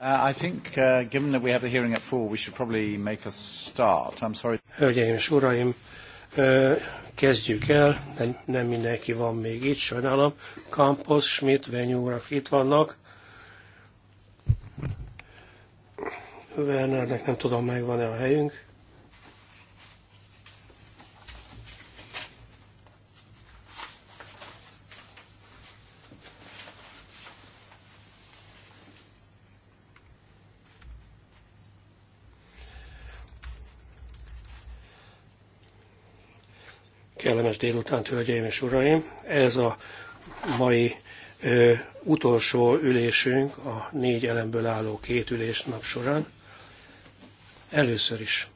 Uh, I think, uh, given that we have hearing at four, we should probably make a start. I'm sorry. Hölgyeim és uraim, uh, kezdjük el, nem, nem mindenki van még itt, sajnálom. Campos, Schmidt, Venyúrak itt vannak. Wernernek nem tudom, megvan-e a helyünk. délután, hölgyeim és uraim! Ez a mai ö, utolsó ülésünk a négy elemből álló két ülés nap során. Először is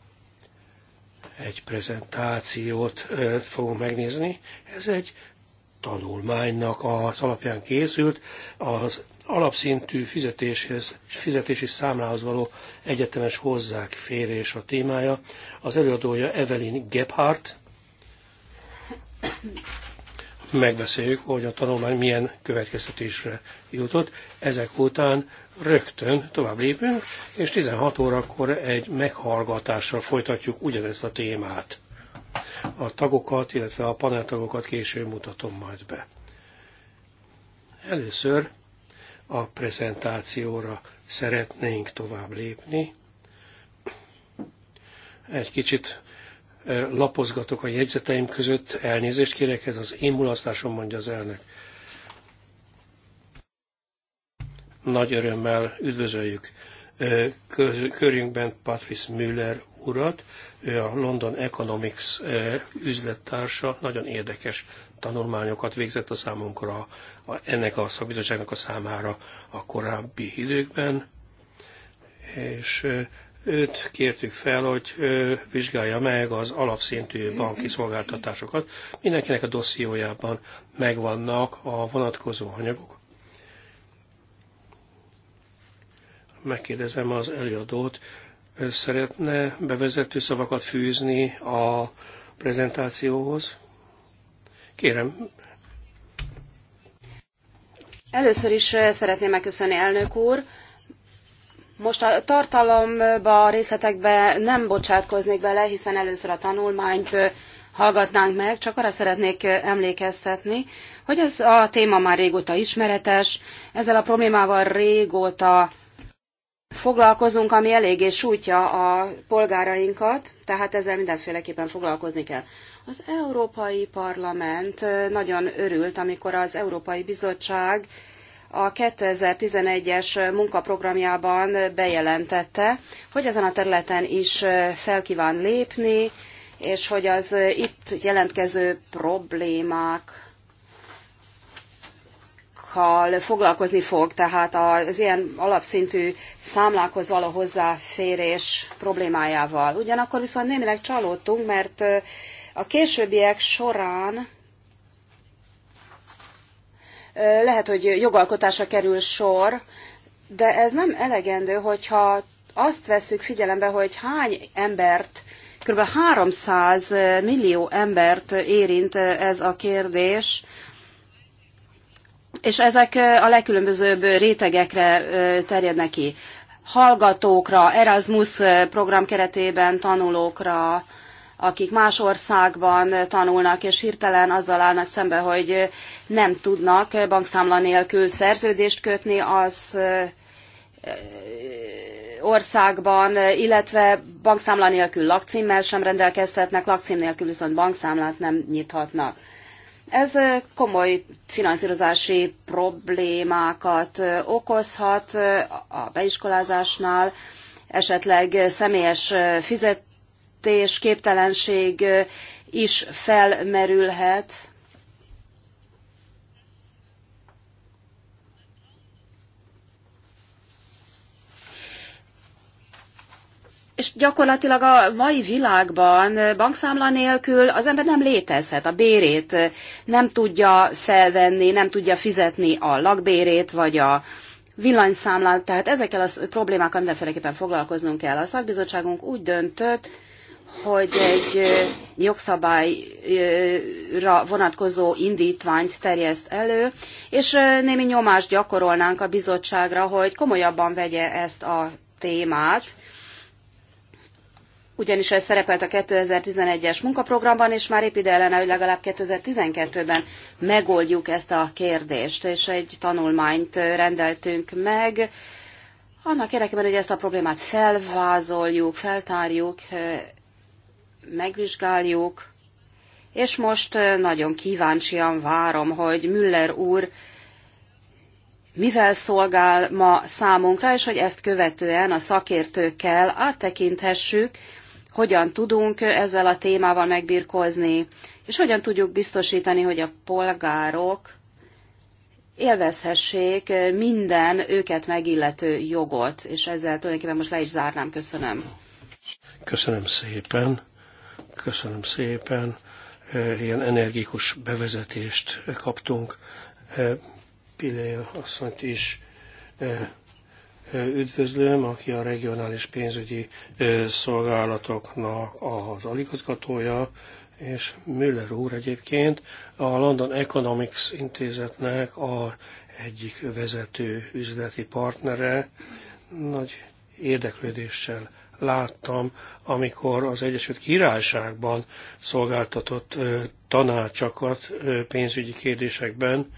egy prezentációt ö, fogunk megnézni. Ez egy tanulmánynak a alapján készült, az alapszintű fizetéshez, fizetési számlához való egyetemes férés a témája. Az előadója Evelyn Gebhardt, megbeszéljük, hogy a tanulmány milyen következtetésre jutott. Ezek után rögtön tovább lépünk, és 16 órakor egy meghallgatással folytatjuk ugyanezt a témát. A tagokat, illetve a paneltagokat később mutatom majd be. Először a prezentációra szeretnénk tovább lépni. Egy kicsit lapozgatok a jegyzeteim között, elnézést kérek, ez az én mulasztásom, mondja az elnök. Nagy örömmel üdvözöljük körünkben Patrice Müller urat, ő a London Economics üzlettársa, nagyon érdekes tanulmányokat végzett a számunkra, ennek a szakbizottságnak a számára a korábbi időkben, és Őt kértük fel, hogy vizsgálja meg az alapszintű banki szolgáltatásokat. Mindenkinek a dossziójában megvannak a vonatkozó anyagok. Megkérdezem az előadót, szeretne bevezető szavakat fűzni a prezentációhoz? Kérem. Először is szeretném megköszönni elnök úr most a tartalomba, a részletekbe nem bocsátkoznék bele, hiszen először a tanulmányt hallgatnánk meg, csak arra szeretnék emlékeztetni, hogy ez a téma már régóta ismeretes, ezzel a problémával régóta foglalkozunk, ami eléggé sújtja a polgárainkat, tehát ezzel mindenféleképpen foglalkozni kell. Az Európai Parlament nagyon örült, amikor az Európai Bizottság a 2011-es munkaprogramjában bejelentette, hogy ezen a területen is fel felkíván lépni, és hogy az itt jelentkező problémák foglalkozni fog, tehát az ilyen alapszintű számlákhoz való hozzáférés problémájával. Ugyanakkor viszont némileg csalódtunk, mert a későbbiek során lehet, hogy jogalkotásra kerül sor, de ez nem elegendő, hogyha azt vesszük figyelembe, hogy hány embert, kb. 300 millió embert érint ez a kérdés, és ezek a legkülönbözőbb rétegekre terjednek ki. Hallgatókra, Erasmus program keretében tanulókra, akik más országban tanulnak, és hirtelen azzal állnak szembe, hogy nem tudnak bankszámla nélkül szerződést kötni az eh, országban, illetve bankszámla nélkül lakcímmel sem rendelkeztetnek, lakcím nélkül viszont bankszámlát nem nyithatnak. Ez eh, komoly finanszírozási problémákat eh, okozhat a beiskolázásnál, esetleg személyes fizet és képtelenség is felmerülhet. És gyakorlatilag a mai világban bankszámla nélkül az ember nem létezhet, a bérét nem tudja felvenni, nem tudja fizetni a lakbérét, vagy a villanyszámlát, tehát ezekkel a problémákkal mindenféleképpen foglalkoznunk kell. A szakbizottságunk úgy döntött, hogy egy jogszabályra vonatkozó indítványt terjeszt elő, és némi nyomást gyakorolnánk a bizottságra, hogy komolyabban vegye ezt a témát, ugyanis ez szerepelt a 2011-es munkaprogramban, és már épp ide ellene, hogy legalább 2012-ben megoldjuk ezt a kérdést, és egy tanulmányt rendeltünk meg, annak érdekében, hogy ezt a problémát felvázoljuk, feltárjuk, megvizsgáljuk, és most nagyon kíváncsian várom, hogy Müller úr mivel szolgál ma számunkra, és hogy ezt követően a szakértőkkel áttekinthessük, hogyan tudunk ezzel a témával megbirkózni, és hogyan tudjuk biztosítani, hogy a polgárok élvezhessék minden őket megillető jogot, és ezzel tulajdonképpen most le is zárnám. Köszönöm. Köszönöm szépen. Köszönöm szépen. Ilyen energikus bevezetést kaptunk. Pilé asszonyt is üdvözlöm, aki a regionális pénzügyi szolgálatoknak az aligazgatója, és Müller úr egyébként a London Economics intézetnek a egyik vezető üzleti partnere. Nagy érdeklődéssel láttam, amikor az Egyesült Királyságban szolgáltatott tanácsakat pénzügyi kérdésekben.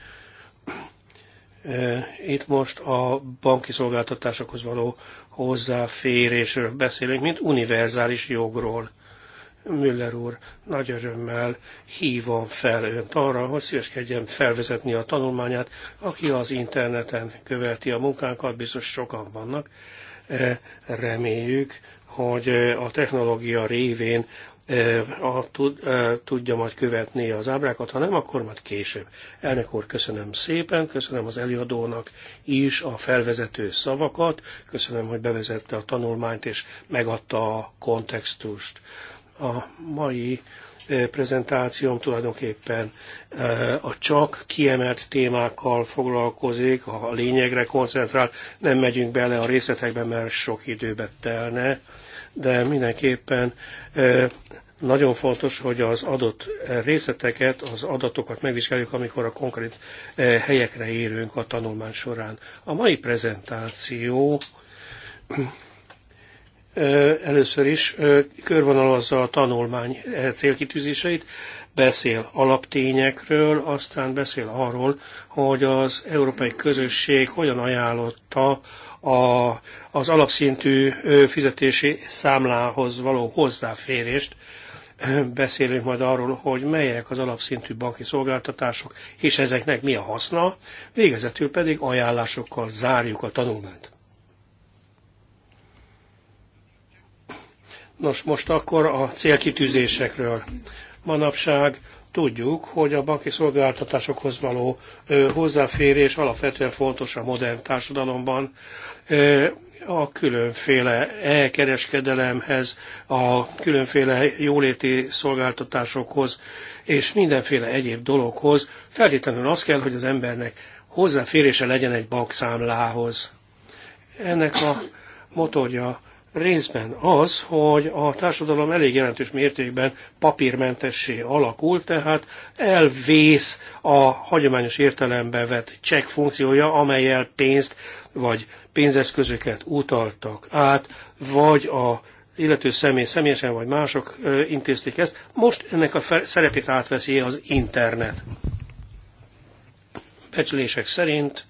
Itt most a banki szolgáltatásokhoz való hozzáférésről beszélünk, mint univerzális jogról. Müller úr, nagy örömmel hívom fel önt arra, hogy szíveskedjen felvezetni a tanulmányát, aki az interneten követi a munkánkat, biztos sokan vannak. E, reméljük, hogy a technológia révén e, a, tud, e, tudja majd követni az ábrákat, ha nem, akkor majd később. Elnök úr, köszönöm szépen, köszönöm az előadónak is a felvezető szavakat, köszönöm, hogy bevezette a tanulmányt és megadta a kontextust a mai eh, prezentációm tulajdonképpen eh, a csak kiemelt témákkal foglalkozik, a lényegre koncentrál, nem megyünk bele a részletekbe, mert sok időbe telne, de mindenképpen eh, nagyon fontos, hogy az adott részleteket, az adatokat megvizsgáljuk, amikor a konkrét helyekre érünk a tanulmány során. A mai prezentáció először is körvonalazza a tanulmány e, célkitűzéseit, beszél alaptényekről, aztán beszél arról, hogy az európai közösség hogyan ajánlotta a, az alapszintű fizetési számlához való hozzáférést. Beszélünk majd arról, hogy melyek az alapszintű banki szolgáltatások, és ezeknek mi a haszna, végezetül pedig ajánlásokkal zárjuk a tanulmányt. Nos, most akkor a célkitűzésekről. Manapság tudjuk, hogy a banki szolgáltatásokhoz való hozzáférés alapvetően fontos a modern társadalomban. a különféle e-kereskedelemhez, a különféle jóléti szolgáltatásokhoz és mindenféle egyéb dologhoz feltétlenül az kell, hogy az embernek hozzáférése legyen egy bankszámlához. Ennek a motorja részben az, hogy a társadalom elég jelentős mértékben papírmentessé alakult, tehát elvész a hagyományos értelembe vett csekk funkciója, amelyel pénzt vagy pénzeszközöket utaltak át, vagy a illető személy személyesen vagy mások intézték ezt, most ennek a szerepét átveszi az internet. Becslések szerint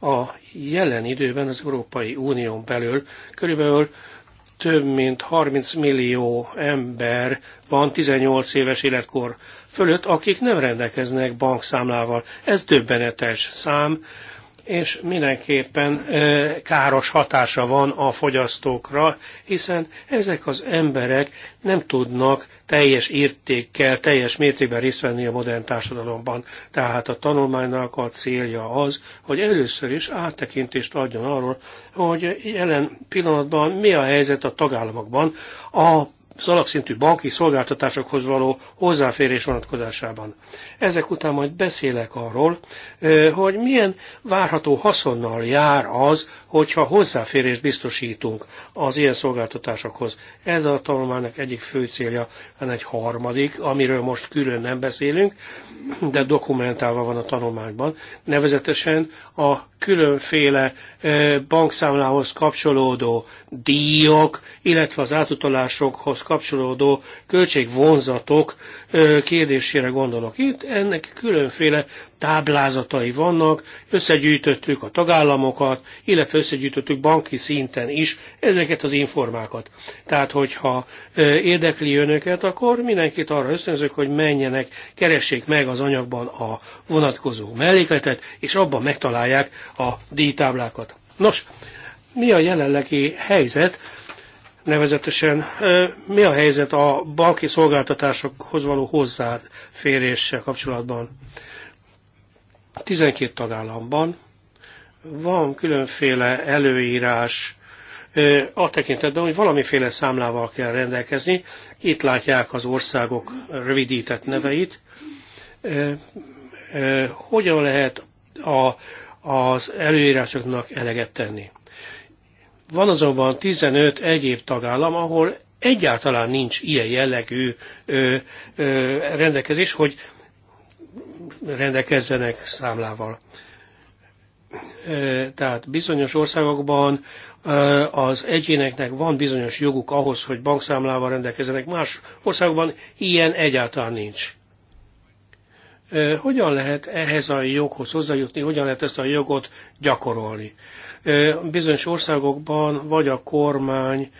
a jelen időben az Európai Unión belül körülbelül több mint 30 millió ember van 18 éves életkor fölött, akik nem rendelkeznek bankszámlával. Ez döbbenetes szám, és mindenképpen káros hatása van a fogyasztókra, hiszen ezek az emberek nem tudnak teljes értékkel, teljes mértékben részt venni a modern társadalomban. Tehát a tanulmánynak a célja az, hogy először is áttekintést adjon arról, hogy jelen pillanatban mi a helyzet a tagállamokban a az alapszintű banki szolgáltatásokhoz való hozzáférés vonatkozásában. Ezek után majd beszélek arról, hogy milyen várható haszonnal jár az, hogyha hozzáférést biztosítunk az ilyen szolgáltatásokhoz. Ez a tanulmánynak egyik fő célja, van egy harmadik, amiről most külön nem beszélünk, de dokumentálva van a tanulmányban, nevezetesen a különféle bankszámlához kapcsolódó díjak, illetve az átutalásokhoz kapcsolódó költségvonzatok kérdésére gondolok itt. Ennek különféle táblázatai vannak, összegyűjtöttük a tagállamokat, illetve összegyűjtöttük banki szinten is ezeket az informákat. Tehát, hogyha érdekli önöket, akkor mindenkit arra ösztönzök, hogy menjenek, keressék meg az anyagban a vonatkozó mellékletet, és abban megtalálják a díjtáblákat. Nos, mi a jelenlegi helyzet? nevezetesen mi a helyzet a banki szolgáltatásokhoz való hozzáféréssel kapcsolatban? 12 tagállamban van különféle előírás a tekintetben, hogy valamiféle számlával kell rendelkezni. Itt látják az országok rövidített neveit. Hogyan lehet a, az előírásoknak eleget tenni? Van azonban 15 egyéb tagállam, ahol egyáltalán nincs ilyen jellegű ö, ö, rendelkezés, hogy rendelkezzenek számlával. Tehát bizonyos országokban az egyéneknek van bizonyos joguk ahhoz, hogy bankszámlával rendelkezzenek, más országokban ilyen egyáltalán nincs. Hogyan lehet ehhez a joghoz hozzájutni, hogyan lehet ezt a jogot gyakorolni? Bizonyos országokban vagy a kormány,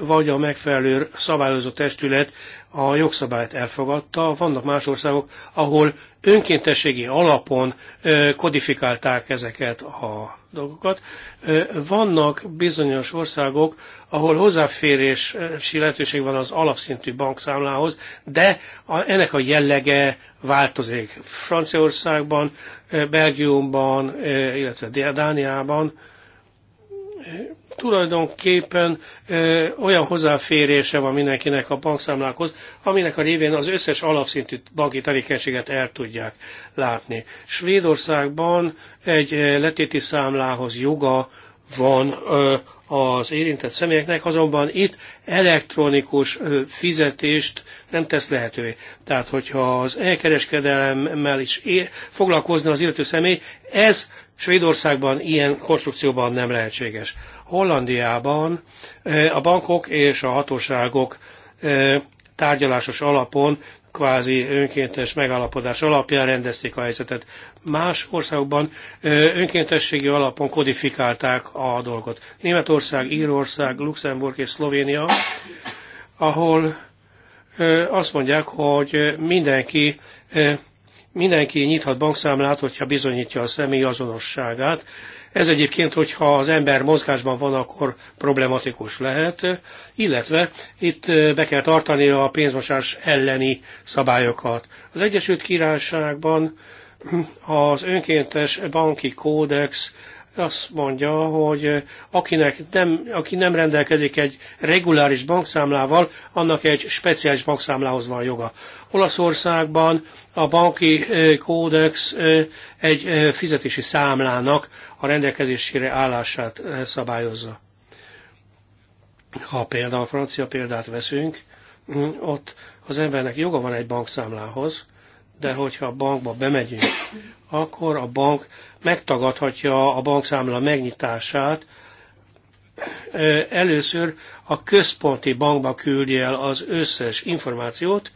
vagy a megfelelő szabályozó testület a jogszabályt elfogadta, vannak más országok, ahol önkéntességi alapon kodifikálták ezeket a dolgokat. Vannak bizonyos országok, ahol hozzáférési lehetőség van az alapszintű bankszámlához, de ennek a jellege változik. Franciaországban, Belgiumban, illetve Dániában Tulajdonképpen ö, olyan hozzáférése van mindenkinek a bankszámlákhoz, aminek a révén az összes alapszintű banki tevékenységet el tudják látni. Svédországban egy letéti számlához joga van ö, az érintett személyeknek, azonban itt elektronikus fizetést nem tesz lehetővé. Tehát, hogyha az elkereskedelemmel is foglalkozna az illető személy, ez Svédországban ilyen konstrukcióban nem lehetséges. Hollandiában a bankok és a hatóságok tárgyalásos alapon, kvázi önkéntes megállapodás alapján rendezték a helyzetet. Más országokban önkéntességi alapon kodifikálták a dolgot. Németország, Írország, Luxemburg és Szlovénia, ahol azt mondják, hogy mindenki mindenki nyithat bankszámlát, hogyha bizonyítja a személy azonosságát, ez egyébként, hogyha az ember mozgásban van, akkor problematikus lehet, illetve itt be kell tartani a pénzmosás elleni szabályokat. Az Egyesült Királyságban az önkéntes banki kódex azt mondja, hogy akinek nem, aki nem rendelkezik egy reguláris bankszámlával, annak egy speciális bankszámlához van joga. Olaszországban a banki kódex egy fizetési számlának a rendelkezésére állását eh, szabályozza. Ha például a francia példát veszünk, hm, ott az embernek joga van egy bankszámlához, de hogyha a bankba bemegyünk, akkor a bank megtagadhatja a bankszámla megnyitását először a központi bankba küldje el az összes információt,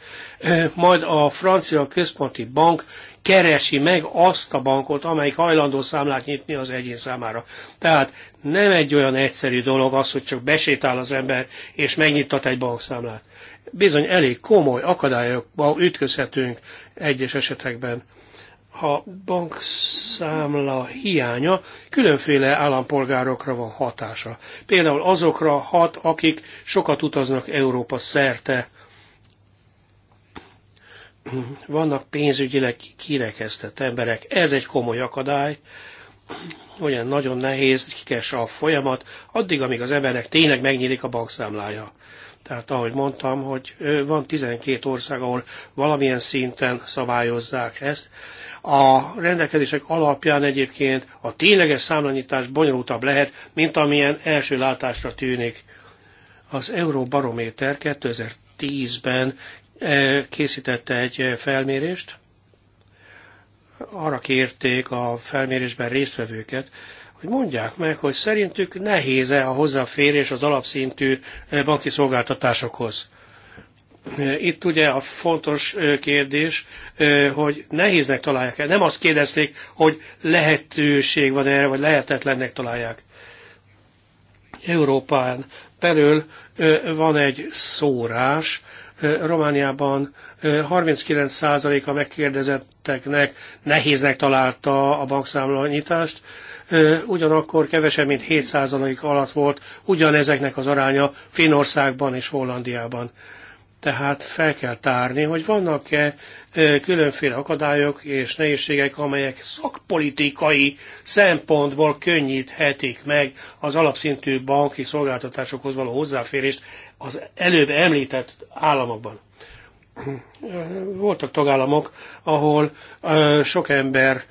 majd a francia központi bank keresi meg azt a bankot, amelyik hajlandó számlát nyitni az egyén számára. Tehát nem egy olyan egyszerű dolog az, hogy csak besétál az ember és megnyittat egy bankszámlát. Bizony elég komoly akadályokba ütközhetünk egyes esetekben a bankszámla hiánya különféle állampolgárokra van hatása. Például azokra hat, akik sokat utaznak Európa szerte. Vannak pénzügyileg kirekesztett emberek. Ez egy komoly akadály. Olyan nagyon nehéz, kikes a folyamat, addig, amíg az embernek tényleg megnyílik a bankszámlája. Tehát ahogy mondtam, hogy van 12 ország, ahol valamilyen szinten szabályozzák ezt. A rendelkezések alapján egyébként a tényleges számlanyítás bonyolultabb lehet, mint amilyen első látásra tűnik. Az Euróbarométer 2010-ben készítette egy felmérést, arra kérték a felmérésben résztvevőket, hogy mondják meg, hogy szerintük nehéz-e a hozzáférés az alapszintű eh, banki szolgáltatásokhoz. Eh, itt ugye a fontos eh, kérdés, hogy nehéznek találják-e. Nem azt kérdezték, hogy lehetőség van erre, vagy lehetetlennek találják. Európán belül van egy szórás, Romániában 39%-a megkérdezetteknek nehéznek találta a bankszámla nyitást, ugyanakkor kevesebb, mint 7% alatt volt ugyanezeknek az aránya Finországban és Hollandiában. Tehát fel kell tárni, hogy vannak-e különféle akadályok és nehézségek, amelyek szakpolitikai szempontból könnyíthetik meg az alapszintű banki szolgáltatásokhoz való hozzáférést az előbb említett államokban voltak tagállamok, ahol sok ember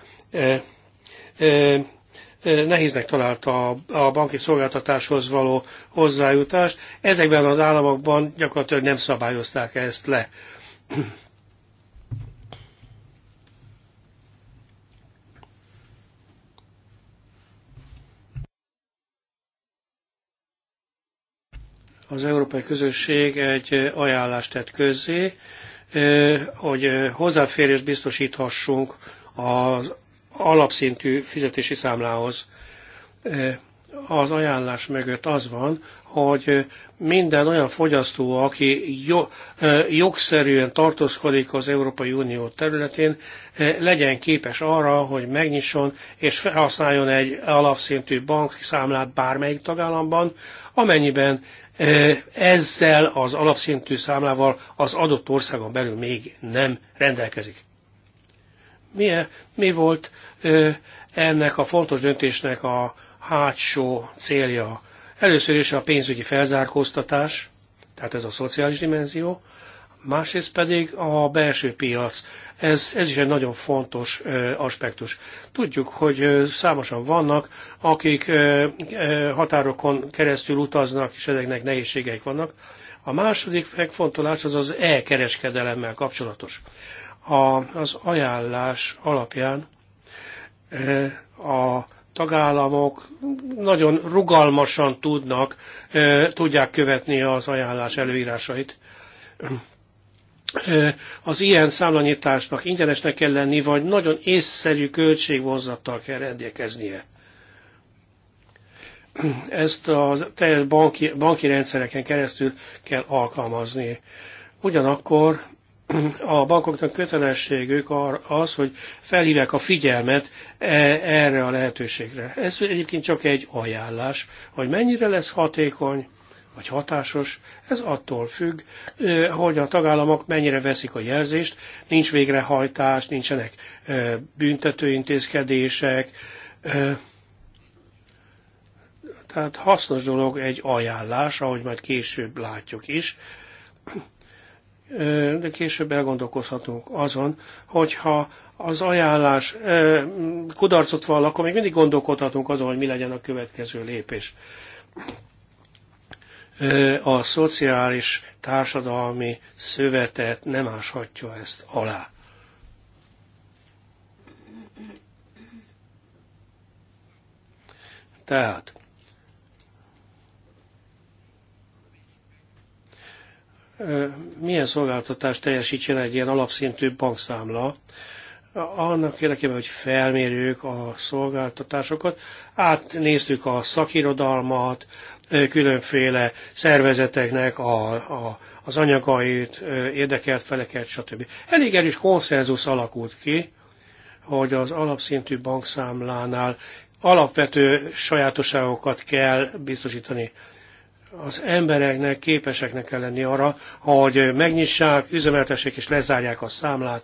nehéznek találta a banki szolgáltatáshoz való hozzájutást. Ezekben az államokban gyakorlatilag nem szabályozták ezt le. Az Európai Közösség egy ajánlást tett közzé, hogy hozzáférést biztosíthassunk az alapszintű fizetési számlához. Az ajánlás mögött az van, hogy minden olyan fogyasztó, aki jogszerűen tartózkodik az Európai Unió területén, legyen képes arra, hogy megnyisson és felhasználjon egy alapszintű bankszámlát bármelyik tagállamban, amennyiben ezzel az alapszintű számlával az adott országon belül még nem rendelkezik. Mi, mi volt ennek a fontos döntésnek a hátsó célja. Először is a pénzügyi felzárkóztatás, tehát ez a szociális dimenzió, másrészt pedig a belső piac. Ez, ez is egy nagyon fontos aspektus. Tudjuk, hogy számosan vannak, akik határokon keresztül utaznak, és ezeknek nehézségeik vannak. A második megfontolás az az e-kereskedelemmel kapcsolatos. A, az ajánlás alapján Eh, a tagállamok nagyon rugalmasan tudnak, eh, tudják követni az ajánlás előírásait. Eh, az ilyen számlanyításnak ingyenesnek kell lenni, vagy nagyon észszerű költségvonzattal kell rendelkeznie. Ezt a teljes banki, banki rendszereken keresztül kell alkalmazni. Ugyanakkor a bankoknak kötelességük az, hogy felhívják a figyelmet e, erre a lehetőségre. Ez egyébként csak egy ajánlás, hogy mennyire lesz hatékony, vagy hatásos, ez attól függ, hogy a tagállamok mennyire veszik a jelzést, nincs végrehajtás, nincsenek büntetőintézkedések, tehát hasznos dolog egy ajánlás, ahogy majd később látjuk is de később elgondolkozhatunk azon, hogyha az ajánlás kudarcot vall, akkor még mindig gondolkodhatunk azon, hogy mi legyen a következő lépés. A szociális társadalmi szövetet nem áshatja ezt alá. Tehát milyen szolgáltatást teljesítsen egy ilyen alapszintű bankszámla, annak érdekében, hogy felmérjük a szolgáltatásokat. Átnéztük a szakirodalmat, különféle szervezeteknek a, a, az anyagait, érdekelt feleket, stb. Elég erős konszenzus alakult ki, hogy az alapszintű bankszámlánál alapvető sajátosságokat kell biztosítani az embereknek képeseknek kell lenni arra, hogy megnyissák, üzemeltessék és lezárják a számlát.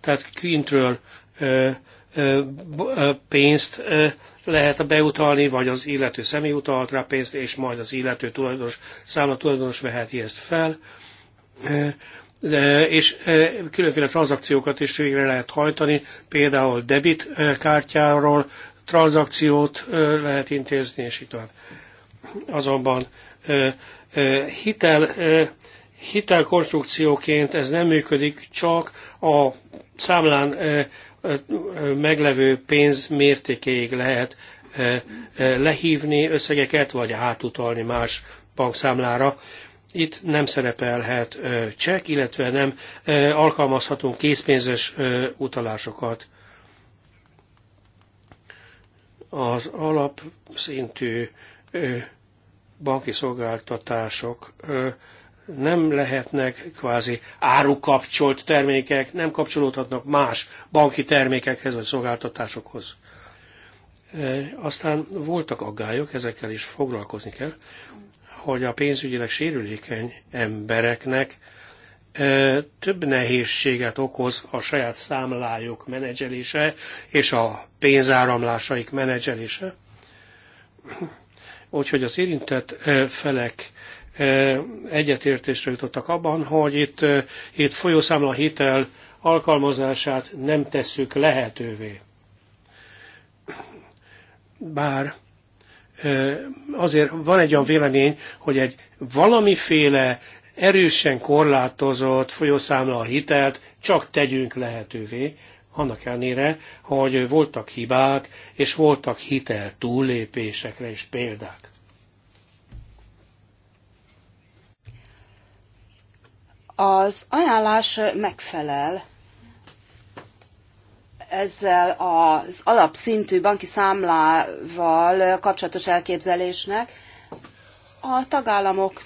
Tehát kintről ö, ö, pénzt ö, lehet beutalni, vagy az illető személy utalt rá pénzt, és majd az illető tulajdonos, számla tulajdonos veheti ezt fel. De, és különféle tranzakciókat is végre lehet hajtani, például debit kártyáról tranzakciót lehet intézni, és így tovább. Azonban hitel, hitelkonstrukcióként ez nem működik, csak a számlán meglevő pénz mértékéig lehet lehívni összegeket, vagy átutalni más bankszámlára. Itt nem szerepelhet csekk, illetve nem alkalmazhatunk készpénzes utalásokat. Az alapszintű banki szolgáltatások nem lehetnek kvázi árukapcsolt termékek, nem kapcsolódhatnak más banki termékekhez vagy szolgáltatásokhoz. Aztán voltak aggályok, ezekkel is foglalkozni kell, hogy a pénzügyileg sérülékeny embereknek több nehézséget okoz a saját számlájuk menedzselése és a pénzáramlásaik menedzselése. Úgyhogy az érintett felek egyetértésre jutottak abban, hogy itt, itt folyószámla hitel alkalmazását nem tesszük lehetővé. Bár azért van egy olyan vélemény, hogy egy valamiféle erősen korlátozott folyószámla a hitelt csak tegyünk lehetővé, annak ellenére, hogy voltak hibák, és voltak hitel túllépésekre is példák. Az ajánlás megfelel ezzel az alapszintű banki számlával kapcsolatos elképzelésnek. A tagállamok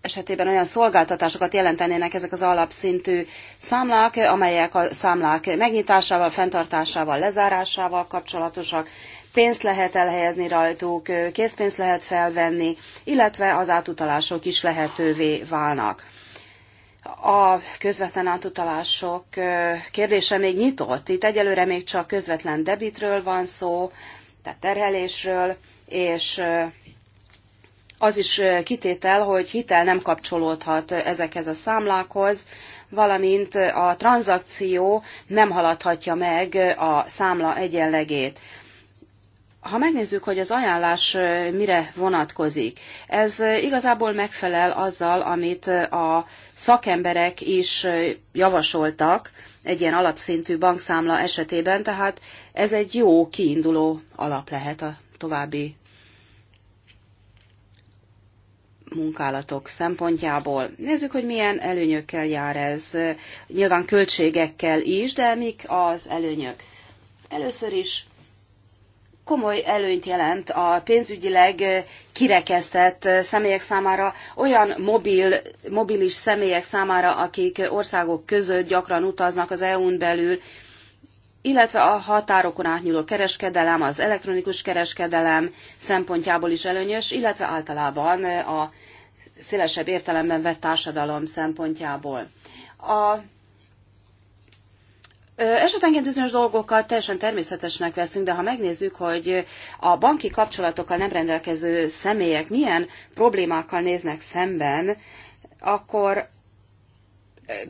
esetében olyan szolgáltatásokat jelentenének ezek az alapszintű számlák, amelyek a számlák megnyitásával, fenntartásával, lezárásával kapcsolatosak, pénzt lehet elhelyezni rajtuk, készpénzt lehet felvenni, illetve az átutalások is lehetővé válnak. A közvetlen átutalások kérdése még nyitott. Itt egyelőre még csak közvetlen debitről van szó, tehát terhelésről, és az is kitétel, hogy hitel nem kapcsolódhat ezekhez a számlákhoz, valamint a tranzakció nem haladhatja meg a számla egyenlegét. Ha megnézzük, hogy az ajánlás mire vonatkozik, ez igazából megfelel azzal, amit a szakemberek is javasoltak egy ilyen alapszintű bankszámla esetében, tehát ez egy jó kiinduló alap lehet a további munkálatok szempontjából. Nézzük, hogy milyen előnyökkel jár ez. Nyilván költségekkel is, de mik az előnyök? Először is komoly előnyt jelent a pénzügyileg kirekesztett személyek számára, olyan mobil, mobilis személyek számára, akik országok között gyakran utaznak az EU-n belül, illetve a határokon átnyúló kereskedelem, az elektronikus kereskedelem szempontjából is előnyös, illetve általában a szélesebb értelemben vett társadalom szempontjából. A Esetenként bizonyos dolgokat teljesen természetesnek veszünk, de ha megnézzük, hogy a banki kapcsolatokkal nem rendelkező személyek milyen problémákkal néznek szemben, akkor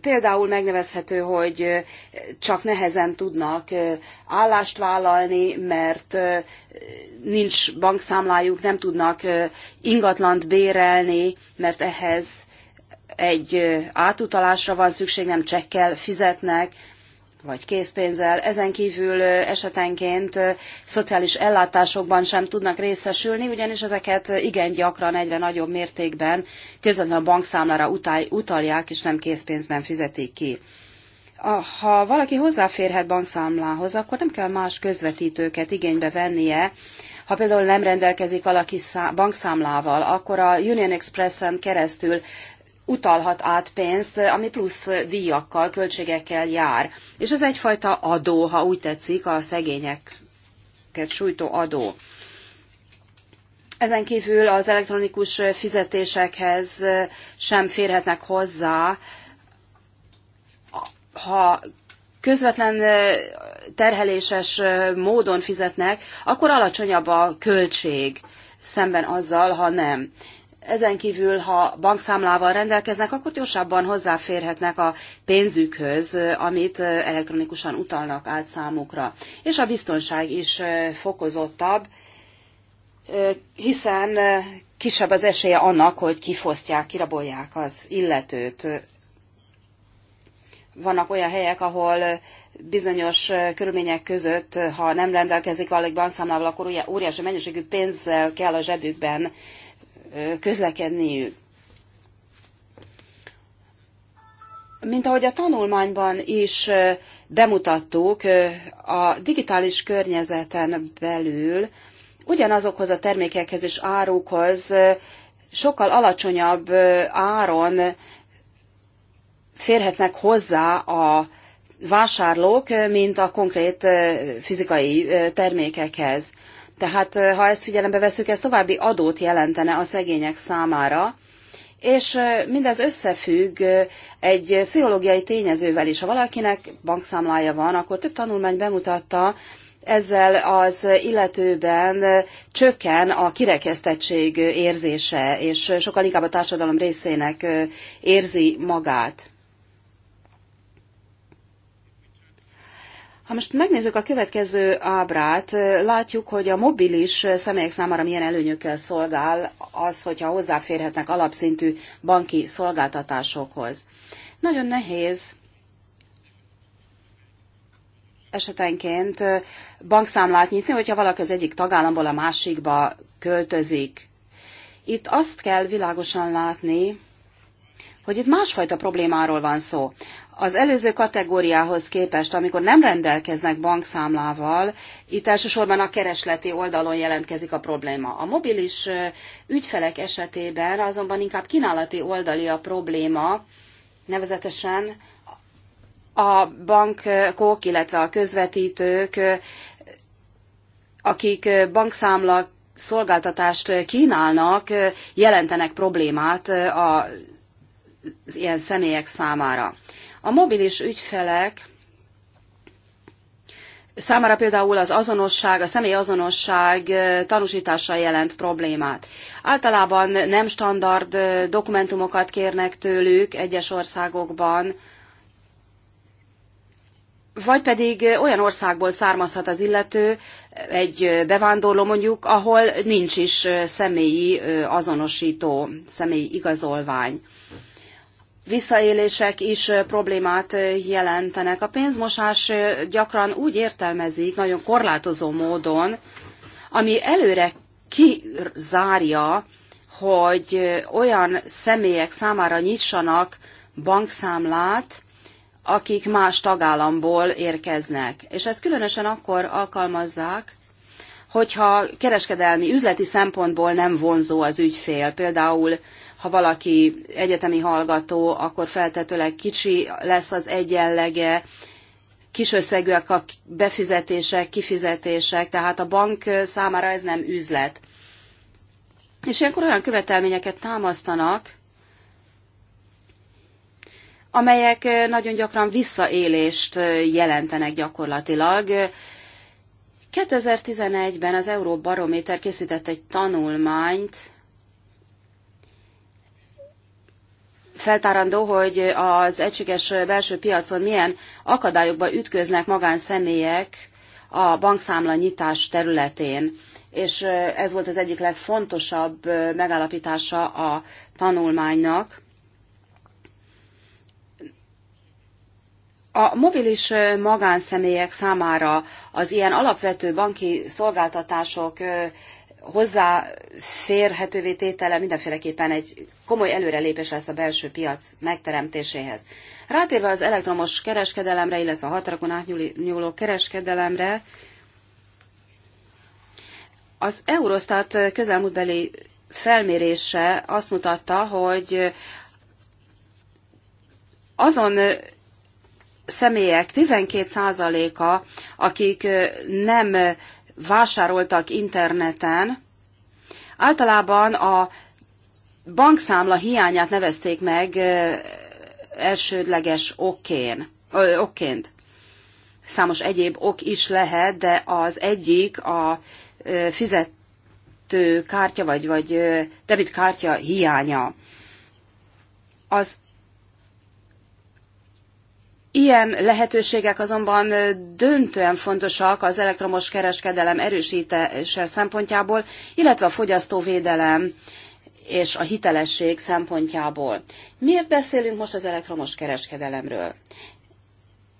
Például megnevezhető, hogy csak nehezen tudnak állást vállalni, mert nincs bankszámlájuk, nem tudnak ingatlant bérelni, mert ehhez egy átutalásra van szükség, nem csekkel fizetnek vagy készpénzzel. Ezen kívül esetenként szociális ellátásokban sem tudnak részesülni, ugyanis ezeket igen gyakran egyre nagyobb mértékben közvetlenül a bankszámlára utalják, és nem készpénzben fizetik ki. Ha valaki hozzáférhet bankszámlához, akkor nem kell más közvetítőket igénybe vennie, ha például nem rendelkezik valaki bankszámlával, akkor a Union Express-en keresztül utalhat át pénzt, ami plusz díjakkal, költségekkel jár. És ez egyfajta adó, ha úgy tetszik, a szegényeket sújtó adó. Ezen kívül az elektronikus fizetésekhez sem férhetnek hozzá, ha közvetlen terheléses módon fizetnek, akkor alacsonyabb a költség szemben azzal, ha nem. Ezen kívül, ha bankszámlával rendelkeznek, akkor gyorsabban hozzáférhetnek a pénzükhöz, amit elektronikusan utalnak át számukra. És a biztonság is fokozottabb, hiszen kisebb az esélye annak, hogy kifosztják, kirabolják az illetőt. Vannak olyan helyek, ahol bizonyos körülmények között, ha nem rendelkezik valaki bankszámlával, akkor óriási mennyiségű pénzzel kell a zsebükben közlekedniük. Mint ahogy a tanulmányban is bemutattuk, a digitális környezeten belül ugyanazokhoz a termékekhez és árukhoz sokkal alacsonyabb áron férhetnek hozzá a vásárlók, mint a konkrét fizikai termékekhez. Tehát eh, ha ezt figyelembe veszük, ez további adót jelentene a szegények számára, és eh, mindez összefügg eh, egy pszichológiai tényezővel is. Ha valakinek bankszámlája van, akkor több tanulmány bemutatta, ezzel az illetőben csökken a kirekesztettség érzése, és sokkal inkább a társadalom részének érzi magát. Ha most megnézzük a következő ábrát, látjuk, hogy a mobilis személyek számára milyen előnyökkel szolgál az, hogyha hozzáférhetnek alapszintű banki szolgáltatásokhoz. Nagyon nehéz esetenként bankszámlát nyitni, hogyha valaki az egyik tagállamból a másikba költözik. Itt azt kell világosan látni, hogy itt másfajta problémáról van szó. Az előző kategóriához képest, amikor nem rendelkeznek bankszámlával, itt elsősorban a keresleti oldalon jelentkezik a probléma. A mobilis ügyfelek esetében azonban inkább kínálati oldali a probléma, nevezetesen a bankok, illetve a közvetítők, akik bankszámla szolgáltatást kínálnak, jelentenek problémát a az ilyen személyek számára. A mobilis ügyfelek számára például az azonosság, a személyazonosság tanúsítása jelent problémát. Általában nem standard dokumentumokat kérnek tőlük egyes országokban, vagy pedig olyan országból származhat az illető, egy bevándorló mondjuk, ahol nincs is személyi azonosító, személyi igazolvány visszaélések is problémát jelentenek. A pénzmosás gyakran úgy értelmezik, nagyon korlátozó módon, ami előre kizárja, hogy olyan személyek számára nyissanak bankszámlát, akik más tagállamból érkeznek. És ezt különösen akkor alkalmazzák, hogyha kereskedelmi, üzleti szempontból nem vonzó az ügyfél, például ha valaki egyetemi hallgató, akkor feltetőleg kicsi lesz az egyenlege, kis összegűek a befizetések, kifizetések, tehát a bank számára ez nem üzlet. És ilyenkor olyan követelményeket támasztanak, amelyek nagyon gyakran visszaélést jelentenek gyakorlatilag. 2011-ben az Euróbarométer készített egy tanulmányt, feltárandó, hogy az egységes belső piacon milyen akadályokba ütköznek magánszemélyek a bankszámla nyitás területén. És ez volt az egyik legfontosabb megállapítása a tanulmánynak. A mobilis magánszemélyek számára az ilyen alapvető banki szolgáltatások hozzáférhetővé tétele mindenféleképpen egy komoly előrelépés lesz a belső piac megteremtéséhez. Rátérve az elektromos kereskedelemre, illetve a határokon átnyúló kereskedelemre, az Eurostat közelmúltbeli felmérése azt mutatta, hogy azon személyek 12%-a, akik nem vásároltak interneten, általában a bankszámla hiányát nevezték meg elsődleges okén, ö, okként. Számos egyéb ok is lehet, de az egyik a fizetőkártya vagy, vagy debitkártya hiánya. Az Ilyen lehetőségek azonban döntően fontosak az elektromos kereskedelem erősítése szempontjából, illetve a fogyasztóvédelem és a hitelesség szempontjából. Miért beszélünk most az elektromos kereskedelemről?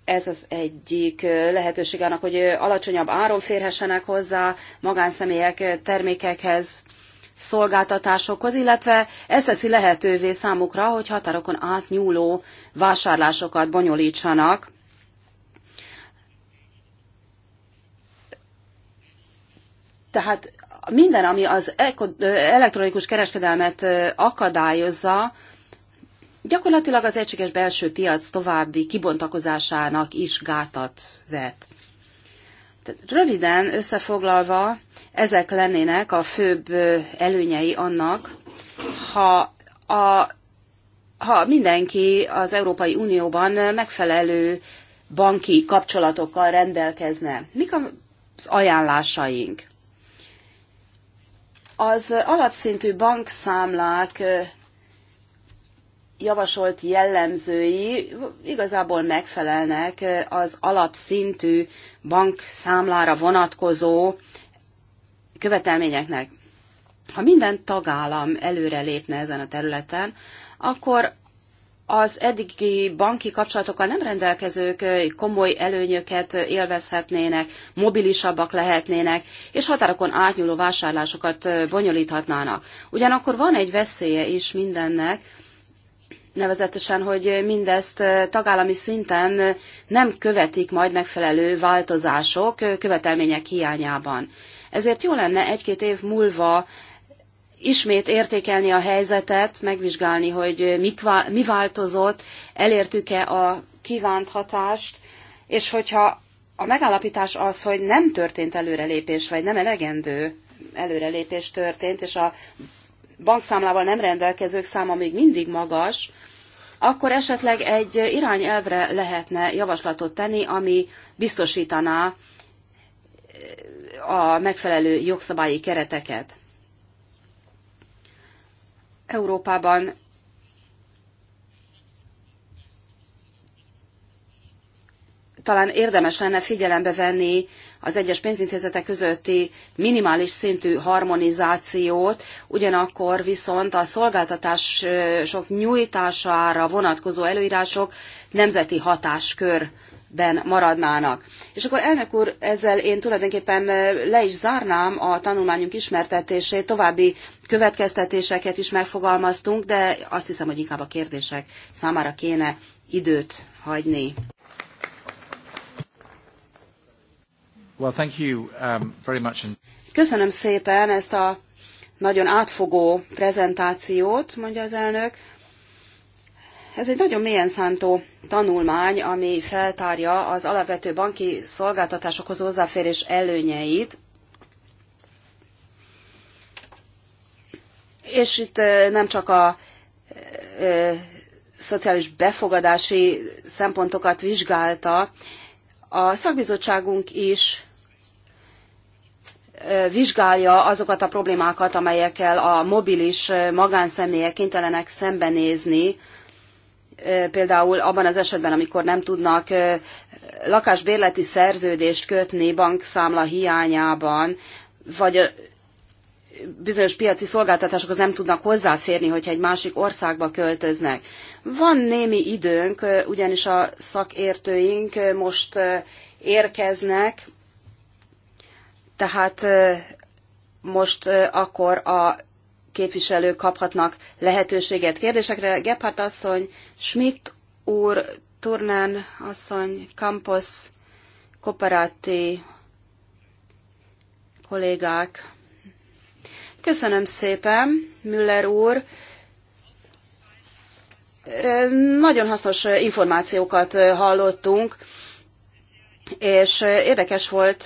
Ez az egyik lehetőség annak, hogy alacsonyabb áron férhessenek hozzá magánszemélyek termékekhez, szolgáltatásokhoz, illetve ez teszi lehetővé számukra, hogy határokon átnyúló vásárlásokat bonyolítsanak. Tehát minden, ami az elektronikus kereskedelmet akadályozza, gyakorlatilag az egységes belső piac további kibontakozásának is gátat vet. Röviden összefoglalva, ezek lennének a főbb előnyei annak, ha, a, ha mindenki az Európai Unióban megfelelő banki kapcsolatokkal rendelkezne. Mik az ajánlásaink? Az alapszintű bankszámlák javasolt jellemzői igazából megfelelnek az alapszintű bankszámlára vonatkozó követelményeknek. Ha minden tagállam előre lépne ezen a területen, akkor az eddigi banki kapcsolatokkal nem rendelkezők komoly előnyöket élvezhetnének, mobilisabbak lehetnének, és határokon átnyúló vásárlásokat bonyolíthatnának. Ugyanakkor van egy veszélye is mindennek, nevezetesen, hogy mindezt tagállami szinten nem követik majd megfelelő változások követelmények hiányában. Ezért jó lenne egy-két év múlva ismét értékelni a helyzetet, megvizsgálni, hogy mik, mi változott, elértük-e a kívánt hatást, és hogyha a megállapítás az, hogy nem történt előrelépés, vagy nem elegendő előrelépés történt, és a bankszámlával nem rendelkezők száma még mindig magas, akkor esetleg egy irányelvre lehetne javaslatot tenni, ami biztosítaná eh, a megfelelő jogszabályi kereteket. Európában talán érdemes lenne figyelembe venni az egyes pénzintézetek közötti minimális szintű harmonizációt, ugyanakkor viszont a szolgáltatások nyújtására vonatkozó előírások nemzeti hatáskör ben maradnának. És akkor elnök úr, ezzel én tulajdonképpen le is zárnám a tanulmányunk ismertetését, további következtetéseket is megfogalmaztunk, de azt hiszem, hogy inkább a kérdések számára kéne időt hagyni. Um, Köszönöm szépen ezt a nagyon átfogó prezentációt, mondja az elnök. Ez egy nagyon mélyen szántó tanulmány, ami feltárja az alapvető banki szolgáltatásokhoz hozzáférés előnyeit. És itt nem csak a ö, szociális befogadási szempontokat vizsgálta, a szakbizottságunk is vizsgálja azokat a problémákat, amelyekkel a mobilis magánszemélyek kénytelenek szembenézni, például abban az esetben, amikor nem tudnak lakásbérleti szerződést kötni bankszámla hiányában, vagy bizonyos piaci szolgáltatásokhoz nem tudnak hozzáférni, hogyha egy másik országba költöznek. Van némi időnk, ugyanis a szakértőink most érkeznek, tehát most akkor a képviselők kaphatnak lehetőséget kérdésekre. Gebhardt asszony, Schmidt úr, Turnán asszony, Campos, Koparáti kollégák. Köszönöm szépen, Müller úr. Nagyon hasznos információkat hallottunk, és érdekes volt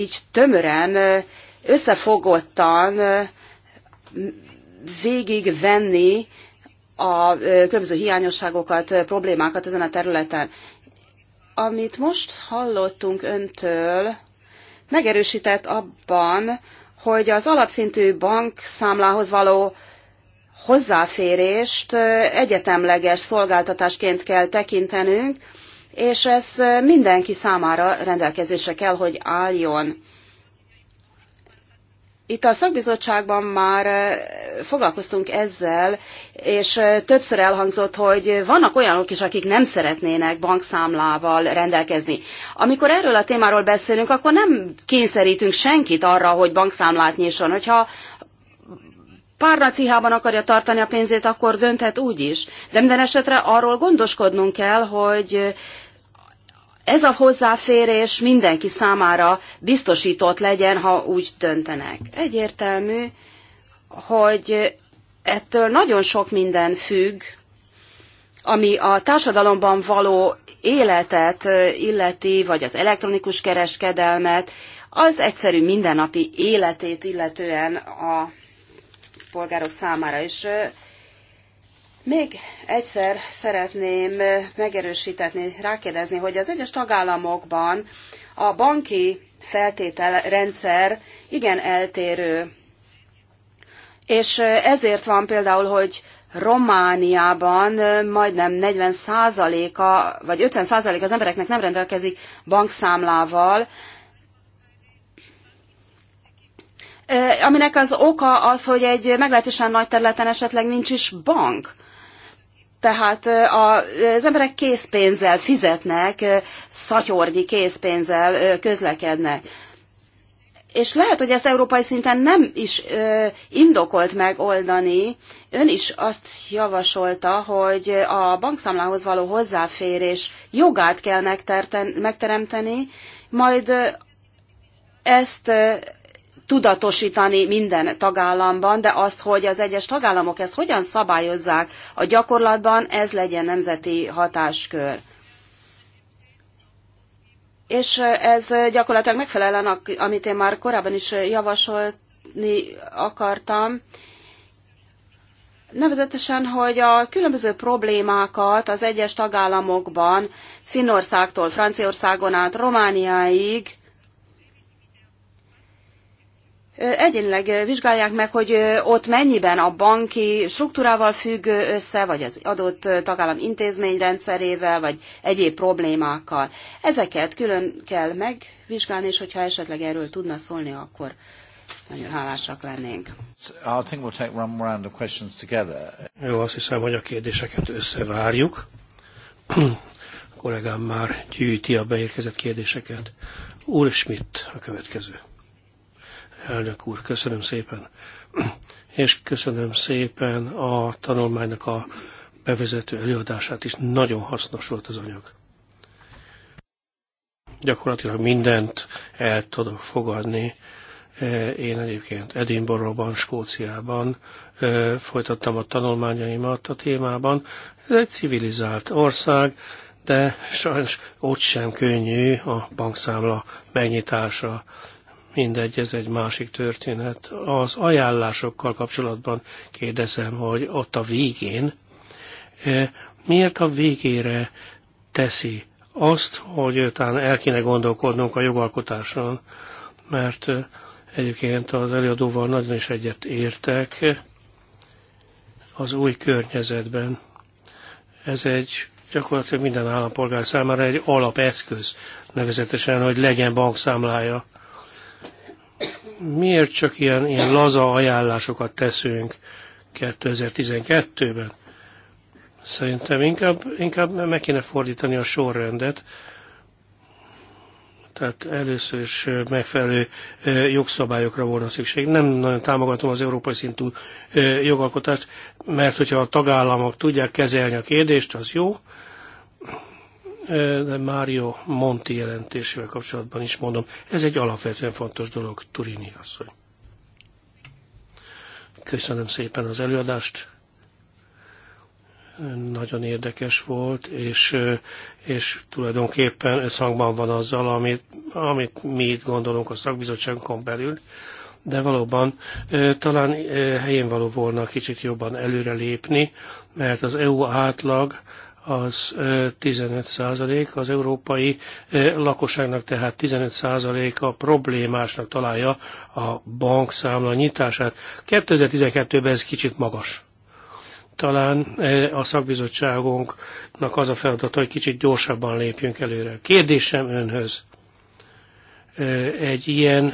így tömören, összefogottan végigvenni a különböző hiányosságokat, problémákat ezen a területen. Amit most hallottunk öntől, megerősített abban, hogy az alapszintű bankszámlához való hozzáférést egyetemleges szolgáltatásként kell tekintenünk, és ez mindenki számára rendelkezésre kell, hogy álljon. Itt a szakbizottságban már foglalkoztunk ezzel, és többször elhangzott, hogy vannak olyanok is, akik nem szeretnének bankszámlával rendelkezni. Amikor erről a témáról beszélünk, akkor nem kényszerítünk senkit arra, hogy bankszámlát nyisson. Hogyha Párnacihában akarja tartani a pénzét, akkor dönthet úgy is. De minden esetre arról gondoskodnunk kell, hogy ez a hozzáférés mindenki számára biztosított legyen, ha úgy döntenek. Egyértelmű, hogy ettől nagyon sok minden függ, ami a társadalomban való életet illeti, vagy az elektronikus kereskedelmet, az egyszerű mindennapi életét illetően a polgárok számára. És még egyszer szeretném megerősíteni, rákérdezni, hogy az egyes tagállamokban a banki feltételrendszer igen eltérő. És ezért van például, hogy Romániában majdnem 40%-a, vagy 50%-a az embereknek nem rendelkezik bankszámlával, aminek az oka az, hogy egy meglehetősen nagy területen esetleg nincs is bank. Tehát az emberek készpénzzel fizetnek, szatyordi készpénzzel közlekednek. És lehet, hogy ezt európai szinten nem is ö, indokolt megoldani. Ön is azt javasolta, hogy a bankszámlához való hozzáférés jogát kell megteremteni, majd ezt tudatosítani minden tagállamban, de azt, hogy az egyes tagállamok ezt hogyan szabályozzák a gyakorlatban, ez legyen nemzeti hatáskör. És ez gyakorlatilag megfelel annak, amit én már korábban is javasolni akartam, Nevezetesen, hogy a különböző problémákat az egyes tagállamokban, Finnországtól, Franciaországon át, Romániáig egyénileg vizsgálják meg, hogy ott mennyiben a banki struktúrával függ össze, vagy az adott tagállam intézményrendszerével, vagy egyéb problémákkal. Ezeket külön kell megvizsgálni, és hogyha esetleg erről tudna szólni, akkor nagyon hálásak lennénk. Jó, azt hiszem, hogy a kérdéseket összevárjuk. A kollégám már gyűjti a beérkezett kérdéseket. Úr Schmidt a következő elnök úr, köszönöm szépen. És köszönöm szépen a tanulmánynak a bevezető előadását is. Nagyon hasznos volt az anyag. Gyakorlatilag mindent el tudok fogadni. E, én egyébként Edinburgh-ban, Skóciában e, folytattam a tanulmányaimat a témában. Ez egy civilizált ország, de sajnos ott sem könnyű a bankszámla megnyitása mindegy, ez egy másik történet. Az ajánlásokkal kapcsolatban kérdezem, hogy ott a végén, eh, miért a végére teszi azt, hogy utána el kéne gondolkodnunk a jogalkotáson, mert eh, egyébként az előadóval nagyon is egyet értek eh, az új környezetben. Ez egy gyakorlatilag minden állampolgár számára egy alapeszköz, nevezetesen, hogy legyen bankszámlája miért csak ilyen, ilyen laza ajánlásokat teszünk 2012-ben? Szerintem inkább, inkább meg kéne fordítani a sorrendet, tehát először is megfelelő jogszabályokra volna szükség. Nem nagyon támogatom az európai szintű jogalkotást, mert hogyha a tagállamok tudják kezelni a kérdést, az jó, de Mário Monti jelentésével kapcsolatban is mondom, ez egy alapvetően fontos dolog, Turini asszony. Köszönöm szépen az előadást. Nagyon érdekes volt, és, és tulajdonképpen összhangban van azzal, amit, amit mi itt gondolunk a szakbizottságunkon belül de valóban talán helyén való volna kicsit jobban előrelépni, mert az EU átlag az 15 százalék, az európai lakosságnak tehát 15 százaléka problémásnak találja a bankszámla nyitását. 2012-ben ez kicsit magas. Talán a szakbizottságunknak az a feladata, hogy kicsit gyorsabban lépjünk előre. Kérdésem önhöz. Egy ilyen,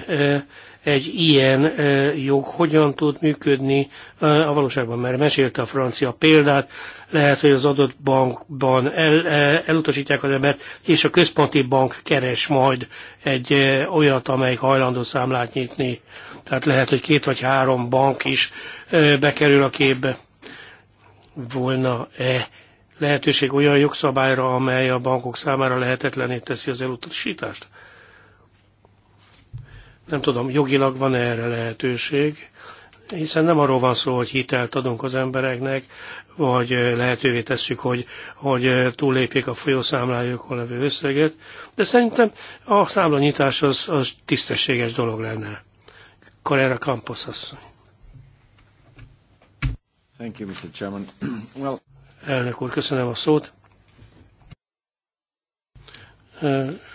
egy ilyen jog hogyan tud működni a valóságban, mert mesélte a francia példát, lehet, hogy az adott bankban el, e, elutasítják az embert, és a központi bank keres majd egy e, olyat, amelyik hajlandó számlát nyitni. Tehát lehet, hogy két vagy három bank is e, bekerül a képbe. Volna-e lehetőség olyan jogszabályra, amely a bankok számára lehetetlené teszi az elutasítást? Nem tudom, jogilag van -e erre lehetőség? hiszen nem arról van szó, hogy hitelt adunk az embereknek, vagy lehetővé tesszük, hogy, hogy túllépjék a folyószámlájukon levő összeget, de szerintem a számlanyitás az, az tisztességes dolog lenne. Carrera Campos asszony. Thank you, Mr. Chairman. Well... Elnök úr, köszönöm a szót.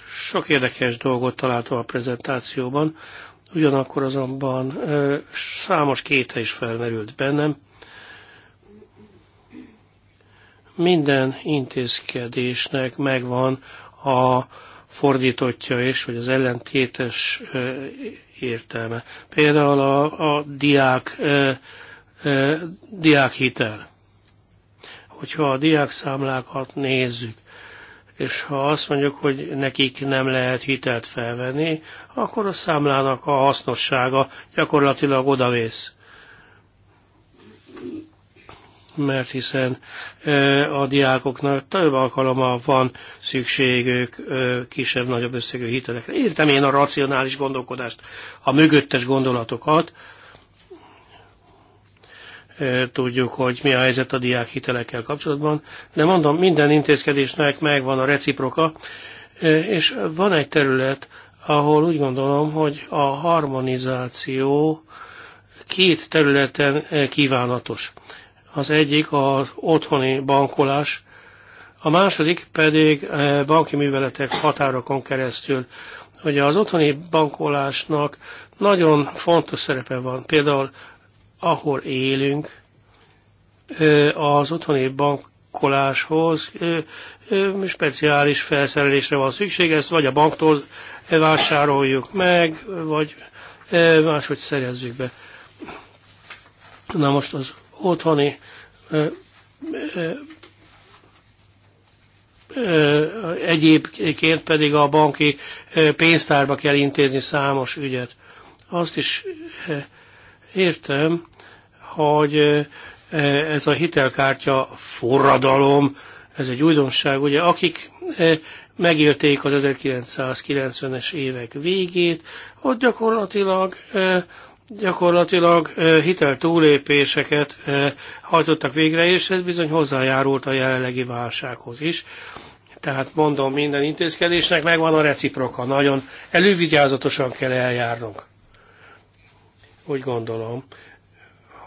Sok érdekes dolgot találtam a prezentációban. Ugyanakkor azonban számos kéte is felmerült bennem. Minden intézkedésnek megvan a fordítottja és vagy az ellentétes értelme. Például a, a diák, ö, diák diákhitel. Hogyha a diák számlákat nézzük, és ha azt mondjuk, hogy nekik nem lehet hitelt felvenni, akkor a számlának a hasznossága gyakorlatilag odavész. Mert hiszen a diákoknak több alkalommal van szükségük kisebb-nagyobb összegű hitelekre. Értem én a racionális gondolkodást, a mögöttes gondolatokat, tudjuk, hogy mi a helyzet a diákhitelekkel kapcsolatban, de mondom, minden intézkedésnek megvan a reciproka, és van egy terület, ahol úgy gondolom, hogy a harmonizáció két területen kívánatos. Az egyik az otthoni bankolás, a második pedig banki műveletek határokon keresztül. Ugye az otthoni bankolásnak nagyon fontos szerepe van. Például ahol élünk, az otthoni bankoláshoz speciális felszerelésre van szükség, ezt vagy a banktól vásároljuk meg, vagy máshogy szerezzük be. Na most az otthoni egyébként pedig a banki pénztárba kell intézni számos ügyet. Azt is értem, hogy ez a hitelkártya forradalom, ez egy újdonság, ugye, akik megélték az 1990-es évek végét, ott gyakorlatilag gyakorlatilag hitel túlépéseket hajtottak végre, és ez bizony hozzájárult a jelenlegi válsághoz is. Tehát mondom, minden intézkedésnek megvan a reciproka, nagyon elővigyázatosan kell eljárnunk. Úgy gondolom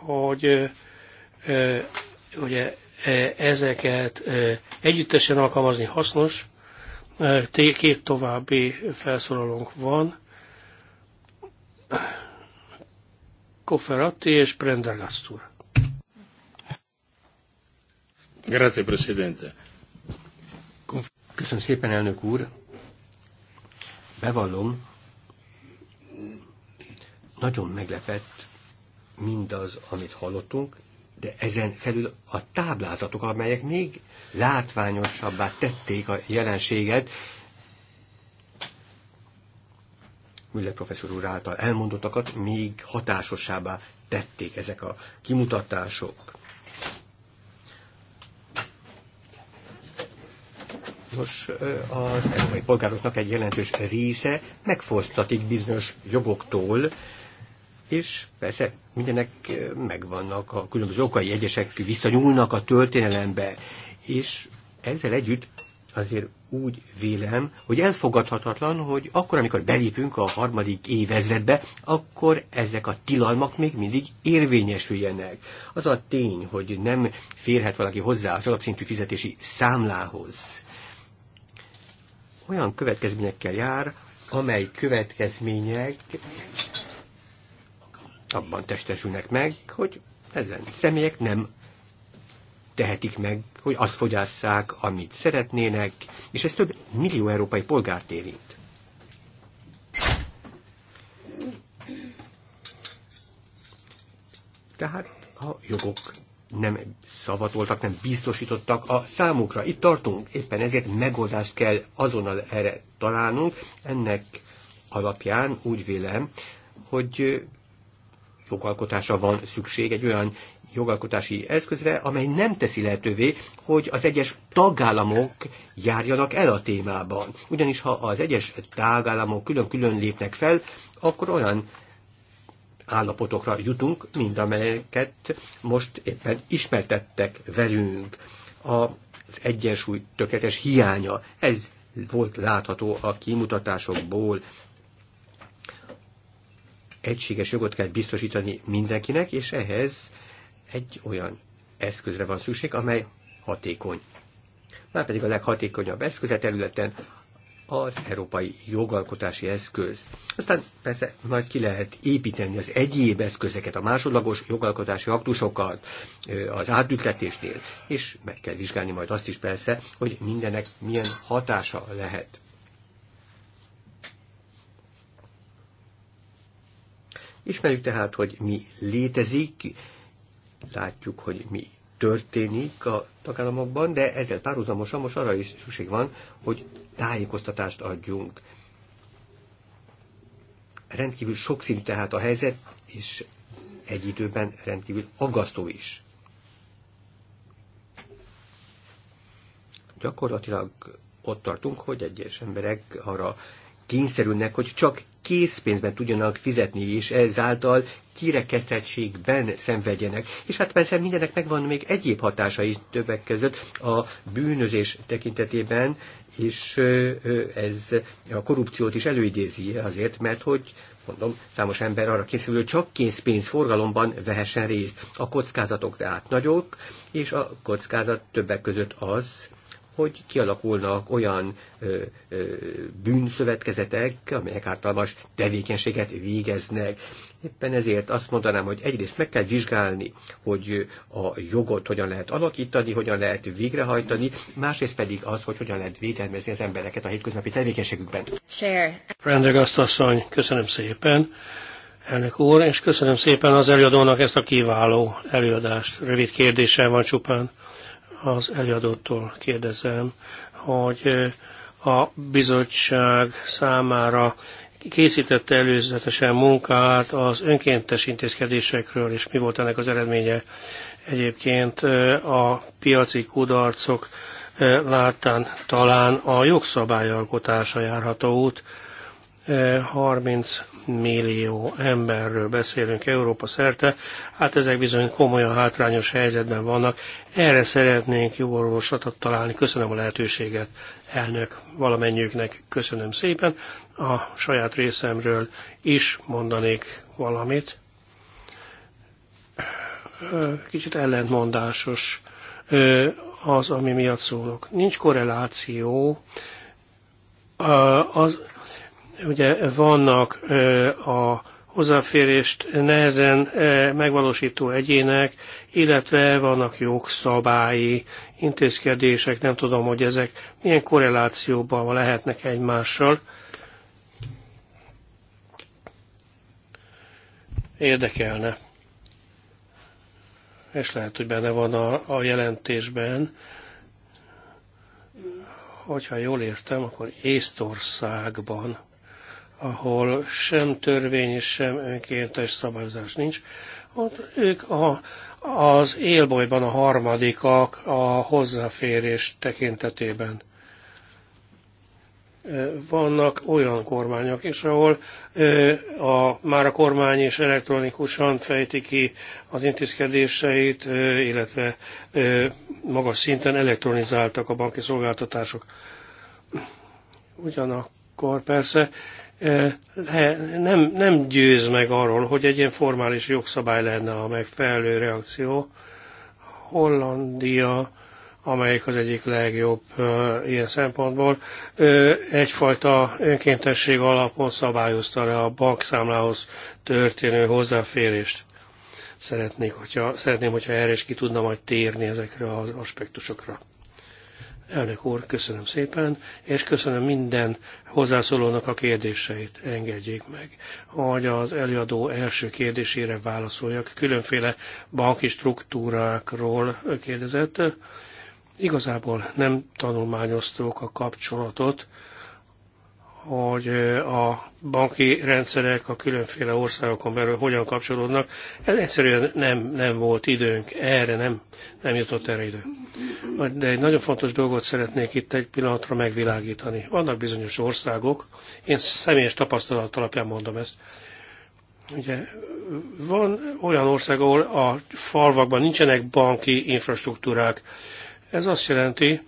hogy ugye ezeket együttesen alkalmazni hasznos. Két további felszólalónk van. Kofferatti és Prendergast úr. Grazie, Presidente. Köszönöm szépen, elnök úr. Bevallom, nagyon meglepett, mindaz, amit hallottunk, de ezen felül a táblázatok, amelyek még látványosabbá tették a jelenséget, Müller professzor úr által elmondottakat még hatásosabbá tették ezek a kimutatások. Nos, az európai polgároknak egy jelentős része megfosztatik bizonyos jogoktól, és persze mindenek megvannak a különböző okai, egyesek visszanyúlnak a történelembe, és ezzel együtt azért úgy vélem, hogy elfogadhatatlan, hogy akkor, amikor belépünk a harmadik évezredbe, akkor ezek a tilalmak még mindig érvényesüljenek. Az a tény, hogy nem férhet valaki hozzá az alapszintű fizetési számlához. Olyan következményekkel jár, amely következmények abban testesülnek meg, hogy ezen személyek nem tehetik meg, hogy azt fogyasszák, amit szeretnének, és ez több millió európai polgárt érint. Tehát a jogok nem szavatoltak, nem biztosítottak a számukra. Itt tartunk, éppen ezért megoldást kell azonnal erre találnunk. Ennek alapján úgy vélem, hogy Jogalkotása van szükség, egy olyan jogalkotási eszközre, amely nem teszi lehetővé, hogy az egyes tagállamok járjanak el a témában. Ugyanis ha az egyes tagállamok külön-külön lépnek fel, akkor olyan állapotokra jutunk, mint amelyeket most éppen ismertettek velünk. Az egyensúly tökéletes hiánya, ez volt látható a kimutatásokból egységes jogot kell biztosítani mindenkinek, és ehhez egy olyan eszközre van szükség, amely hatékony. Márpedig a leghatékonyabb eszköz a területen az európai jogalkotási eszköz. Aztán persze majd ki lehet építeni az egyéb eszközeket, a másodlagos jogalkotási aktusokat az átültetésnél, és meg kell vizsgálni majd azt is persze, hogy mindenek milyen hatása lehet. Ismerjük tehát, hogy mi létezik, látjuk, hogy mi történik a tagállamokban, de ezzel párhuzamosan most arra is szükség van, hogy tájékoztatást adjunk. Rendkívül sokszínű tehát a helyzet, és egy időben rendkívül aggasztó is. Gyakorlatilag ott tartunk, hogy egyes emberek arra kényszerülnek, hogy csak készpénzben tudjanak fizetni, és ezáltal kirekesztettségben szenvedjenek. És hát persze mindenek megvan még egyéb hatása is többek között a bűnözés tekintetében, és ez a korrupciót is előidézi azért, mert hogy mondom, számos ember arra készül, hogy csak készpénz forgalomban vehessen részt. A kockázatok tehát nagyok, és a kockázat többek között az, hogy kialakulnak olyan ö, ö, bűnszövetkezetek, amelyek ártalmas tevékenységet végeznek. Éppen ezért azt mondanám, hogy egyrészt meg kell vizsgálni, hogy a jogot hogyan lehet alakítani, hogyan lehet végrehajtani, másrészt pedig az, hogy hogyan lehet védelmezni az embereket a hétköznapi tevékenységükben. Sure. Prendergast asszony, köszönöm szépen, elnök úr, és köszönöm szépen az előadónak ezt a kiváló előadást. Rövid kérdésem van csupán az előadótól kérdezem, hogy a bizottság számára készítette előzetesen munkát az önkéntes intézkedésekről, és mi volt ennek az eredménye egyébként a piaci kudarcok láttán talán a jogszabályalkotása járható út. 30 millió emberről beszélünk Európa szerte, hát ezek bizony komolyan hátrányos helyzetben vannak. Erre szeretnénk jó orvoslatot találni. Köszönöm a lehetőséget, elnök valamennyiüknek. Köszönöm szépen. A saját részemről is mondanék valamit. Kicsit ellentmondásos az, ami miatt szólok. Nincs korreláció az Ugye vannak a hozzáférést nehezen megvalósító egyének, illetve vannak jogszabályi intézkedések, nem tudom, hogy ezek milyen korrelációban lehetnek egymással. Érdekelne. És lehet, hogy benne van a, a jelentésben, hogyha jól értem, akkor Észtországban ahol sem törvény, sem önkéntes szabályozás nincs, ott ők a, az élbolyban a harmadikak a hozzáférés tekintetében. Vannak olyan kormányok is, ahol a, már a kormány is elektronikusan fejti ki az intézkedéseit, illetve magas szinten elektronizáltak a banki szolgáltatások. Ugyanakkor persze nem, nem győz meg arról, hogy egy ilyen formális jogszabály lenne a megfelelő reakció. Hollandia, amelyik az egyik legjobb ilyen szempontból, egyfajta önkéntesség alapon szabályozta le a bankszámlához történő hozzáférést. Szeretnék, hogyha, szeretném, hogyha erre is ki tudna majd térni ezekre az aspektusokra. Elnök úr, köszönöm szépen, és köszönöm minden hozzászólónak a kérdéseit. Engedjék meg, hogy az előadó első kérdésére válaszoljak. Különféle banki struktúrákról kérdezett. Igazából nem tanulmányoztuk a kapcsolatot hogy a banki rendszerek a különféle országokon belül hogyan kapcsolódnak. Ez egyszerűen nem, nem volt időnk, erre nem, nem jutott erre idő. De egy nagyon fontos dolgot szeretnék itt egy pillanatra megvilágítani. Vannak bizonyos országok, én személyes tapasztalat alapján mondom ezt, ugye van olyan ország, ahol a falvakban nincsenek banki infrastruktúrák. Ez azt jelenti,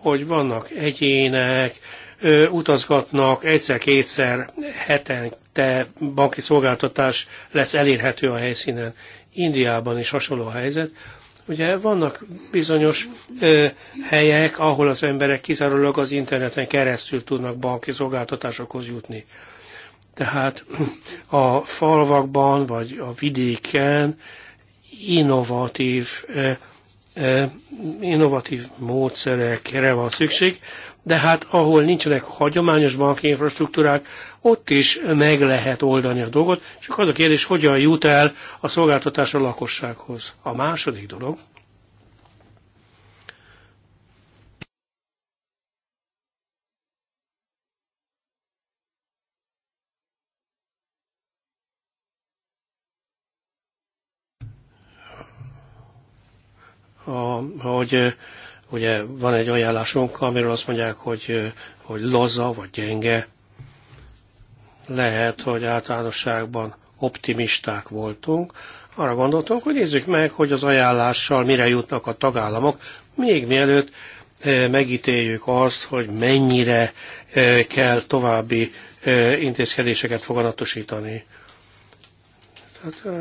hogy vannak egyének, utazgatnak, egyszer-kétszer hetente banki szolgáltatás lesz elérhető a helyszínen. Indiában is hasonló a helyzet. Ugye vannak bizonyos ö, helyek, ahol az emberek kizárólag az interneten keresztül tudnak banki szolgáltatásokhoz jutni. Tehát a falvakban vagy a vidéken innovatív, ö, ö, innovatív módszerekre van szükség, de hát ahol nincsenek hagyományos banki infrastruktúrák, ott is meg lehet oldani a dolgot, csak az a kérdés, hogyan jut el a szolgáltatás a lakossághoz. A második dolog, a, hogy Ugye van egy ajánlásunk, amiről azt mondják, hogy, hogy laza vagy gyenge. Lehet, hogy általánosságban optimisták voltunk. Arra gondoltunk, hogy nézzük meg, hogy az ajánlással mire jutnak a tagállamok, még mielőtt megítéljük azt, hogy mennyire kell további intézkedéseket foganatosítani. Tehát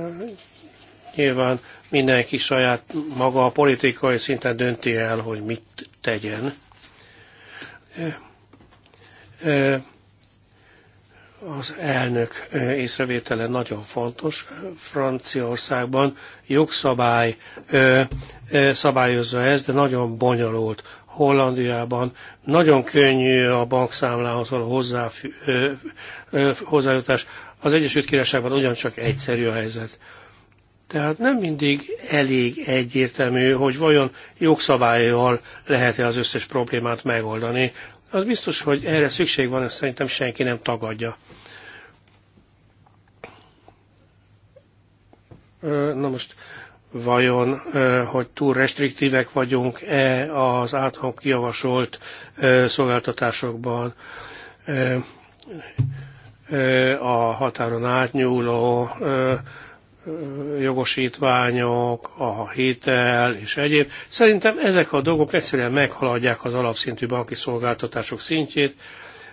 nyilván mindenki saját maga a politikai szinten dönti el, hogy mit tegyen. Az elnök észrevétele nagyon fontos. Franciaországban jogszabály szabályozza ezt, de nagyon bonyolult. Hollandiában nagyon könnyű a bankszámlához való hozzájutás. Az Egyesült Királyságban ugyancsak egyszerű a helyzet tehát nem mindig elég egyértelmű, hogy vajon jogszabályjal lehet-e az összes problémát megoldani. Az biztos, hogy erre szükség van, ezt szerintem senki nem tagadja. Na most, vajon, hogy túl restriktívek vagyunk-e az általunk javasolt szolgáltatásokban a határon átnyúló jogosítványok, a hitel és egyéb. Szerintem ezek a dolgok egyszerűen meghaladják az alapszintű banki szolgáltatások szintjét.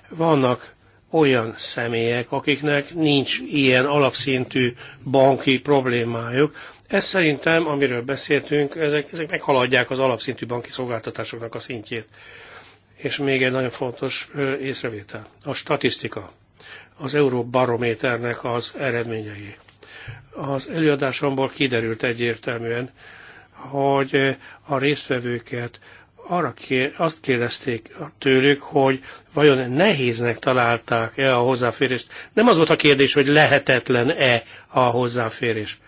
Vannak olyan személyek, akiknek nincs ilyen alapszintű banki problémájuk. Ez szerintem, amiről beszéltünk, ezek, ezek meghaladják az alapszintű banki szolgáltatásoknak a szintjét. És még egy nagyon fontos észrevétel. A statisztika. Az Euróbarométernek az eredményei az előadásomból kiderült egyértelműen, hogy eh, a résztvevőket arra kér, azt kérdezték tőlük, hogy vajon nehéznek találták-e a hozzáférést. Nem az volt a kérdés, hogy lehetetlen-e a hozzáférés.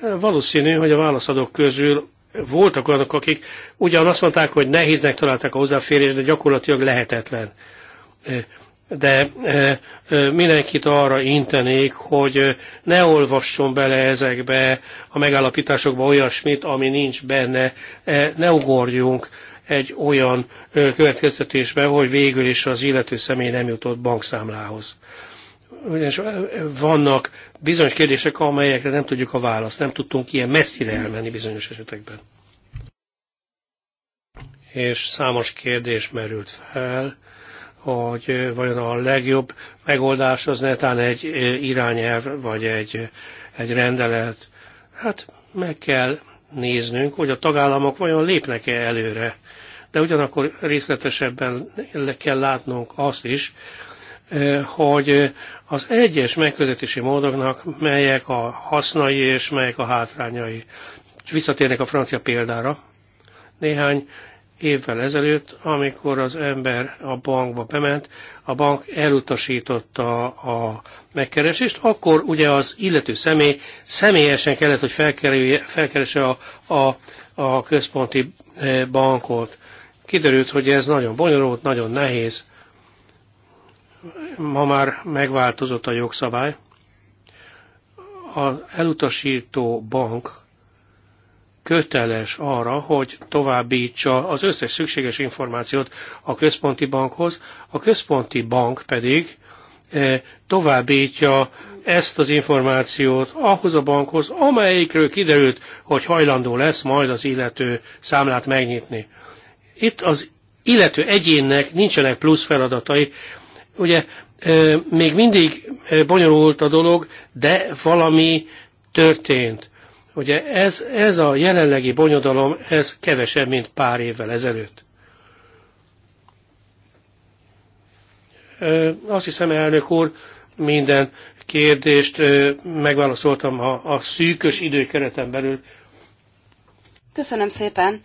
Valószínű, hogy a válaszadók közül voltak olyanok, akik ugyan azt mondták, hogy nehéznek találták a hozzáférést, de gyakorlatilag lehetetlen. Eh, de mindenkit arra intenék, hogy ne olvasson bele ezekbe a megállapításokba olyasmit, ami nincs benne, e, ne ugorjunk egy olyan következtetésbe, hogy végül is az illető személy nem jutott bankszámlához. Ugyanis vannak bizonyos kérdések, amelyekre nem tudjuk a választ, nem tudtunk ilyen messzire elmenni bizonyos esetekben. És számos kérdés merült fel hogy vajon a legjobb megoldás az netán egy irányelv, vagy egy, egy rendelet. Hát meg kell néznünk, hogy a tagállamok vajon lépnek-e előre. De ugyanakkor részletesebben le kell látnunk azt is, hogy az egyes megközelítési módoknak melyek a hasznai és melyek a hátrányai. Visszatérnek a francia példára. Néhány évvel ezelőtt, amikor az ember a bankba bement, a bank elutasította a megkeresést, akkor ugye az illető személy személyesen kellett, hogy felkeresse a, a, a központi eh, bankot. Kiderült, hogy ez nagyon bonyolult, nagyon nehéz. Ma már megváltozott a jogszabály. Az elutasító bank köteles arra, hogy továbbítsa az összes szükséges információt a központi bankhoz, a központi bank pedig e, továbbítja ezt az információt ahhoz a bankhoz, amelyikről kiderült, hogy hajlandó lesz majd az illető számlát megnyitni. Itt az illető egyénnek nincsenek plusz feladatai. Ugye e, még mindig e, bonyolult a dolog, de valami történt. Ugye ez, ez a jelenlegi bonyodalom, ez kevesebb, mint pár évvel ezelőtt. Azt hiszem, elnök úr, minden kérdést megválaszoltam a, a szűkös időkereten belül. Köszönöm szépen.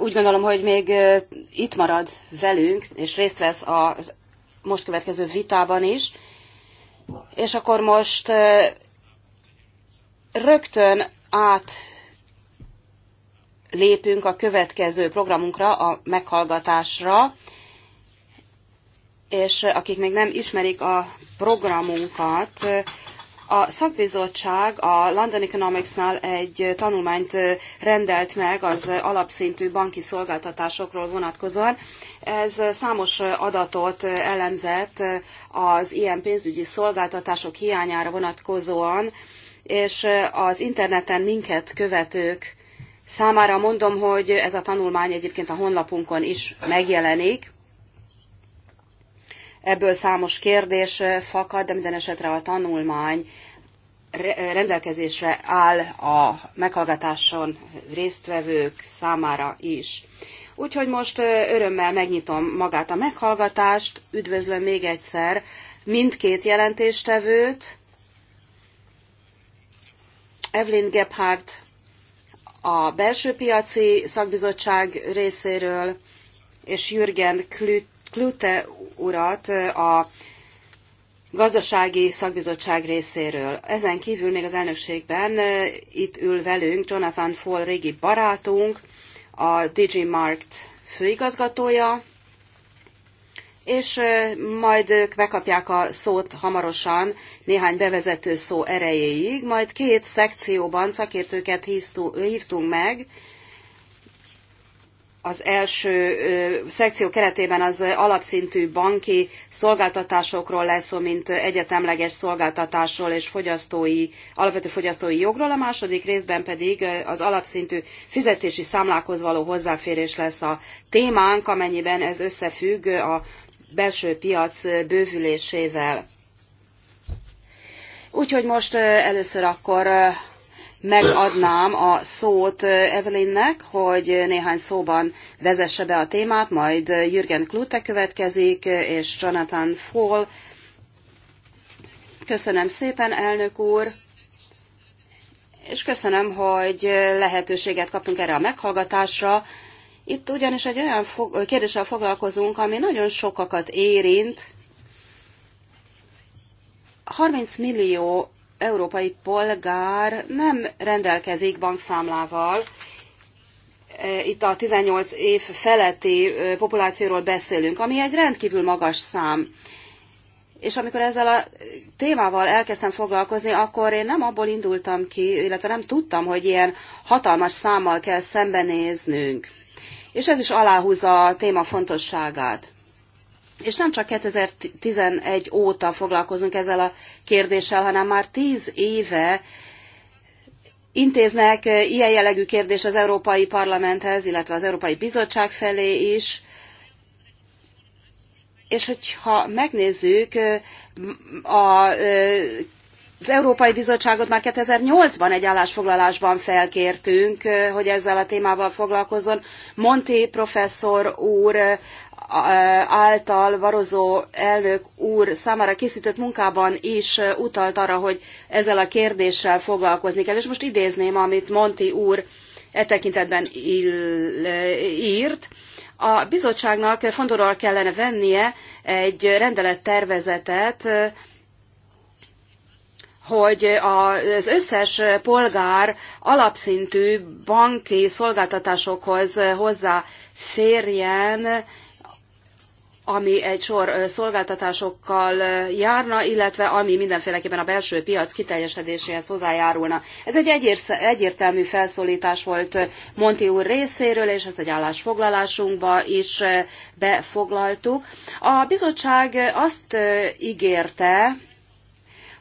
Úgy gondolom, hogy még itt marad velünk, és részt vesz a most következő vitában is. És akkor most rögtön át lépünk a következő programunkra, a meghallgatásra, és akik még nem ismerik a programunkat, a szakbizottság a London Economics-nál egy tanulmányt rendelt meg az alapszintű banki szolgáltatásokról vonatkozóan. Ez számos adatot elemzett az ilyen pénzügyi szolgáltatások hiányára vonatkozóan, és az interneten minket követők számára mondom, hogy ez a tanulmány egyébként a honlapunkon is megjelenik. Ebből számos kérdés fakad, de minden esetre a tanulmány rendelkezésre áll a meghallgatáson résztvevők számára is. Úgyhogy most örömmel megnyitom magát a meghallgatást, üdvözlöm még egyszer mindkét jelentéstevőt, Evelyn Gebhardt a belső piaci szakbizottság részéről, és Jürgen Klute urat a gazdasági szakbizottság részéről. Ezen kívül még az elnökségben itt ül velünk Jonathan Fall régi barátunk, a DG Markt főigazgatója, és majd ők megkapják a szót hamarosan néhány bevezető szó erejéig, majd két szekcióban szakértőket hívtunk meg, az első szekció keretében az alapszintű banki szolgáltatásokról lesz szó, mint egyetemleges szolgáltatásról és fogyasztói, alapvető fogyasztói jogról, a második részben pedig az alapszintű fizetési számlákhoz való hozzáférés lesz a témánk, amennyiben ez összefügg a belső piac bővülésével. Úgyhogy most először akkor megadnám a szót Evelynnek, hogy néhány szóban vezesse be a témát, majd Jürgen Klute következik, és Jonathan Fall. Köszönöm szépen, elnök úr! És köszönöm, hogy lehetőséget kaptunk erre a meghallgatásra. Itt ugyanis egy olyan kérdéssel foglalkozunk, ami nagyon sokakat érint. 30 millió európai polgár nem rendelkezik bankszámlával. E, itt a 18 év feletti populációról beszélünk, ami egy rendkívül magas szám. És amikor ezzel a témával elkezdtem foglalkozni, akkor én nem abból indultam ki, illetve nem tudtam, hogy ilyen hatalmas számmal kell szembenéznünk és ez is aláhúzza a téma fontosságát. És nem csak 2011 óta foglalkozunk ezzel a kérdéssel, hanem már tíz éve intéznek eh, ilyen jellegű kérdést az Európai Parlamenthez, illetve az Európai Bizottság felé is. És hogyha megnézzük eh, a eh, az Európai Bizottságot már 2008-ban egy állásfoglalásban felkértünk, hogy ezzel a témával foglalkozzon. Monti professzor úr által varozó elnök úr számára készített munkában is utalt arra, hogy ezzel a kérdéssel foglalkozni kell. És most idézném, amit Monti úr e tekintetben írt. A bizottságnak fondorral kellene vennie egy rendelettervezetet, hogy az összes polgár alapszintű banki szolgáltatásokhoz hozzáférjen, ami egy sor szolgáltatásokkal járna, illetve ami mindenféleképpen a belső piac kiteljesedéséhez hozzájárulna. Ez egy egyértelmű felszólítás volt Monti úr részéről, és ezt egy állásfoglalásunkba is befoglaltuk. A bizottság azt ígérte,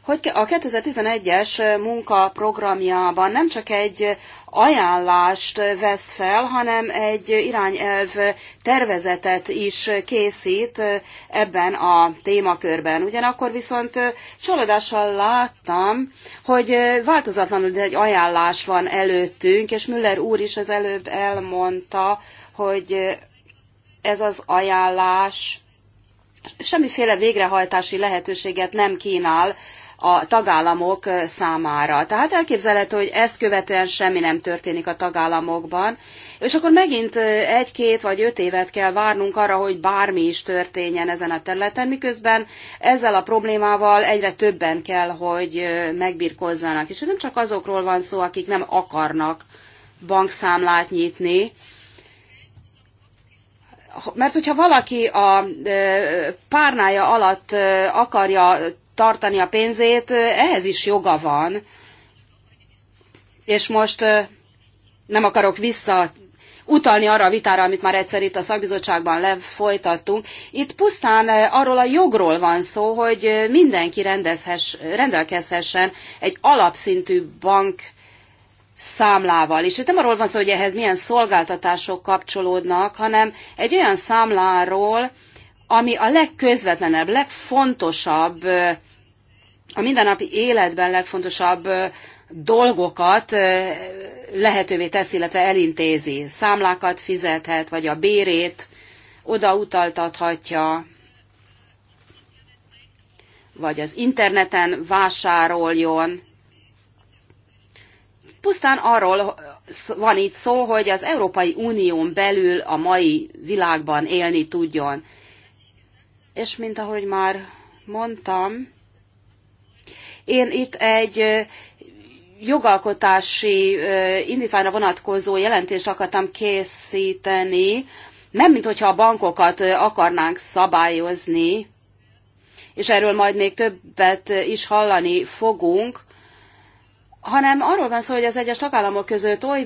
hogy a 2011-es munkaprogramjában nem csak egy ajánlást vesz fel, hanem egy irányelv tervezetet is készít ebben a témakörben. Ugyanakkor viszont csalódással láttam, hogy változatlanul egy ajánlás van előttünk, és Müller úr is az előbb elmondta, hogy ez az ajánlás semmiféle végrehajtási lehetőséget nem kínál a tagállamok számára. Tehát elképzelhető, hogy ezt követően semmi nem történik a tagállamokban, és akkor megint egy-két vagy öt évet kell várnunk arra, hogy bármi is történjen ezen a területen, miközben ezzel a problémával egyre többen kell, hogy megbirkozzanak. És nem csak azokról van szó, akik nem akarnak bankszámlát nyitni, mert hogyha valaki a párnája alatt akarja tartani a pénzét, ehhez is joga van. És most nem akarok vissza utalni arra a vitára, amit már egyszer itt a szakbizottságban lefolytattunk. Itt pusztán arról a jogról van szó, hogy mindenki rendelkezhessen egy alapszintű bank számlával. És itt nem arról van szó, hogy ehhez milyen szolgáltatások kapcsolódnak, hanem egy olyan számláról, ami a legközvetlenebb, legfontosabb a mindennapi életben legfontosabb dolgokat lehetővé teszi, illetve elintézi. Számlákat fizethet, vagy a bérét odautaltathatja, vagy az interneten vásároljon. Pusztán arról van itt szó, hogy az Európai Unión belül a mai világban élni tudjon. És mint ahogy már mondtam, én itt egy jogalkotási indítványra vonatkozó jelentést akartam készíteni, nem mint hogyha a bankokat akarnánk szabályozni, és erről majd még többet is hallani fogunk, hanem arról van szó, hogy az egyes tagállamok között oly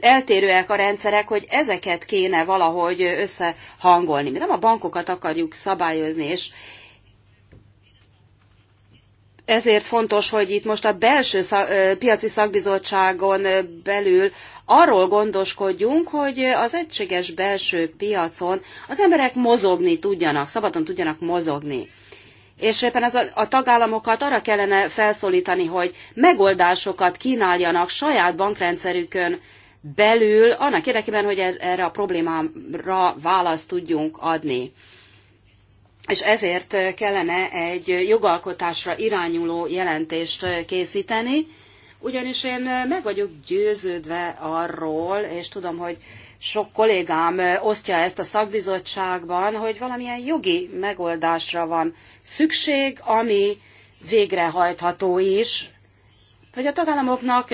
eltérőek a rendszerek, hogy ezeket kéne valahogy összehangolni. Mi nem a bankokat akarjuk szabályozni, és ezért fontos, hogy itt most a belső szak, piaci szakbizottságon belül arról gondoskodjunk, hogy az egységes belső piacon az emberek mozogni tudjanak, szabadon tudjanak mozogni. És éppen az a, a tagállamokat arra kellene felszólítani, hogy megoldásokat kínáljanak saját bankrendszerükön belül, annak érdekében, hogy er-, erre a problémára választ tudjunk adni és ezért kellene egy jogalkotásra irányuló jelentést készíteni, ugyanis én meg vagyok győződve arról, és tudom, hogy sok kollégám osztja ezt a szakbizottságban, hogy valamilyen jogi megoldásra van szükség, ami végrehajtható is, hogy a tagállamoknak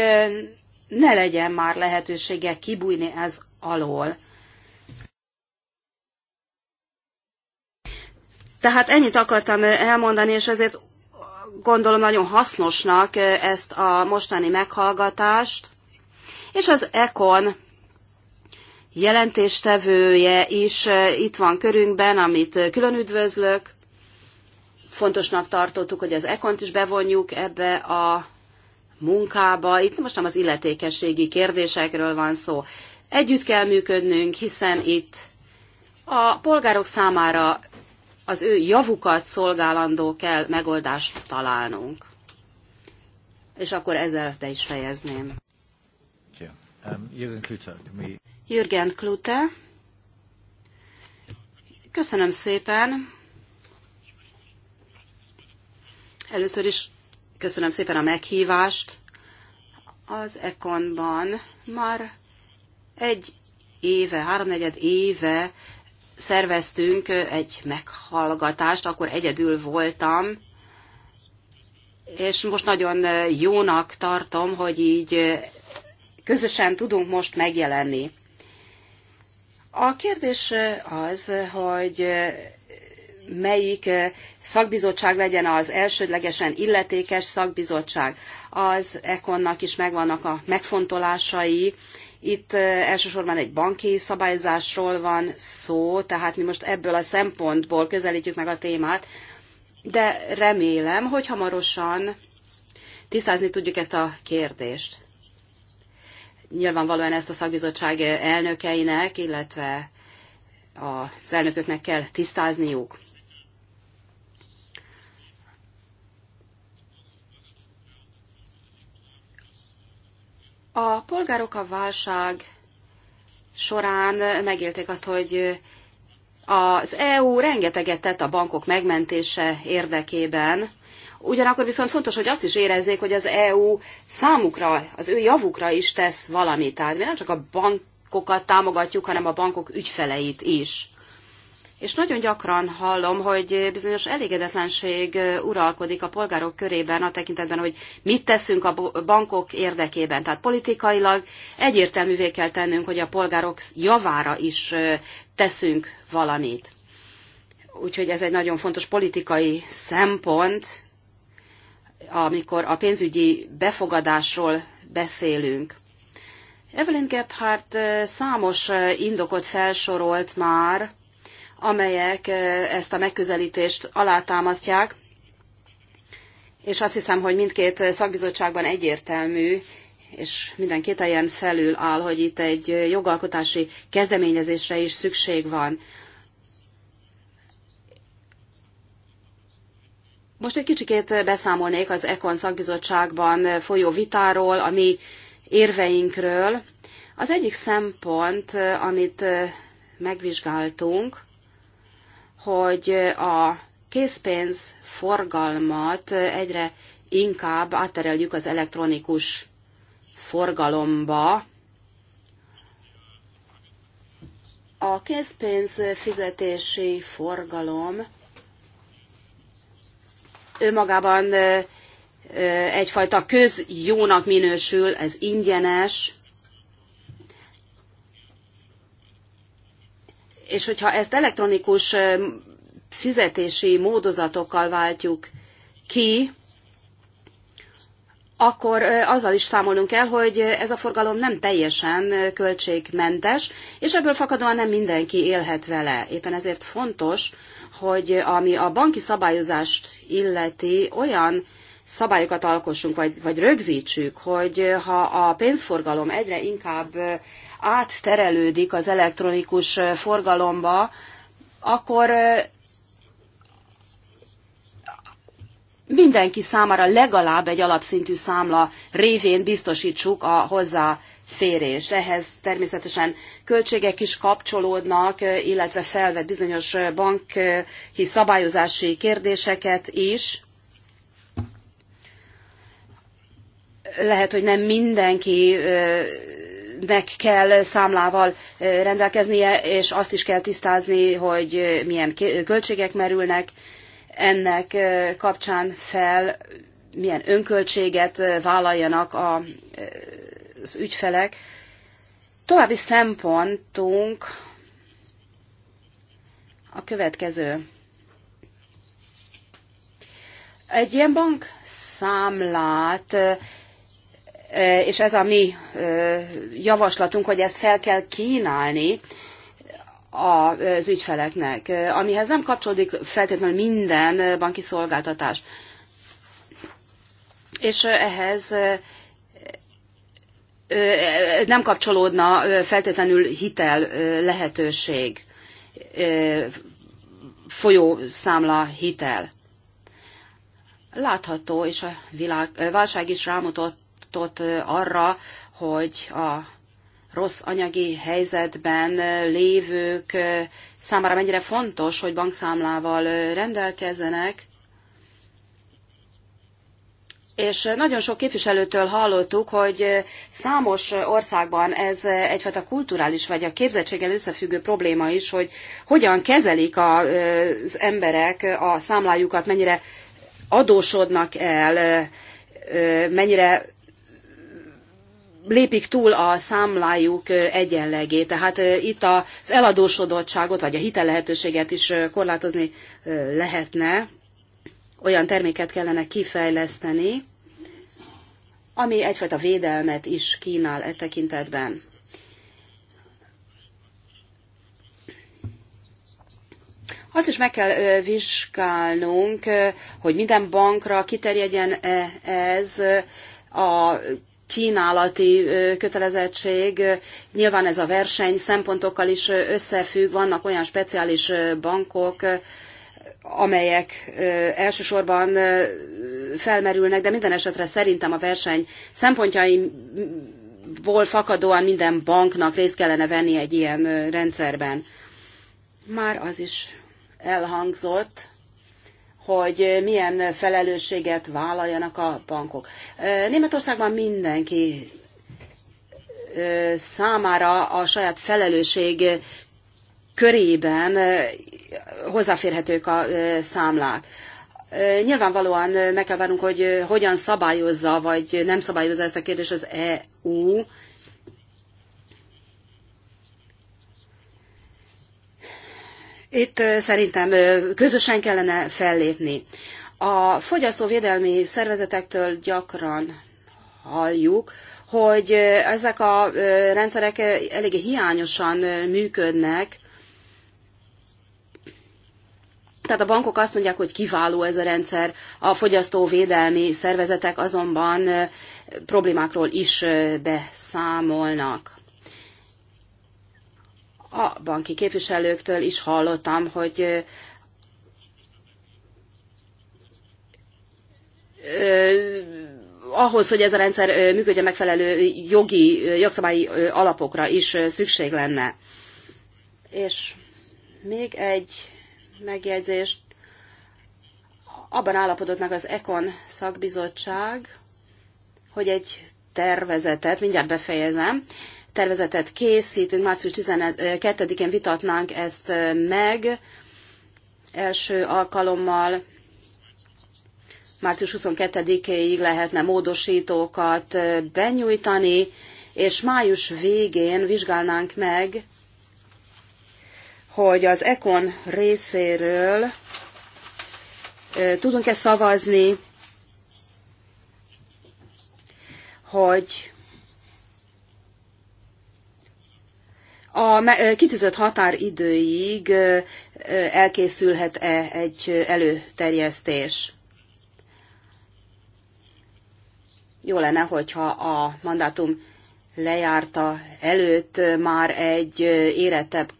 ne legyen már lehetősége kibújni ez alól. Tehát ennyit akartam elmondani, és ezért gondolom nagyon hasznosnak ezt a mostani meghallgatást, és az ECON jelentéstevője is eh, itt van körünkben, amit eh, külön üdvözlök. Fontosnak tartottuk, hogy az econ is bevonjuk ebbe a munkába. Itt most nem az illetékességi kérdésekről van szó. Együtt kell működnünk, hiszen itt a polgárok számára az ő javukat szolgálandó kell megoldást találnunk. És akkor ezzel te is fejezném. Um, Jürgen Klute. Köszönöm szépen. Először is köszönöm szépen a meghívást. Az ekonban már egy éve, háromnegyed éve szerveztünk egy meghallgatást, akkor egyedül voltam, és most nagyon jónak tartom, hogy így közösen tudunk most megjelenni. A kérdés az, hogy melyik szakbizottság legyen az elsődlegesen illetékes szakbizottság. Az Ekonnak is megvannak a megfontolásai, itt elsősorban egy banki szabályzásról van szó, tehát mi most ebből a szempontból közelítjük meg a témát, de remélem, hogy hamarosan tisztázni tudjuk ezt a kérdést. Nyilvánvalóan ezt a szakbizottság elnökeinek, illetve az elnököknek kell tisztázniuk. A polgárok a válság során megélték azt, hogy az EU rengeteget tett a bankok megmentése érdekében, ugyanakkor viszont fontos, hogy azt is érezzék, hogy az EU számukra, az ő javukra is tesz valamit. Tehát mi nem csak a bankokat támogatjuk, hanem a bankok ügyfeleit is. És nagyon gyakran hallom, hogy bizonyos elégedetlenség uralkodik a polgárok körében a tekintetben, hogy mit teszünk a bankok érdekében. Tehát politikailag egyértelművé kell tennünk, hogy a polgárok javára is teszünk valamit. Úgyhogy ez egy nagyon fontos politikai szempont, amikor a pénzügyi befogadásról beszélünk. Evelyn Gebhardt számos indokot felsorolt már, amelyek ezt a megközelítést alátámasztják, és azt hiszem, hogy mindkét szakbizottságban egyértelmű, és minden kételjen felül áll, hogy itt egy jogalkotási kezdeményezésre is szükség van. Most egy kicsikét beszámolnék az ECON szakbizottságban folyó vitáról, a mi érveinkről. Az egyik szempont, amit megvizsgáltunk, hogy a készpénz forgalmat egyre inkább áttereljük az elektronikus forgalomba. A készpénz fizetési forgalom önmagában egyfajta közjónak minősül, ez ingyenes, És hogyha ezt elektronikus fizetési módozatokkal váltjuk ki, akkor azzal is számolunk el, hogy ez a forgalom nem teljesen költségmentes, és ebből fakadóan nem mindenki élhet vele. Éppen ezért fontos, hogy ami a banki szabályozást illeti, olyan szabályokat alkossunk, vagy, vagy rögzítsük, hogy ha a pénzforgalom egyre inkább átterelődik az elektronikus forgalomba, akkor mindenki számára legalább egy alapszintű számla révén biztosítsuk a Férés. Ehhez természetesen költségek is kapcsolódnak, illetve felvet bizonyos banki szabályozási kérdéseket is. Lehet, hogy nem mindenki nek kell számlával rendelkeznie, és azt is kell tisztázni, hogy milyen költségek merülnek ennek kapcsán fel, milyen önköltséget vállaljanak a, az ügyfelek. További szempontunk a következő. Egy ilyen bankszámlát és ez a mi javaslatunk, hogy ezt fel kell kínálni az ügyfeleknek, amihez nem kapcsolódik feltétlenül minden banki szolgáltatás. És ehhez nem kapcsolódna feltétlenül hitel lehetőség, folyószámla hitel. Látható, és a világ, válság is rámutott adaptot arra, hogy a rossz anyagi helyzetben lévők számára mennyire fontos, hogy bankszámlával rendelkezzenek. És nagyon sok képviselőtől hallottuk, hogy számos országban ez egyfajta kulturális vagy a képzettséggel összefüggő probléma is, hogy hogyan kezelik az emberek a számlájukat, mennyire adósodnak el, mennyire lépik túl a számlájuk egyenlegét. Tehát itt az eladósodottságot, vagy a hitellehetőséget is korlátozni lehetne. Olyan terméket kellene kifejleszteni, ami egyfajta védelmet is kínál e tekintetben. Azt is meg kell vizsgálnunk, hogy minden bankra kiterjedjen -e ez a kínálati kötelezettség. Nyilván ez a verseny szempontokkal is összefügg, vannak olyan speciális bankok, amelyek elsősorban felmerülnek, de minden esetre szerintem a verseny szempontjaiból fakadóan minden banknak részt kellene venni egy ilyen rendszerben. Már az is elhangzott, hogy milyen felelősséget vállaljanak a bankok. Németországban mindenki számára a saját felelősség körében hozzáférhetők a számlák. Nyilvánvalóan meg kell várnunk, hogy hogyan szabályozza, vagy nem szabályozza ezt a kérdést az EU, Itt szerintem közösen kellene fellépni. A fogyasztóvédelmi szervezetektől gyakran halljuk, hogy ezek a rendszerek eléggé hiányosan működnek. Tehát a bankok azt mondják, hogy kiváló ez a rendszer, a fogyasztóvédelmi szervezetek azonban problémákról is beszámolnak a banki képviselőktől is hallottam, hogy ahhoz, hogy ez a rendszer működjön megfelelő jogi, jogszabályi alapokra is szükség lenne. És még egy megjegyzést. Abban állapodott meg az Ekon szakbizottság, hogy egy tervezetet, mindjárt befejezem, tervezetet készítünk, március 12-én vitatnánk ezt meg első alkalommal. Március 22-ig lehetne módosítókat benyújtani, és május végén vizsgálnánk meg, hogy az ECON részéről tudunk-e szavazni, hogy a kitűzött határidőig elkészülhet-e egy előterjesztés? Jó lenne, hogyha a mandátum lejárta előtt már egy érettebb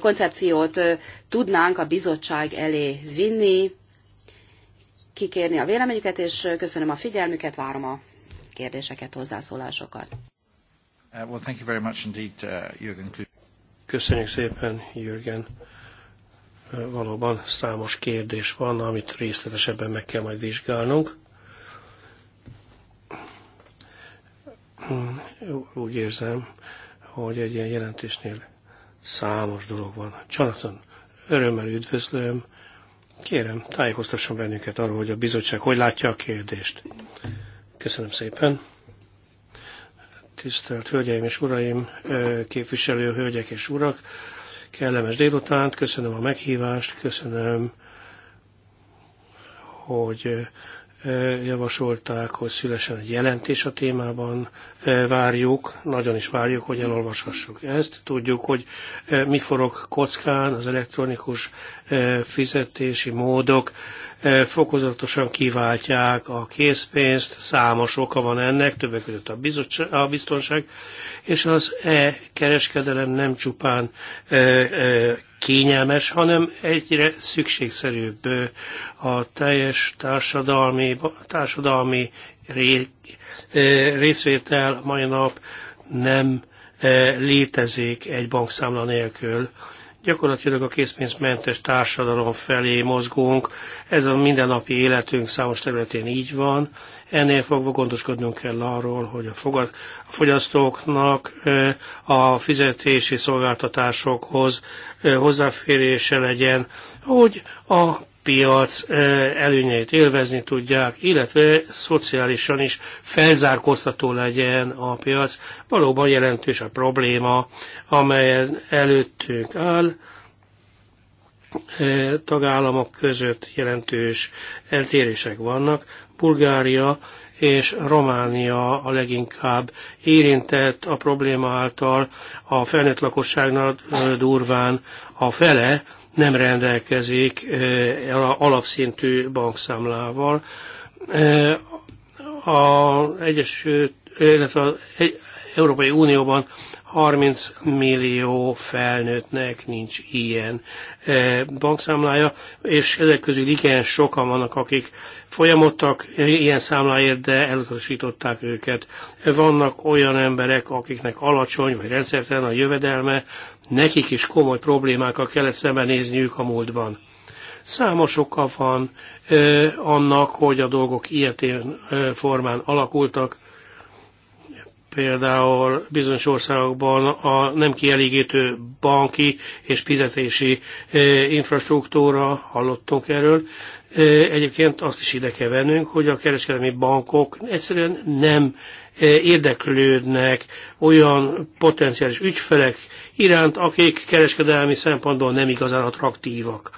koncepciót tudnánk a bizottság elé vinni, kikérni a véleményüket, és köszönöm a figyelmüket, várom a kérdéseket, hozzászólásokat. Uh, well, thank you very much indeed, uh, Jürgen Köszönjük szépen, Jürgen. Uh, valóban számos kérdés van, amit részletesebben meg kell majd vizsgálnunk. Hmm, úgy érzem, hogy egy ilyen jelentésnél számos dolog van. Jonathan, örömmel üdvözlöm. Kérem, tájékoztasson bennünket arról, hogy a bizottság hogy látja a kérdést. Köszönöm szépen. Tisztelt Hölgyeim és Uraim, képviselő hölgyek és urak, kellemes délutánt, köszönöm a meghívást, köszönöm, hogy javasolták, hogy szülesen egy jelentés a témában. Várjuk, nagyon is várjuk, hogy elolvashassuk ezt. Tudjuk, hogy mi forog kockán az elektronikus fizetési módok fokozatosan kiváltják a készpénzt, számos oka van ennek, többek között a, a biztonság, és az e-kereskedelem nem csupán kényelmes, hanem egyre szükségszerűbb a teljes társadalmi, társadalmi ré, részvétel mai nap nem létezik egy bankszámla nélkül. Gyakorlatilag a készpénzmentes társadalom felé mozgunk, ez a mindennapi életünk számos területén így van, ennél fogva gondoskodnunk kell arról, hogy a, fogad, a fogyasztóknak a fizetési szolgáltatásokhoz hozzáférése legyen, hogy a piac előnyeit élvezni tudják, illetve szociálisan is felzárkóztató legyen a piac. Valóban jelentős a probléma, amelyen előttünk áll. Tagállamok között jelentős eltérések vannak. Bulgária és Románia a leginkább érintett a probléma által a felnőtt lakosságnak durván a fele nem rendelkezik alapszintű bankszámlával. A Egyesült, illetve Európai Unióban 30 millió felnőttnek nincs ilyen e, bankszámlája, és ezek közül igen sokan vannak, akik folyamodtak ilyen számláért, de elutasították őket. Vannak olyan emberek, akiknek alacsony vagy rendszertelen a jövedelme, nekik is komoly problémákkal kellett szembenézniük a múltban. Számos oka van ö, e, annak, hogy a dolgok ilyetén ö, e, formán alakultak. Például bizonyos országokban a nem kielégítő banki és fizetési e, infrastruktúra, hallottunk erről. E, egyébként azt is ide kell vennünk, hogy a kereskedelmi bankok egyszerűen nem e, érdeklődnek olyan potenciális ügyfelek iránt, akik kereskedelmi szempontból nem igazán attraktívak.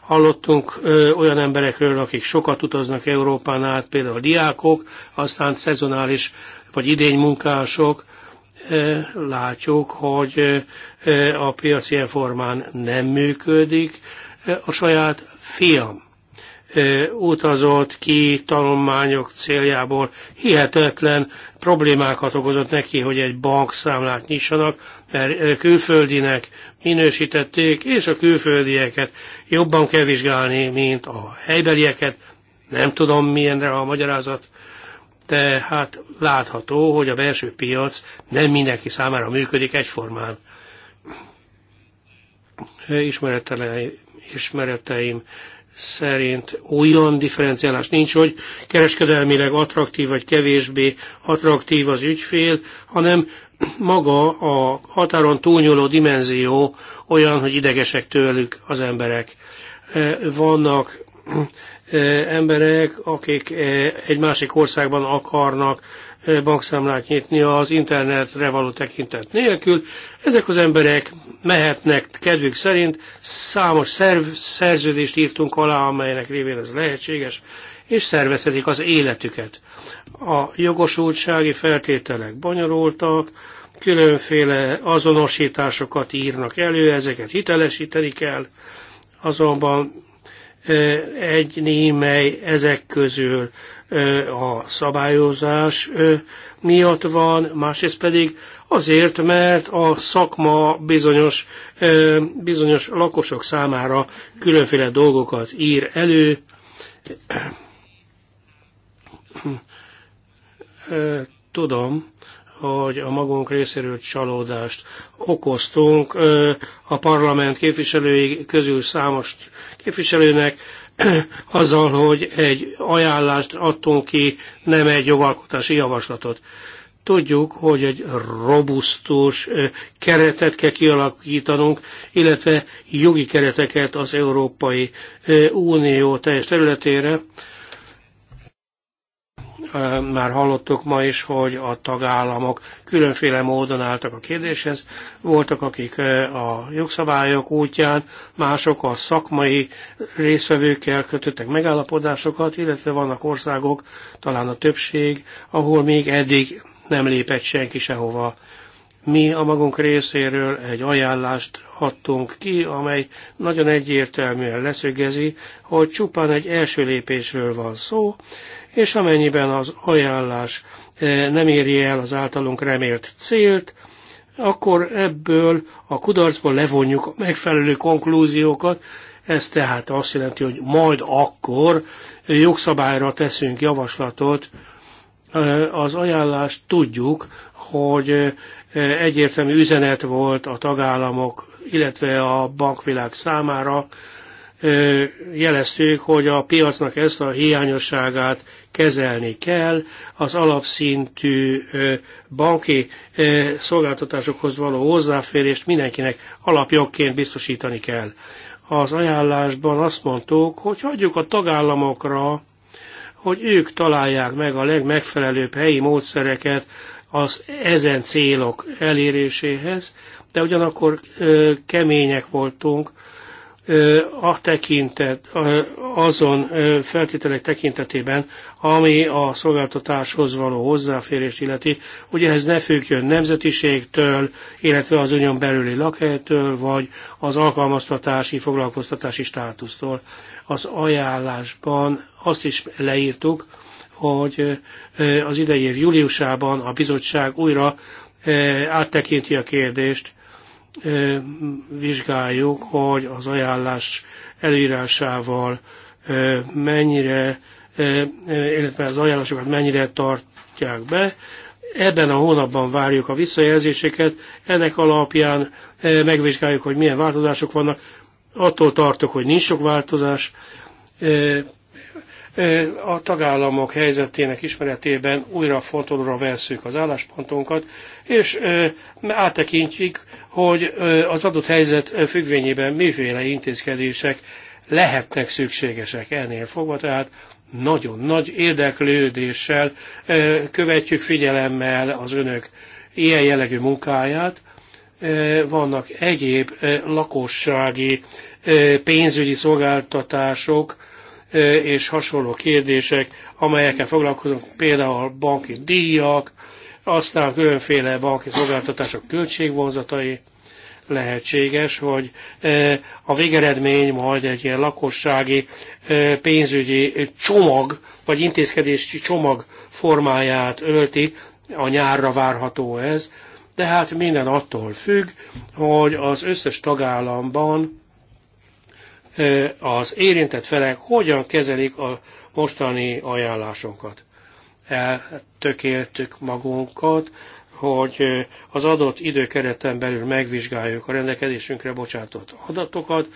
Hallottunk ö, olyan emberekről, akik sokat utaznak Európán át, például a diákok, aztán szezonális vagy idény munkások, eh, látjuk, hogy eh, a piaci formán nem működik. Eh, a saját fiam utazott ki tanulmányok céljából, hihetetlen problémákat okozott neki, hogy egy bankszámlát nyissanak, mert külföldinek minősítették, és a külföldieket jobban kell vizsgálni, mint a helybelieket. Nem tudom, milyenre a magyarázat. Tehát látható, hogy a belső piac nem mindenki számára működik egyformán. Ismereteim szerint olyan differenciálás nincs, hogy kereskedelmileg attraktív vagy kevésbé attraktív az ügyfél, hanem maga a határon túlnyúló dimenzió olyan, hogy idegesek tőlük az emberek. Vannak emberek, akik egy másik országban akarnak bankszámlát nyitni az internetre való tekintet nélkül. Ezek az emberek mehetnek kedvük szerint, számos szerv, szerződést írtunk alá, amelynek révén ez lehetséges, és szervezhetik az életüket. A jogosultsági feltételek bonyolultak, különféle azonosításokat írnak elő, ezeket hitelesíteni kell, azonban egy némely ezek közül a szabályozás miatt van, másrészt pedig azért, mert a szakma bizonyos, bizonyos lakosok számára különféle dolgokat ír elő. Tudom, hogy a magunk részéről csalódást okoztunk. A parlament képviselői közül számos képviselőnek azzal, hogy egy ajánlást adtunk ki, nem egy jogalkotási javaslatot. Tudjuk, hogy egy robusztus keretet kell kialakítanunk, illetve jogi kereteket az Európai Unió teljes területére, már hallottuk ma is, hogy a tagállamok különféle módon álltak a kérdéshez. Voltak, akik a jogszabályok útján, mások a szakmai részvevőkkel kötöttek megállapodásokat, illetve vannak országok, talán a többség, ahol még eddig nem lépett senki sehova. Mi a magunk részéről egy ajánlást adtunk ki, amely nagyon egyértelműen leszögezi, hogy csupán egy első lépésről van szó, és amennyiben az ajánlás eh, nem éri el az általunk remélt célt, akkor ebből a kudarcból levonjuk a megfelelő konklúziókat, ez tehát azt jelenti, hogy majd akkor jogszabályra teszünk javaslatot, eh, az ajánlást tudjuk, hogy eh, egyértelmű üzenet volt a tagállamok, illetve a bankvilág számára, jeleztük, hogy a piacnak ezt a hiányosságát kezelni kell, az alapszintű banki szolgáltatásokhoz való hozzáférést mindenkinek alapjogként biztosítani kell. Az ajánlásban azt mondtuk, hogy hagyjuk a tagállamokra, hogy ők találják meg a legmegfelelőbb helyi módszereket az ezen célok eléréséhez, de ugyanakkor ö, kemények voltunk, a tekintet, azon feltételek tekintetében, ami a szolgáltatáshoz való hozzáférést illeti, hogy ehhez ne függjön nemzetiségtől, illetve az unión belüli lakhelytől, vagy az alkalmaztatási, foglalkoztatási státusztól. Az ajánlásban azt is leírtuk, hogy az idei év júliusában a bizottság újra áttekinti a kérdést, vizsgáljuk, hogy az ajánlás elírásával mennyire, illetve az ajánlásokat mennyire tartják be. Ebben a hónapban várjuk a visszajelzéseket, ennek alapján megvizsgáljuk, hogy milyen változások vannak. Attól tartok, hogy nincs sok változás, a tagállamok helyzetének ismeretében újra fontolóra vesszük az álláspontunkat, és áttekintjük, hogy az adott helyzet függvényében miféle intézkedések lehetnek szükségesek ennél fogva, tehát nagyon nagy érdeklődéssel követjük figyelemmel az önök ilyen jellegű munkáját. Vannak egyéb lakossági pénzügyi szolgáltatások, és hasonló kérdések, amelyekkel foglalkozunk, például banki díjak, aztán különféle banki szolgáltatások költségvonzatai, lehetséges, hogy a végeredmény majd egy ilyen lakossági pénzügyi csomag, vagy intézkedési csomag formáját ölti, a nyárra várható ez, de hát minden attól függ, hogy az összes tagállamban az érintett felek hogyan kezelik a mostani ajánlásunkat. Eltökéltük magunkat, hogy az adott időkereten belül megvizsgáljuk a rendelkezésünkre bocsátott adatokat,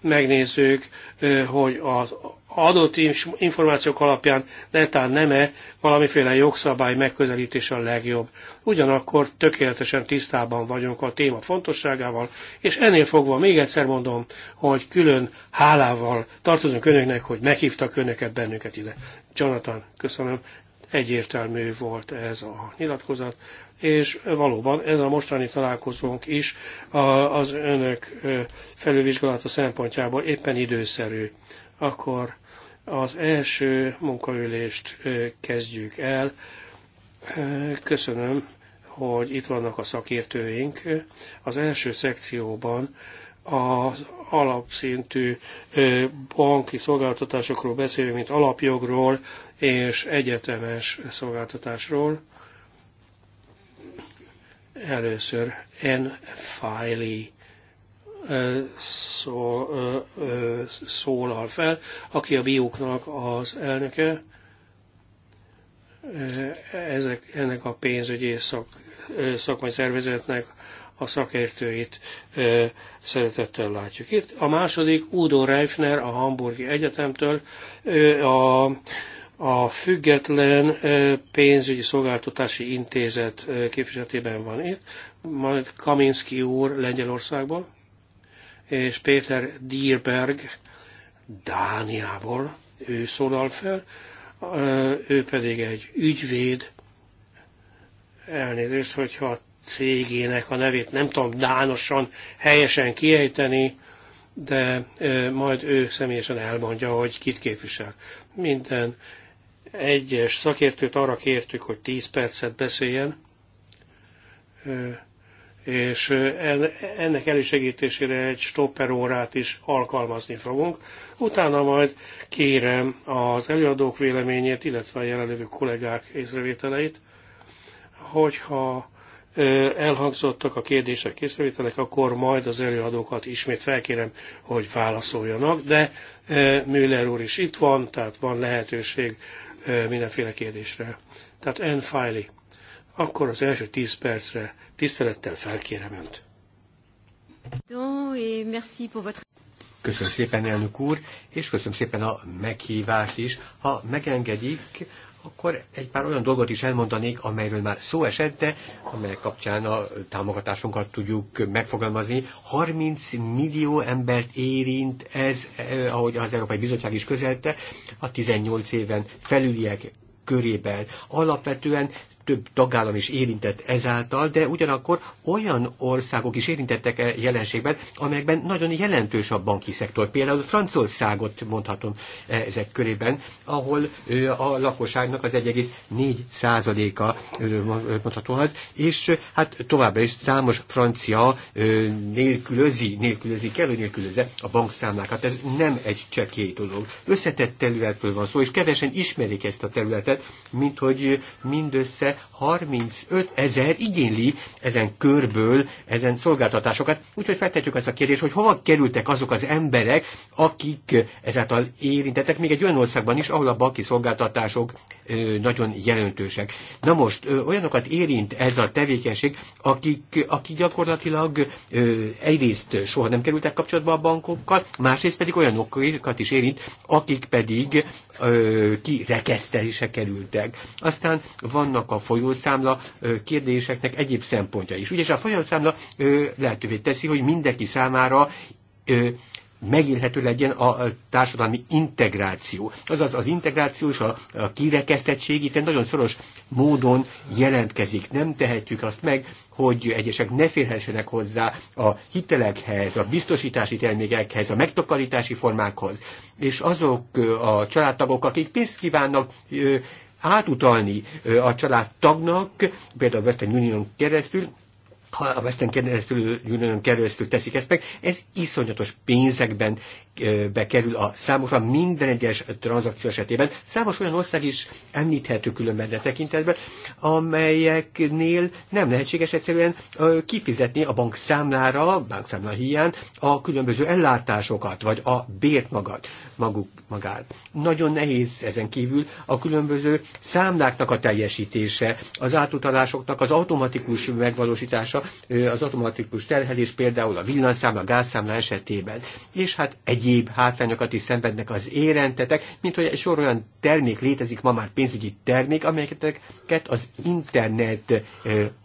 megnézzük, hogy az adott információk alapján netán nem-e valamiféle jogszabály megközelítés a legjobb. Ugyanakkor tökéletesen tisztában vagyunk a téma fontosságával, és ennél fogva még egyszer mondom, hogy külön hálával tartozunk önöknek, hogy meghívtak önöket bennünket ide. Jonathan, köszönöm, egyértelmű volt ez a nyilatkozat, és valóban ez a mostani találkozónk is az önök felülvizsgálata szempontjából éppen időszerű. Akkor az első munkaülést kezdjük el. Köszönöm, hogy itt vannak a szakértőink. Az első szekcióban az alapszintű banki szolgáltatásokról beszélünk, mint alapjogról és egyetemes szolgáltatásról. Először N. Filey szó, szólal fel, aki a bióknak az elnöke, ezek, ennek a pénzügyi szak, szakmai szervezetnek a szakértőit szeretettel látjuk itt. A második Udo Reifner a Hamburgi Egyetemtől, a, a Független Pénzügyi Szolgáltatási Intézet képviseletében van itt, majd Kaminski úr Lengyelországból és Péter Dierberg Dániából, ő szólal fel, ő pedig egy ügyvéd, elnézést, hogyha a cégének a nevét nem tudom dánosan, helyesen kiejteni, de majd ő személyesen elmondja, hogy kit képvisel. Minden egyes szakértőt arra kértük, hogy 10 percet beszéljen és ennek elősegítésére egy stopper órát is alkalmazni fogunk. Utána majd kérem az előadók véleményét, illetve a jelenlévő kollégák észrevételeit, hogyha elhangzottak a kérdések, észrevételek, akkor majd az előadókat ismét felkérem, hogy válaszoljanak, de Müller úr is itt van, tehát van lehetőség mindenféle kérdésre. Tehát Anne Filey akkor az első tíz percre tisztelettel felkérem Önt. Köszönöm szépen, elnök úr, és köszönöm szépen a meghívást is. Ha megengedik, akkor egy pár olyan dolgot is elmondanék, amelyről már szó esett, de amely kapcsán a támogatásunkat tudjuk megfogalmazni. 30 millió embert érint ez, eh, ahogy az Európai Bizottság is közelte, a 18 éven felüliek körében. Alapvetően több tagállam is érintett ezáltal, de ugyanakkor olyan országok is érintettek e jelenségben, amelyekben nagyon jelentős a banki szektor. Például Franciaországot mondhatom e ezek körében, ahol a lakosságnak az 1,4%-a mondható az, és hát továbbra is számos francia nélkülözi, nélkülözi kell, nélkülöze a bankszámlákat. Ez nem egy csekély dolog. Összetett területről van szó, és kevesen ismerik ezt a területet, mint hogy mindössze 35 ezer igényli ezen körből ezen szolgáltatásokat. Úgyhogy feltetjük ezt a kérdést, hogy hova kerültek azok az emberek, akik ezáltal érintettek, még egy olyan országban is, ahol a banki szolgáltatások nagyon jelentősek. Na most, olyanokat érint ez a tevékenység, akik, akik gyakorlatilag egyrészt soha nem kerültek kapcsolatba a bankokkal, másrészt pedig olyanokat is érint, akik pedig kirekesztelése kerültek. Aztán vannak a folyószámla kérdéseknek egyéb szempontja is. és a folyószámla lehetővé teszi, hogy mindenki számára megélhető legyen a társadalmi integráció. Azaz az integráció és a, a kirekesztettség itt nagyon szoros módon jelentkezik. Nem tehetjük azt meg, hogy egyesek ne férhessenek hozzá a hitelekhez, a biztosítási termékekhez, a megtakarítási formákhoz, és azok a családtagok, akik pénzt kívánnak átutalni a családtagnak, például a Western Union keresztül, ha a Western keresztül, keresztül teszik ezt meg, ez iszonyatos pénzekben bekerül a számosra minden egyes tranzakció esetében. Számos olyan ország is említhető különben tekintetben, amelyeknél nem lehetséges egyszerűen kifizetni a bank számlára, bank számla hiány a különböző ellátásokat, vagy a bért magad, maguk, magát. Nagyon nehéz ezen kívül a különböző számláknak a teljesítése, az átutalásoknak az automatikus megvalósítása, az automatikus terhelés például a villanyszámla, a gázszámla esetében. És hát egy egyéb hátrányokat is szenvednek az érentetek, mint hogy sor olyan termék létezik ma már pénzügyi termék, amelyeket az internet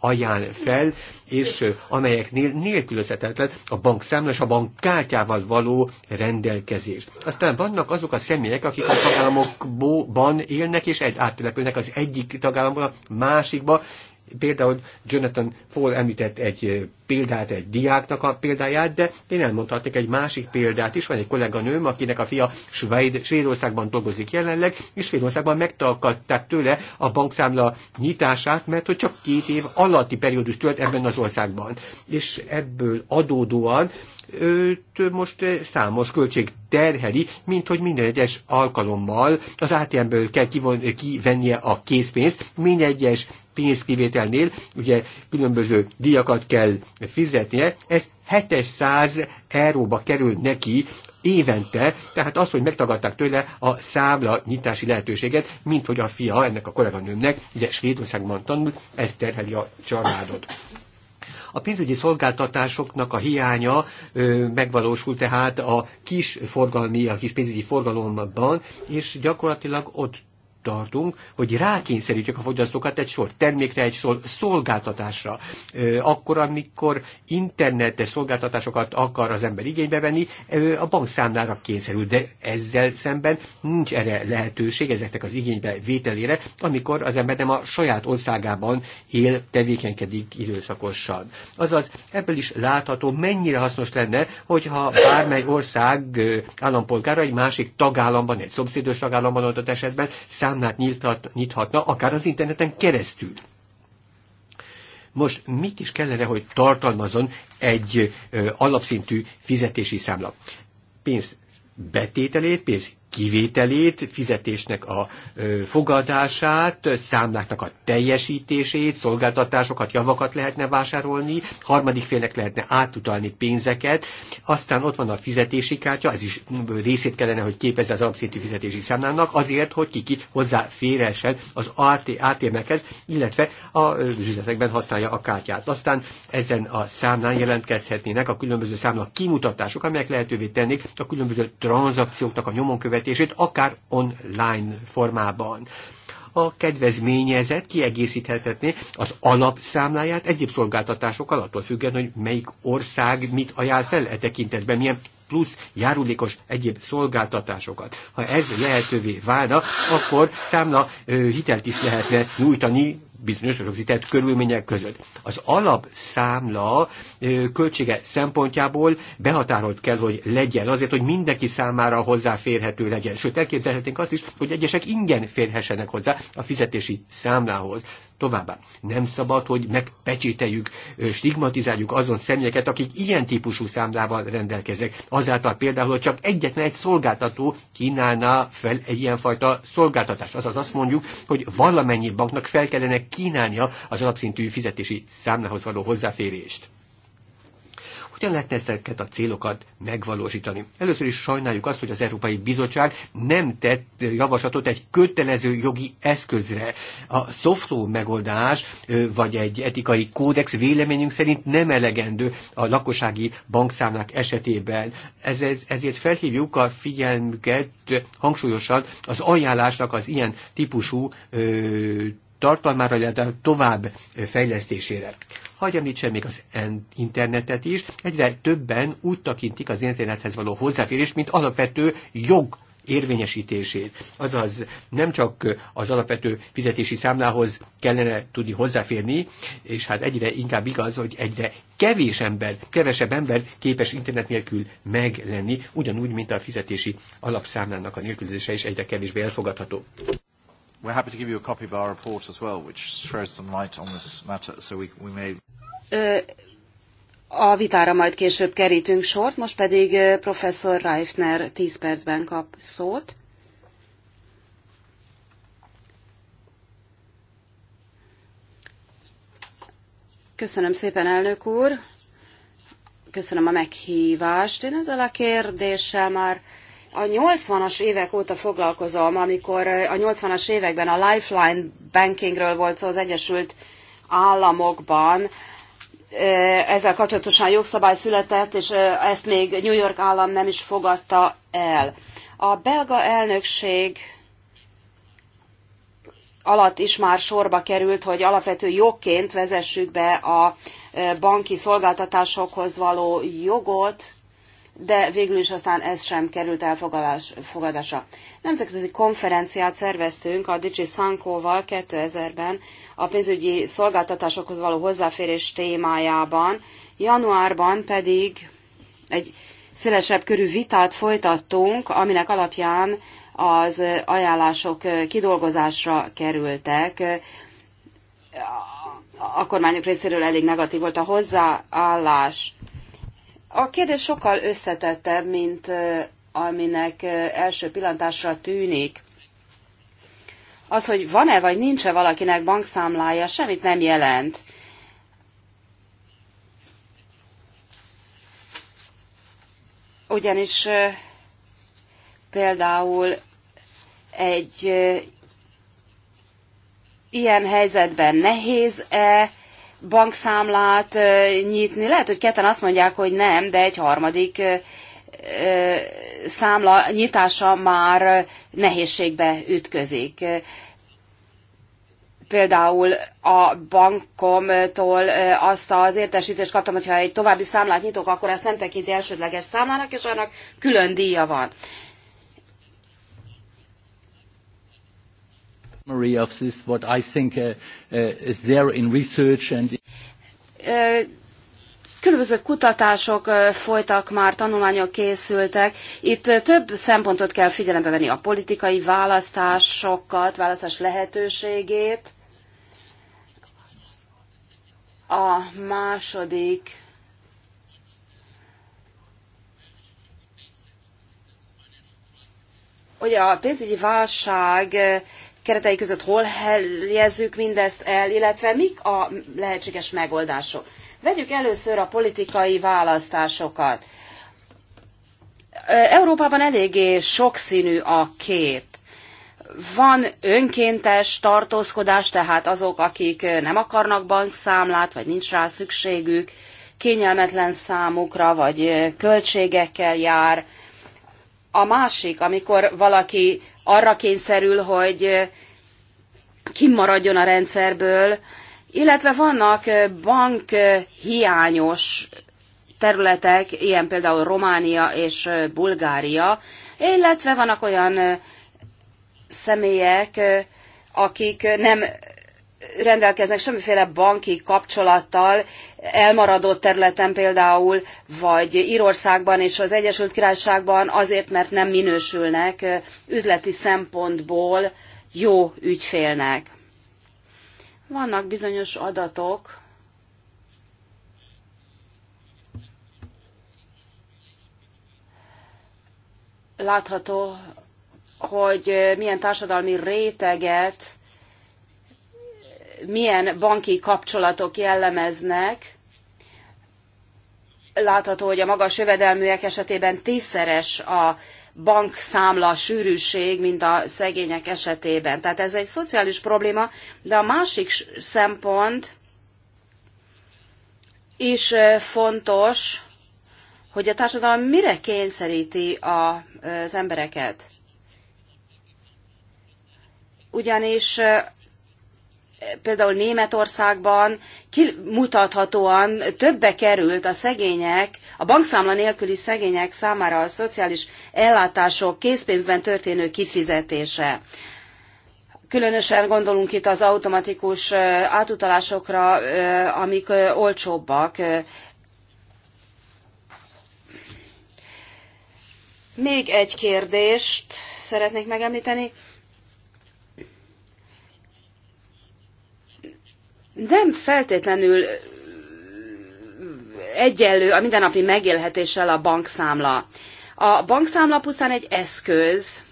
ajánl fel, és amelyeknél nélkülözhetetlen a bankszámla és a bankkártyával való rendelkezés. Aztán vannak azok a személyek, akik a tagállamokban élnek, és egy áttelepülnek az egyik tagállamból a másikba, Például Jonathan Fall említett egy példát, egy diáknak a példáját, de én elmondhatnék egy másik példát is. Van egy kolléganőm, akinek a fia Svéd, Svédországban dolgozik jelenleg, és Svédországban megtalkatták tőle a bankszámla nyitását, mert hogy csak két év alatti periódus tölt ebben az országban. És ebből adódóan őt most számos költség terheli, mint hogy minden egyes alkalommal az ATM-ből kell kivon, kivennie a készpénzt, minden egyes pénzkivételnél, ugye különböző díjakat kell fizetnie, ez 700 euróba kerül neki évente, tehát az, hogy megtagadták tőle a számla nyitási lehetőséget, mint hogy a fia ennek a kolléganőmnek, ugye Svédországban tanul, ez terheli a családot. A pénzügyi szolgáltatásoknak a hiánya ö, megvalósul tehát a kis forgalmi, a kis pénzügyi forgalomban, és gyakorlatilag ott tartunk, hogy rákényszerítjük a fogyasztókat egy sor termékre, egy sor szolgáltatásra. Akkor, amikor internetes szolgáltatásokat akar az ember igénybe venni, a bankszámlára kényszerül, de ezzel szemben nincs erre lehetőség ezeknek az igénybe vételére, amikor az ember nem a saját országában él, tevékenykedik időszakosan. Azaz, ebből is látható, mennyire hasznos lenne, hogyha bármely ország állampolgára egy másik tagállamban, egy szomszédos tagállamban adott esetben szám számlát nyithat, nyithatna, akár az interneten keresztül. Most mit is kellene, hogy tartalmazon egy ö, alapszintű fizetési számla? Pénz betételét, pénz kivételét, fizetésnek a fogadását, számláknak a teljesítését, szolgáltatásokat, javakat lehetne vásárolni, harmadik félnek lehetne átutalni pénzeket, aztán ott van a fizetési kártya, ez is részét kellene, hogy képezze az alapszintű fizetési számlának, azért, hogy kiki hozzáférhessen az ATM-ekhez, illetve a üzletekben használja a kártyát. Aztán ezen a számlán jelentkezhetnének a különböző számla kimutatások, amelyek lehetővé tennék a különböző tranzakcióknak a nyomon kifizetését, akár online formában a kedvezményezett kiegészíthetetné az alapszámláját egyéb szolgáltatásokkal, attól függően, hogy melyik ország mit ajánl fel e tekintetben, milyen plusz járulékos egyéb szolgáltatásokat. Ha ez lehetővé válna, akkor számla hitelt is lehetne nyújtani bizonyos rögzített körülmények között. Az alapszámla költsége szempontjából behatárolt kell, hogy legyen, azért, hogy mindenki számára hozzáférhető legyen. Sőt, elképzelhetnénk azt is, hogy egyesek ingyen férhessenek hozzá a fizetési számlához. Továbbá nem szabad, hogy megpecsételjük, stigmatizáljuk azon személyeket, akik ilyen típusú számlával rendelkeznek. Azáltal például, hogy csak egyetlen egy szolgáltató kínálná fel egy ilyenfajta szolgáltatást. Azaz azt mondjuk, hogy valamennyi banknak fel kellene kínálnia az alapszintű fizetési számlához való hozzáférést. Hogyan lehetne ezeket a célokat megvalósítani? Először is sajnáljuk azt, hogy az Európai Bizottság nem tett javaslatot egy kötelező jogi eszközre. A soft law megoldás, vagy egy etikai kódex véleményünk szerint nem elegendő a lakossági bankszámlák esetében. Ez, ez, ezért felhívjuk a figyelmüket hangsúlyosan az ajánlásnak az ilyen típusú ö, tartalmára, illetve tovább fejlesztésére. Hagy említsem még az internetet is. Egyre többen úgy tekintik az internethez való hozzáférés, mint alapvető jog érvényesítését. Azaz nem csak az alapvető fizetési számlához kellene tudni hozzáférni, és hát egyre inkább igaz, hogy egyre kevés ember, kevesebb ember képes internet nélkül meglenni, ugyanúgy, mint a fizetési alapszámlának a nélkülözése is egyre kevésbé elfogadható. We're happy to give you a copy of our report as well, which throws some light on this matter, so we, we may... a vitára majd később kerítünk sort, most pedig professzor Reifner 10 percben kap szót. Köszönöm szépen, elnök úr. Köszönöm a meghívást. Én ezzel a kérdéssel már a 80-as évek óta foglalkozom, amikor a 80-as években a Lifeline Bankingről volt szó az Egyesült Államokban, ezzel kapcsolatosan jogszabály született, és ezt még New York állam nem is fogadta el. A belga elnökség alatt is már sorba került, hogy alapvető jogként vezessük be a banki szolgáltatásokhoz való jogot, de végül is aztán ez sem került elfogadásra. Nemzetközi konferenciát szerveztünk a Digi Sankóval 2000-ben a pénzügyi szolgáltatásokhoz való hozzáférés témájában, januárban pedig egy szélesebb körű vitát folytattunk, aminek alapján az ajánlások kidolgozásra kerültek. A kormányok részéről elég negatív volt a hozzáállás. A kérdés sokkal összetettebb, mint aminek első pillantásra tűnik. Az, hogy van-e vagy nincs-e valakinek bankszámlája, semmit nem jelent. Ugyanis például egy ilyen helyzetben nehéz-e bankszámlát nyitni. Lehet, hogy ketten azt mondják, hogy nem, de egy harmadik számla nyitása már nehézségbe ütközik. Például a bankomtól azt az értesítést kaptam, hogy ha egy további számlát nyitok, akkor ezt nem tekinti elsődleges számlának, és annak külön díja van. summary of this, what I think uh, uh, is there in research and... Különböző kutatások folytak már, tanulmányok készültek. Itt több szempontot kell figyelembe venni, a politikai választásokat, választás lehetőségét. A második hogy a pénzügyi válság keretei között hol helyezzük mindezt el, illetve mik a lehetséges megoldások. Vegyük először a politikai választásokat. Európában eléggé sokszínű a kép. Van önkéntes tartózkodás, tehát azok, akik nem akarnak bankszámlát, vagy nincs rá szükségük, kényelmetlen számukra, vagy költségekkel jár. A másik, amikor valaki arra kényszerül, hogy kimaradjon a rendszerből, illetve vannak bank hiányos területek, ilyen például Románia és Bulgária, illetve vannak olyan személyek, akik nem rendelkeznek semmiféle banki kapcsolattal, elmaradott területen például, vagy Írországban és az Egyesült Királyságban azért, mert nem minősülnek üzleti szempontból jó ügyfélnek. Vannak bizonyos adatok, látható, hogy milyen társadalmi réteget milyen banki kapcsolatok jellemeznek. Látható, hogy a magas jövedelműek esetében tízszeres a bankszámla sűrűség, mint a szegények esetében. Tehát ez egy szociális probléma, de a másik szempont is fontos, hogy a társadalom mire kényszeríti az embereket. Ugyanis például Németországban kimutathatóan többe került a szegények, a bankszámla nélküli szegények számára a szociális ellátások készpénzben történő kifizetése. Különösen gondolunk itt az automatikus átutalásokra, amik olcsóbbak. Még egy kérdést szeretnék megemlíteni. nem feltétlenül egyenlő a mindennapi megélhetéssel a bankszámla. A bankszámla pusztán egy eszköz,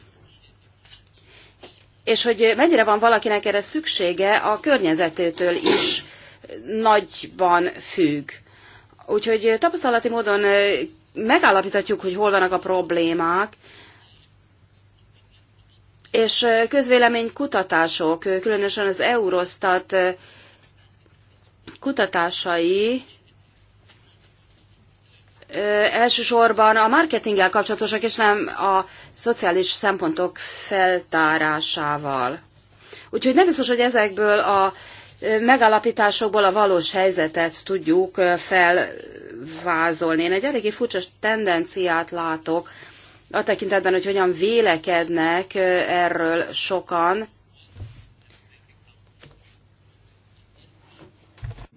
és hogy mennyire van valakinek erre szüksége, a környezetétől is nagyban függ. Úgyhogy tapasztalati módon megállapíthatjuk, hogy hol vannak a problémák, és közvélemény kutatások, különösen az Eurostat kutatásai elsősorban a marketinggel kapcsolatosak, és nem a szociális szempontok feltárásával. Úgyhogy nem biztos, hogy ezekből a megalapításokból a valós helyzetet tudjuk felvázolni. Én egy eléggé furcsa tendenciát látok a tekintetben, hogy hogyan vélekednek erről sokan,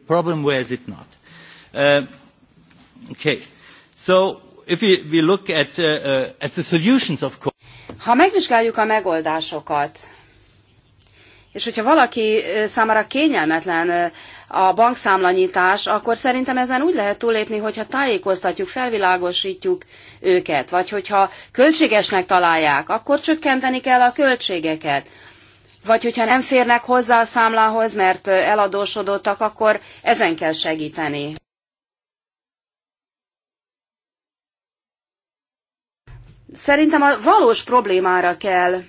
problem, where is it not? Uh, okay, so if we, we look at, uh, uh, at the solutions, of course. Ha megvizsgáljuk a megoldásokat, és hogyha valaki uh, számára kényelmetlen uh, a bankszámlanyítás, akkor szerintem ezen úgy lehet túlépni, hogyha tájékoztatjuk, felvilágosítjuk őket, vagy hogyha költségesnek találják, akkor csökkenteni kell a költségeket vagy hogyha nem férnek hozzá a számlához, mert eladósodottak, akkor ezen kell segíteni. Szerintem a valós problémára kell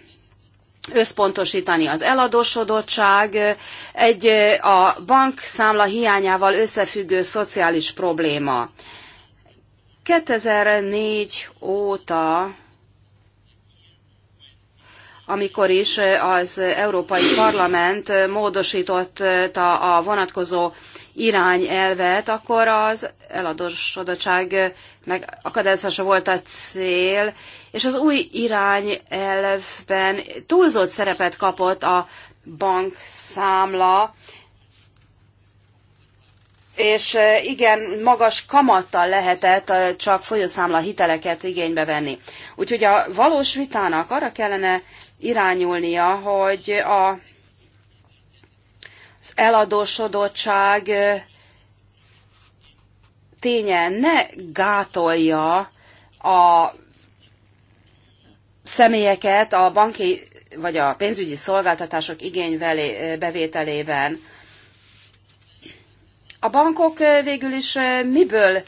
összpontosítani az eladósodottság, egy a bankszámla hiányával összefüggő szociális probléma. 2004 óta amikor is eh, az Európai Parlament eh, módosította a vonatkozó irányelvet, akkor az eladósodottság eh, megakadályozása volt a cél, és az új irányelvben túlzott szerepet kapott a bankszámla, és igen, magas kamattal lehetett csak folyószámla hiteleket igénybe venni. Úgyhogy a valós vitának arra kellene irányulnia, hogy a, az eladósodottság ténye ne gátolja a személyeket a banki vagy a pénzügyi szolgáltatások igénybevételében. A bankok végül is miből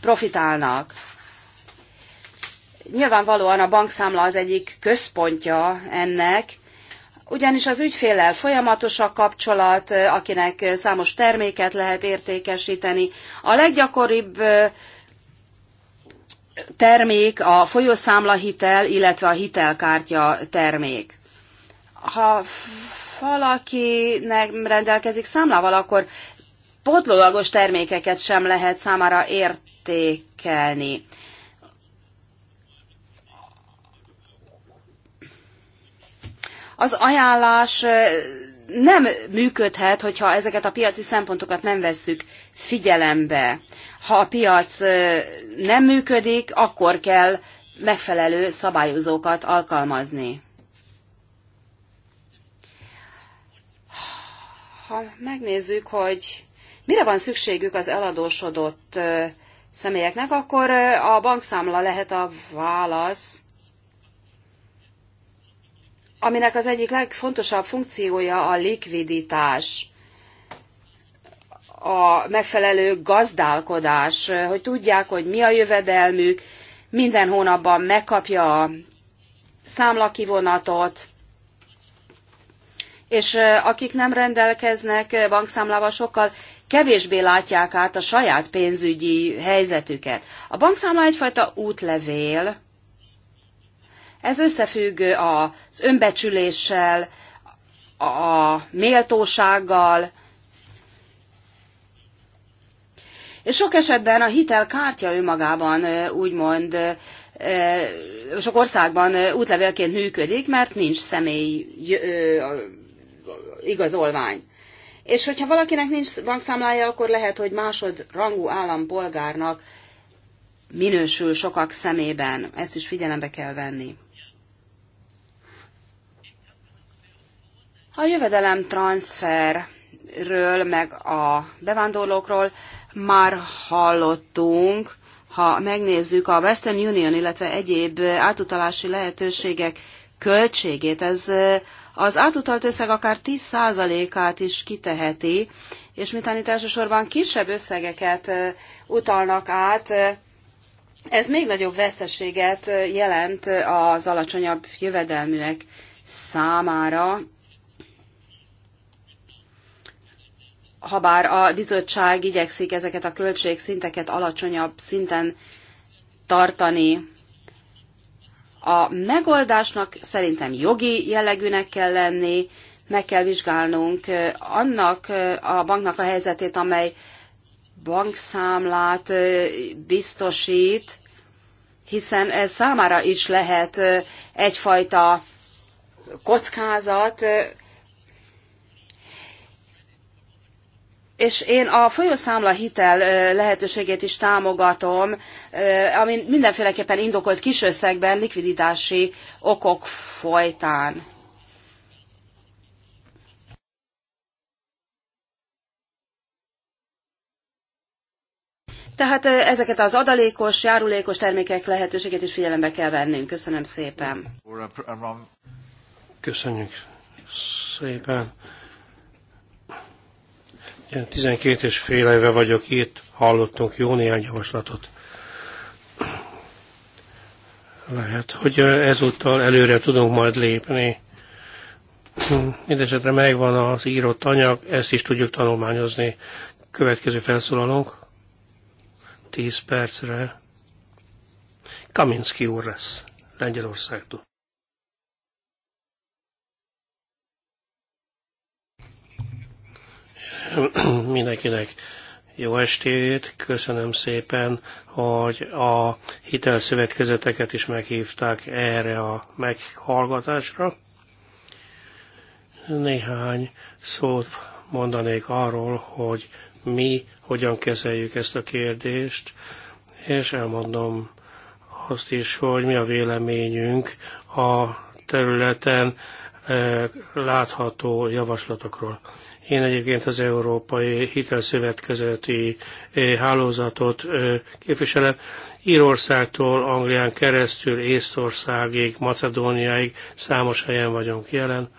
profitálnak? Nyilvánvalóan a bankszámla az egyik központja ennek, ugyanis az ügyféllel folyamatos a kapcsolat, akinek számos terméket lehet értékesíteni. A leggyakoribb termék a folyószámlahitel, illetve a hitelkártya termék. Ha valaki nem rendelkezik számlával, akkor potlólagos termékeket sem lehet számára értékelni. Az ajánlás nem működhet, hogyha ezeket a piaci szempontokat nem vesszük figyelembe. Ha a piac nem működik, akkor kell megfelelő szabályozókat alkalmazni. Ha megnézzük, hogy mire van szükségük az eladósodott személyeknek, akkor a bankszámla lehet a válasz aminek az egyik legfontosabb funkciója a likviditás, a megfelelő gazdálkodás, hogy tudják, hogy mi a jövedelmük, minden hónapban megkapja a számlakivonatot, és akik nem rendelkeznek bankszámlával, sokkal kevésbé látják át a saját pénzügyi helyzetüket. A bankszámla egyfajta útlevél, ez összefügg az önbecsüléssel, a méltósággal, és sok esetben a hitelkártya önmagában úgymond sok országban útlevélként működik, mert nincs személy igazolvány. És hogyha valakinek nincs bankszámlája, akkor lehet, hogy másodrangú állampolgárnak minősül sokak szemében. Ezt is figyelembe kell venni. A jövedelem transferről, meg a bevándorlókról már hallottunk, ha megnézzük a Western Union, illetve egyéb átutalási lehetőségek költségét, ez az átutalt összeg akár 10%-át is kiteheti, és miután itt elsősorban kisebb összegeket utalnak át, ez még nagyobb veszteséget jelent az alacsonyabb jövedelműek számára, habár a bizottság igyekszik ezeket a költségszinteket alacsonyabb szinten tartani. A megoldásnak szerintem jogi jellegűnek kell lenni, meg kell vizsgálnunk annak a banknak a helyzetét, amely bankszámlát biztosít, hiszen ez számára is lehet egyfajta kockázat, és én a folyószámla hitel lehetőségét is támogatom, ami mindenféleképpen indokolt kis összegben likviditási okok folytán. Tehát ezeket az adalékos, járulékos termékek lehetőséget is figyelembe kell vennünk. Köszönöm szépen. Köszönjük szépen. 12 és fél éve vagyok itt, hallottunk jó néhány javaslatot. Lehet, hogy ezúttal előre tudunk majd lépni. Mindenesetre megvan az írott anyag, ezt is tudjuk tanulmányozni. Következő felszólalónk 10 percre Kaminski úr lesz Lengyelországtól. mindenkinek jó estét, köszönöm szépen, hogy a hitelszövetkezeteket is meghívták erre a meghallgatásra. Néhány szót mondanék arról, hogy mi hogyan kezeljük ezt a kérdést, és elmondom azt is, hogy mi a véleményünk a területen eh, látható javaslatokról. Én egyébként az Európai Hitelszövetkezeti eh, Hálózatot eh, képviselem. Írországtól, Anglián keresztül, Észtországig, Macedóniáig számos helyen vagyunk jelen.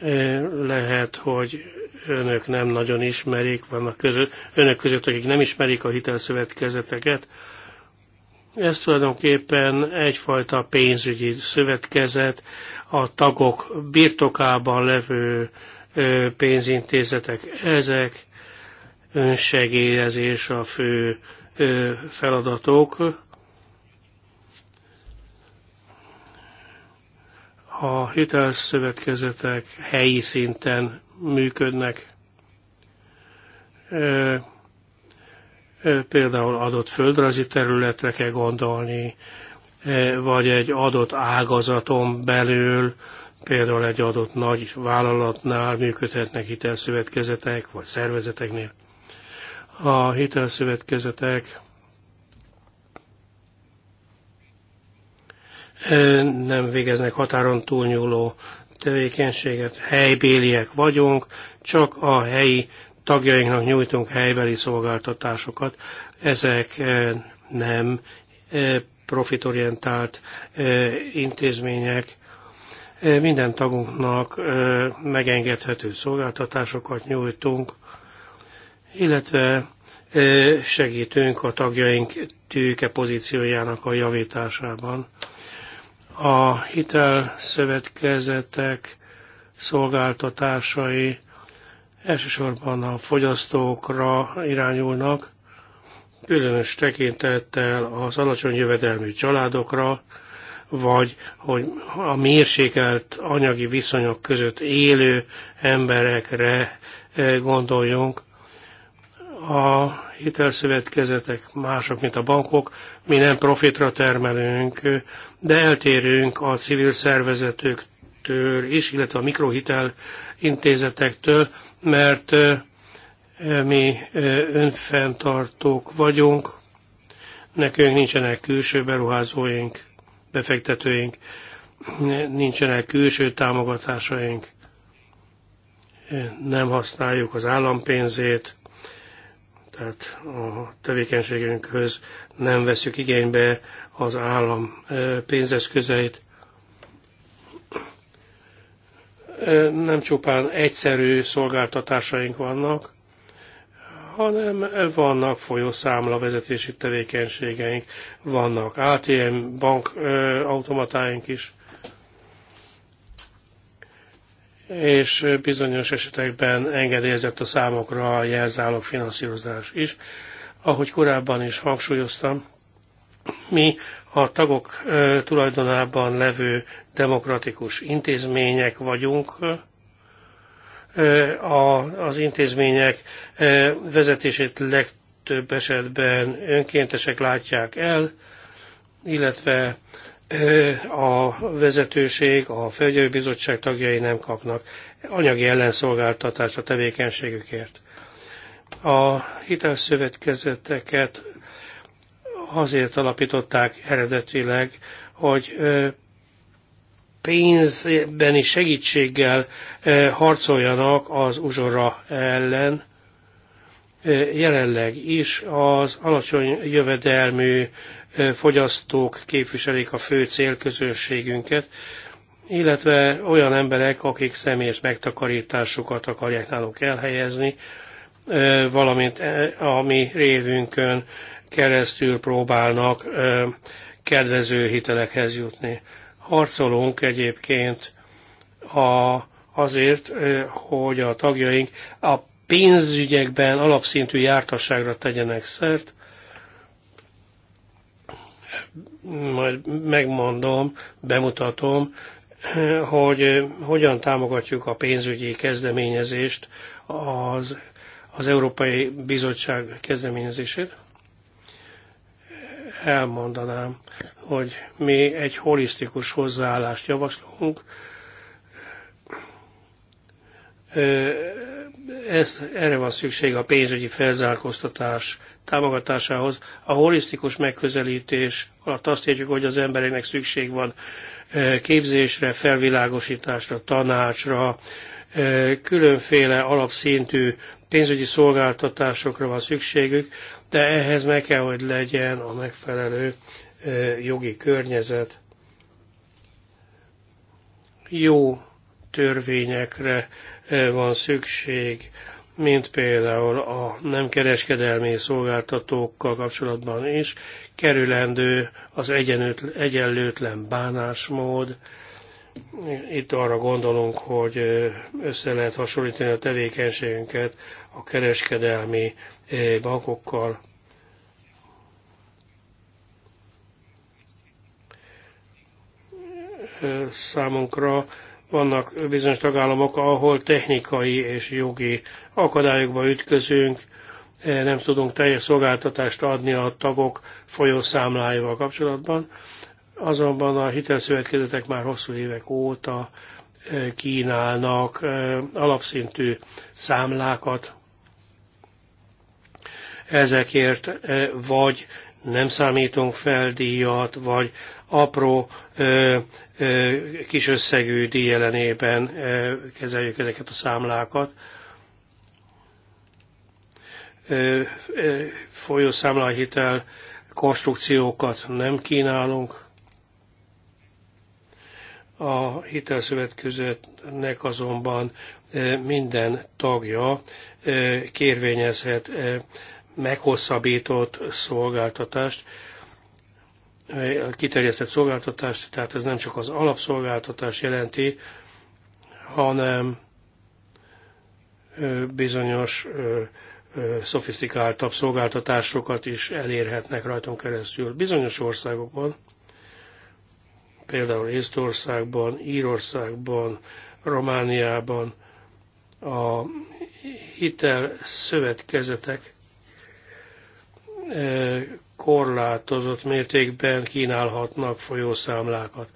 Eh, lehet, hogy önök nem nagyon ismerik, vannak között, önök között, akik nem ismerik a hitelszövetkezeteket. Ez tulajdonképpen egyfajta pénzügyi szövetkezet, a tagok birtokában levő pénzintézetek ezek, önsegélyezés a fő feladatok. A hitelszövetkezetek helyi szinten működnek, például adott földrajzi területre kell gondolni, vagy egy adott ágazaton belül Például egy adott nagy vállalatnál működhetnek hitelszövetkezetek vagy szervezeteknél. A hitelszövetkezetek e, nem végeznek határon túlnyúló tevékenységet, helybéliek vagyunk, csak a helyi tagjainknak nyújtunk helybeli szolgáltatásokat. Ezek e, nem e, profitorientált intézmények, minden tagunknak megengedhető szolgáltatásokat nyújtunk, illetve segítünk a tagjaink tőke pozíciójának a javításában. A hitel szövetkezetek szolgáltatásai elsősorban a fogyasztókra irányulnak, különös tekintettel az alacsony jövedelmű családokra, vagy hogy a mérsékelt anyagi viszonyok között élő emberekre eh, gondoljunk. A hitelszövetkezetek mások, mint a bankok, mi nem profitra termelünk, de eltérünk a civil szervezetőktől is, illetve a mikrohitel intézetektől, mert eh, eh, mi önfenntartók vagyunk, nekünk nincsenek külső beruházóink befektetőink, nincsenek külső támogatásaink, nem használjuk az állampénzét, tehát a tevékenységünkhöz nem veszük igénybe az állam pénzeszközeit. Nem csupán egyszerű szolgáltatásaink vannak, hanem vannak folyószámla vezetési tevékenységeink, vannak ATM bank automatáink is, és bizonyos esetekben engedélyezett a számokra a jelzálog finanszírozás is. Ahogy korábban is hangsúlyoztam, mi a tagok tulajdonában levő demokratikus intézmények vagyunk, az intézmények vezetését legtöbb esetben önkéntesek látják el, illetve a vezetőség, a bizottság tagjai nem kapnak anyagi ellenszolgáltatást a tevékenységükért. A hitelszövetkezeteket azért alapították eredetileg, hogy pénzben segítséggel eh, harcoljanak az uzsora ellen. Eh, jelenleg is az alacsony jövedelmű eh, fogyasztók képviselik a fő célközönségünket, illetve olyan emberek, akik személyes megtakarításukat akarják nálunk elhelyezni, valamint a mi révünkön keresztül próbálnak kedvező hitelekhez jutni harcolunk egyébként a, azért, hogy a tagjaink a pénzügyekben alapszintű jártasságra tegyenek szert. Majd megmondom, bemutatom, hogy hogyan támogatjuk a pénzügyi kezdeményezést az, az Európai Bizottság kezdeményezését elmondanám, hogy mi egy holisztikus hozzáállást javaslunk. Ez, erre van szükség a pénzügyi felzárkóztatás támogatásához. A holisztikus megközelítés alatt azt értjük, hogy az embereknek szükség van képzésre, felvilágosításra, tanácsra, különféle alapszintű pénzügyi szolgáltatásokra van szükségük, de ehhez meg kell, hogy legyen a megfelelő jogi környezet. Jó törvényekre van szükség, mint például a nem kereskedelmi szolgáltatókkal kapcsolatban is, kerülendő az egyenlőtlen, bánásmód. Itt arra gondolunk, hogy össze lehet hasonlítani a tevékenységünket a kereskedelmi eh, bankokkal. Eh, számunkra vannak bizonyos tagállamok, ahol technikai és jogi akadályokba ütközünk, eh, nem tudunk teljes szolgáltatást adni a tagok folyószámláival kapcsolatban. Azonban a hitelszövetkezetek már hosszú évek óta kínálnak alapszintű számlákat ezekért e, vagy nem számítunk fel díjat, vagy apró e, e, kis összegű díjelenében kezeljük ezeket a számlákat. Ö, ö, folyószámlahitel konstrukciókat nem kínálunk. A hitelszövetkezetnek azonban minden tagja kérvényezhet meghosszabbított szolgáltatást, kiterjesztett szolgáltatást, tehát ez nem csak az alapszolgáltatás jelenti, hanem bizonyos szofisztikáltabb szolgáltatásokat is elérhetnek rajtunk keresztül. Bizonyos országokban, például Észtországban, Írországban, Romániában a hitel szövetkezetek korlátozott mértékben kínálhatnak folyószámlákat.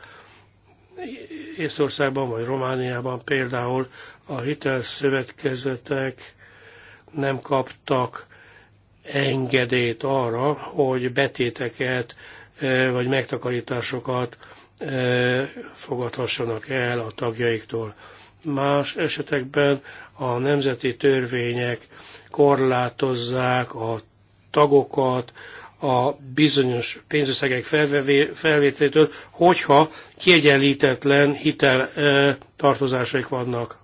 Észországban vagy Romániában például a hitelszövetkezetek nem kaptak engedélyt arra, hogy betéteket vagy megtakarításokat fogadhassanak el a tagjaiktól. Más esetekben a nemzeti törvények korlátozzák a tagokat a bizonyos pénzösszegek felvételétől, hogyha kiegyenlítetlen hitel tartozásaik vannak.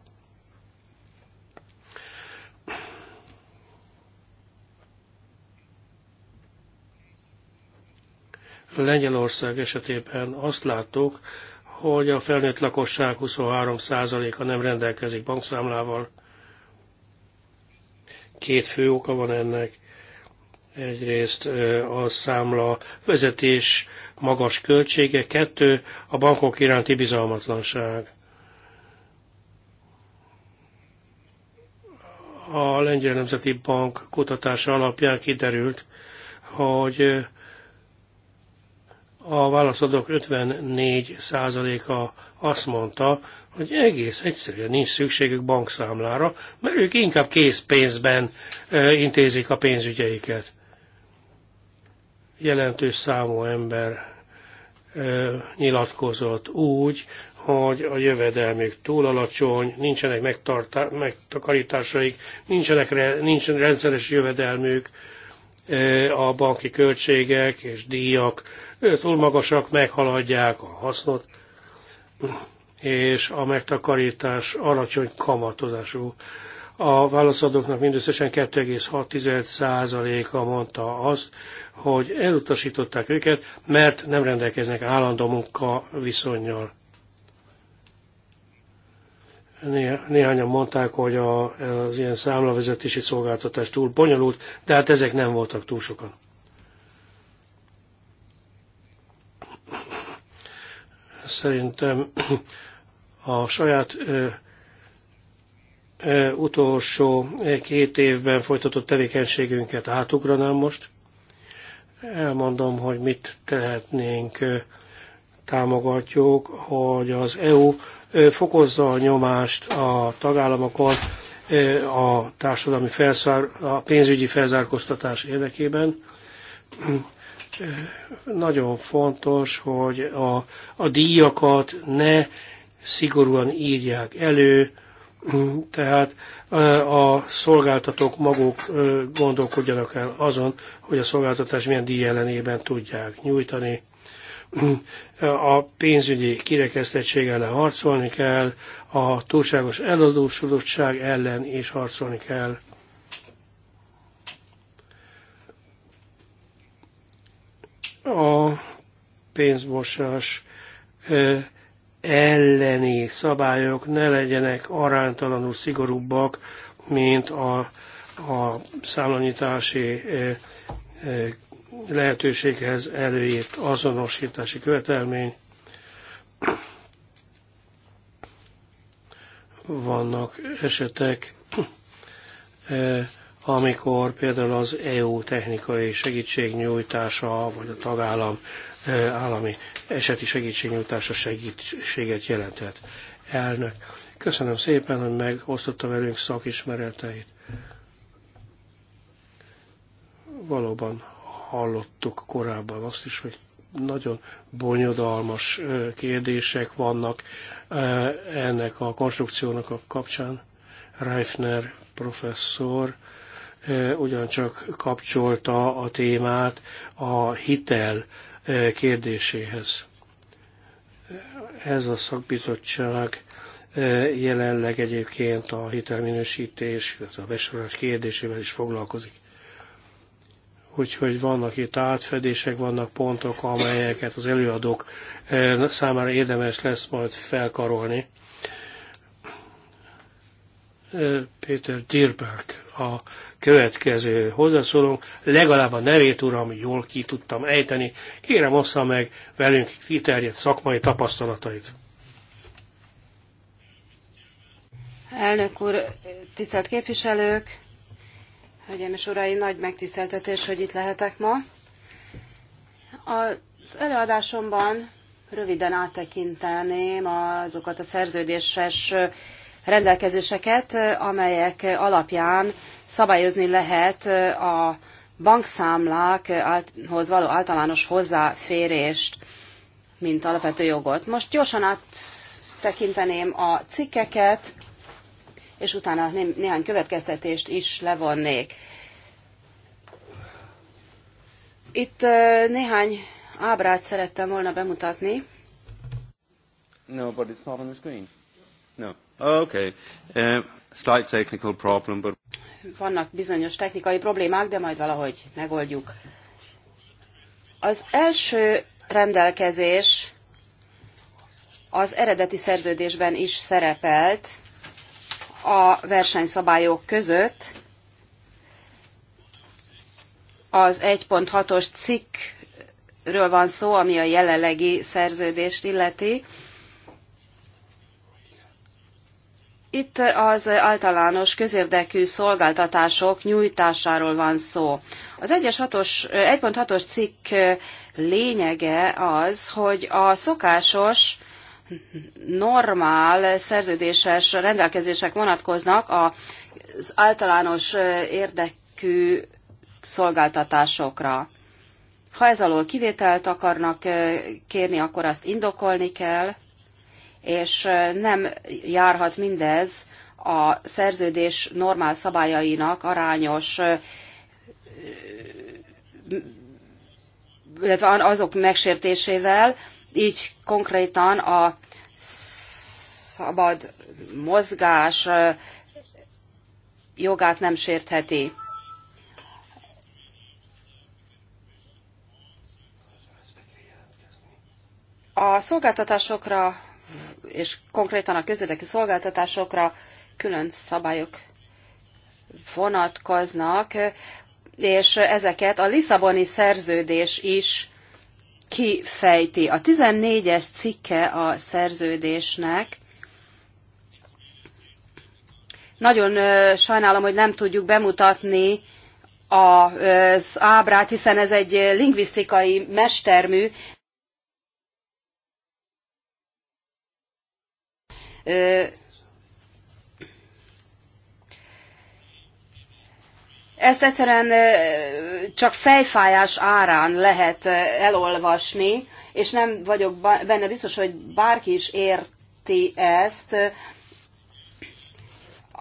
Lengyelország esetében azt láttuk, hogy a felnőtt lakosság 23%-a nem rendelkezik bankszámlával. Két fő oka van ennek. Egyrészt a számla vezetés magas költsége, kettő a bankok iránti bizalmatlanság. A Lengyel Nemzeti Bank kutatása alapján kiderült, hogy a válaszadók 54%-a azt mondta, hogy egész egyszerűen nincs szükségük bankszámlára, mert ők inkább készpénzben intézik a pénzügyeiket jelentős számú ember nyilatkozott úgy, hogy a jövedelmük túl alacsony, nincsenek megtartá- megtakarításaik, nincsenek re- nincsen rendszeres jövedelmük, a banki költségek és díjak túl magasak, meghaladják a hasznot, és a megtakarítás alacsony kamatozású. A válaszadóknak mindösszesen 2,6%-a mondta azt, hogy elutasították őket, mert nem rendelkeznek állandó munka viszonyjal. Néhányan mondták, hogy a, az ilyen számlavezetési szolgáltatás túl bonyolult, de hát ezek nem voltak túl sokan. Szerintem a saját ö, ö, utolsó két évben folytatott tevékenységünket átugranám most elmondom, hogy mit tehetnénk, támogatjuk, hogy az EU fokozza a nyomást a tagállamokon a társadalmi felszár, a pénzügyi felzárkóztatás érdekében. Nagyon fontos, hogy a, a díjakat ne szigorúan írják elő, tehát a szolgáltatók maguk gondolkodjanak el azon, hogy a szolgáltatás milyen díj ellenében tudják nyújtani. A pénzügyi kirekesztettség ellen harcolni kell, a túlságos eladósodottság ellen is harcolni kell. A pénzmosás elleni szabályok ne legyenek arántalanul szigorúbbak, mint a, a számlanyítási lehetőséghez előírt azonosítási követelmény. Vannak esetek, amikor például az EU technikai segítségnyújtása, vagy a tagállam állami eseti segítségnyújtása segítséget jelenthet. Elnök, köszönöm szépen, hogy megosztotta velünk szakismereteit. Valóban hallottuk korábban azt is, hogy nagyon bonyodalmas kérdések vannak ennek a konstrukciónak a kapcsán. Reifner professzor ugyancsak kapcsolta a témát a hitel kérdéséhez. Ez a szakbizottság jelenleg egyébként a hitelminősítés, illetve a besorolás kérdésével is foglalkozik. Úgyhogy vannak itt átfedések, vannak pontok, amelyeket az előadók számára érdemes lesz majd felkarolni. Péter Dierberg a következő hozzászólónk, legalább a nevét, uram, jól ki tudtam ejteni. Kérem, ossza meg velünk kiterjedt szakmai tapasztalatait. Elnök úr, tisztelt képviselők, hölgyeim és uraim, nagy megtiszteltetés, hogy itt lehetek ma. Az előadásomban röviden áttekinteném azokat a szerződéses rendelkezéseket, amelyek alapján szabályozni lehet a bankszámlákhoz való általános hozzáférést, mint alapvető jogot. Most gyorsan áttekinteném a cikkeket, és utána néhány következtetést is levonnék. Itt néhány ábrát szerettem volna bemutatni. No, but it's not on the screen. No. Okay. Uh, slight technical problem, but... Vannak bizonyos technikai problémák, de majd valahogy megoldjuk. Az első rendelkezés az eredeti szerződésben is szerepelt a versenyszabályok között. Az 1.6-os cikkről van szó, ami a jelenlegi szerződést illeti. Itt az általános közérdekű szolgáltatások nyújtásáról van szó. Az 1.6-os cikk lényege az, hogy a szokásos, normál szerződéses rendelkezések vonatkoznak az általános érdekű szolgáltatásokra. Ha ez alól kivételt akarnak kérni, akkor azt indokolni kell és nem járhat mindez a szerződés normál szabályainak arányos, illetve azok megsértésével, így konkrétan a szabad mozgás jogát nem sértheti. A szolgáltatásokra és konkrétan a közérdekű szolgáltatásokra külön szabályok vonatkoznak, és ezeket a Lisszaboni szerződés is kifejti. A 14-es cikke a szerződésnek. Nagyon sajnálom, hogy nem tudjuk bemutatni az ábrát, hiszen ez egy lingvisztikai mestermű, Ezt egyszerűen csak fejfájás árán lehet elolvasni, és nem vagyok benne biztos, hogy bárki is érti ezt.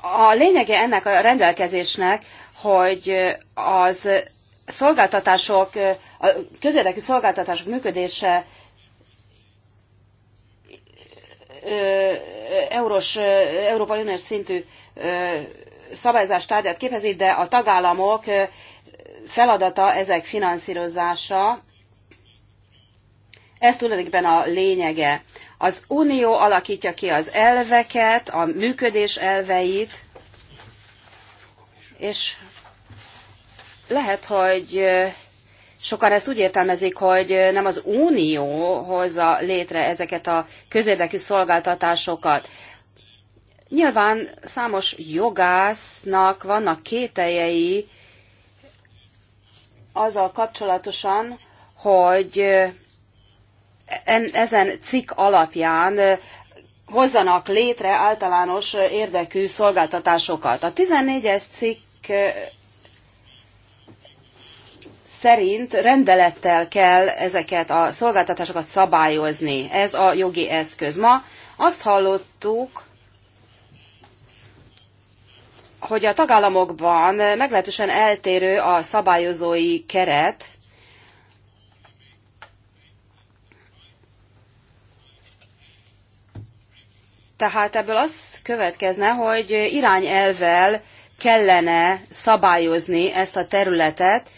A lényege ennek a rendelkezésnek, hogy az szolgáltatások, a közérdekű szolgáltatások működése eurós, Európai Uniós szintű szabályzás tárgyát képezi, de a tagállamok feladata ezek finanszírozása. Ez tulajdonképpen a lényege. Az Unió alakítja ki az elveket, a működés elveit, és lehet, hogy Sokan ezt úgy értelmezik, hogy nem az Unió hozza létre ezeket a közérdekű szolgáltatásokat. Nyilván számos jogásznak vannak kételjei azzal kapcsolatosan, hogy ezen cikk alapján hozzanak létre általános érdekű szolgáltatásokat. A 14-es cikk szerint rendelettel kell ezeket a szolgáltatásokat szabályozni. Ez a jogi eszköz. Ma azt hallottuk, hogy a tagállamokban meglehetősen eltérő a szabályozói keret, Tehát ebből az következne, hogy irányelvel kellene szabályozni ezt a területet,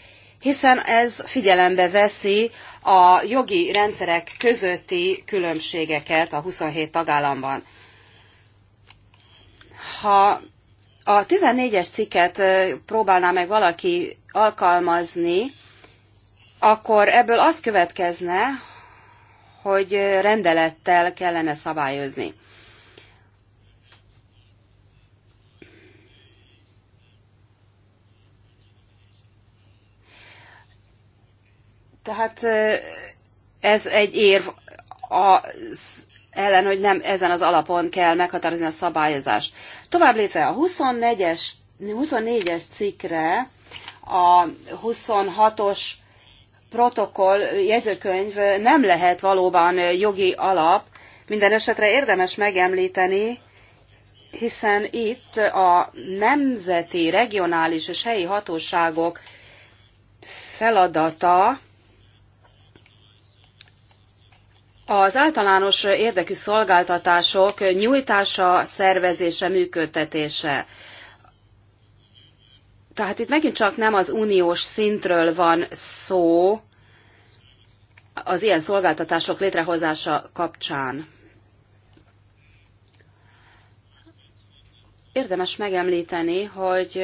hiszen ez figyelembe veszi a jogi rendszerek közötti különbségeket a 27 tagállamban. Ha a 14-es cikket próbálná meg valaki alkalmazni, akkor ebből az következne, hogy rendelettel kellene szabályozni. Tehát ez egy érv az ellen, hogy nem ezen az alapon kell meghatározni a szabályozást. Tovább lépve a 24-es 24-es cikkre a 26-os protokoll jegyzőkönyv nem lehet valóban jogi alap, minden esetre érdemes megemlíteni, hiszen itt a nemzeti, regionális és helyi hatóságok feladata Az általános érdekű szolgáltatások nyújtása, szervezése, működtetése. Tehát itt megint csak nem az uniós szintről van szó az ilyen szolgáltatások létrehozása kapcsán. Érdemes megemlíteni, hogy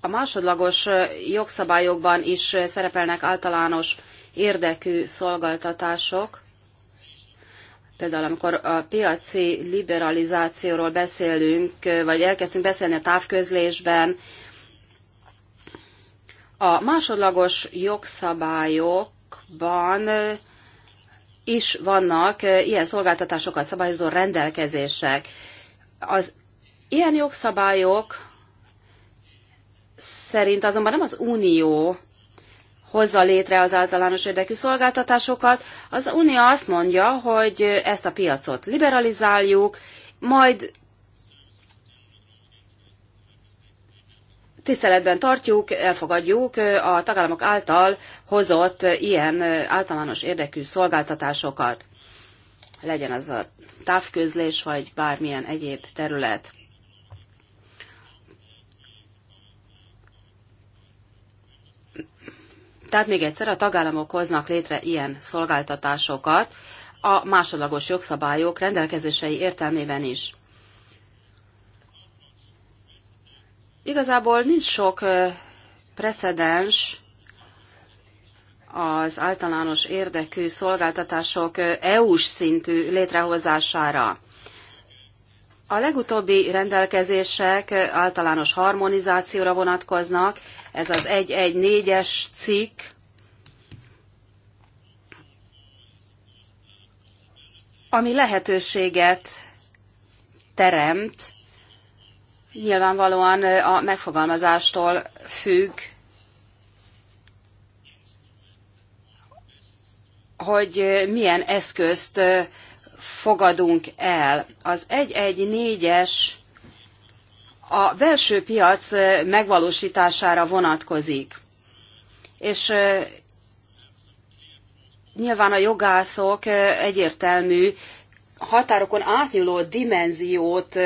a másodlagos jogszabályokban is szerepelnek általános érdekű szolgáltatások, például amikor a piaci liberalizációról beszélünk, vagy elkezdtünk beszélni a távközlésben, a másodlagos jogszabályokban is vannak eh, ilyen szolgáltatásokat szabályozó rendelkezések. Az ilyen jogszabályok szerint azonban nem az unió hozza létre az általános érdekű szolgáltatásokat. Az Unió azt mondja, hogy ezt a piacot liberalizáljuk, majd tiszteletben tartjuk, elfogadjuk a tagállamok által hozott ilyen általános érdekű szolgáltatásokat. Legyen az a távközlés, vagy bármilyen egyéb terület. Tehát még egyszer, a tagállamok hoznak létre ilyen szolgáltatásokat a másodlagos jogszabályok rendelkezései értelmében is. Igazából nincs sok precedens az általános érdekű szolgáltatások EU-s szintű létrehozására. A legutóbbi rendelkezések általános harmonizációra vonatkoznak, ez az 114-es cikk, ami lehetőséget teremt, nyilvánvalóan a megfogalmazástól függ, hogy milyen eszközt fogadunk el. Az 1.1.4-es a belső piac megvalósítására vonatkozik. És nyilván a jogászok egyértelmű határokon átnyúló dimenziót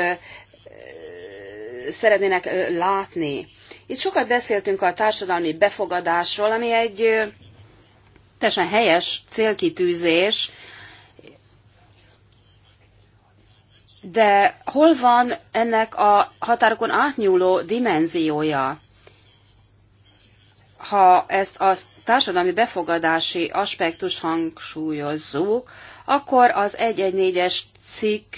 szeretnének látni. Itt sokat beszéltünk a társadalmi befogadásról, ami egy teljesen helyes célkitűzés, de hol van ennek a határokon átnyúló dimenziója? Ha ezt a társadalmi befogadási aspektust hangsúlyozzuk, akkor az 114-es cikk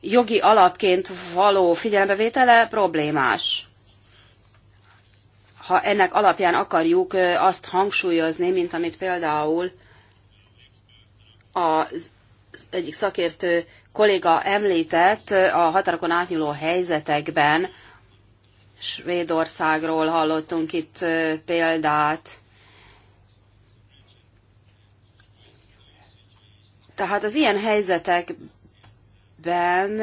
jogi alapként való figyelembevétele problémás. Ha ennek alapján akarjuk azt hangsúlyozni, mint amit például az egyik szakértő kolléga említett, a határokon átnyúló helyzetekben Svédországról hallottunk itt példát. Tehát az ilyen helyzetekben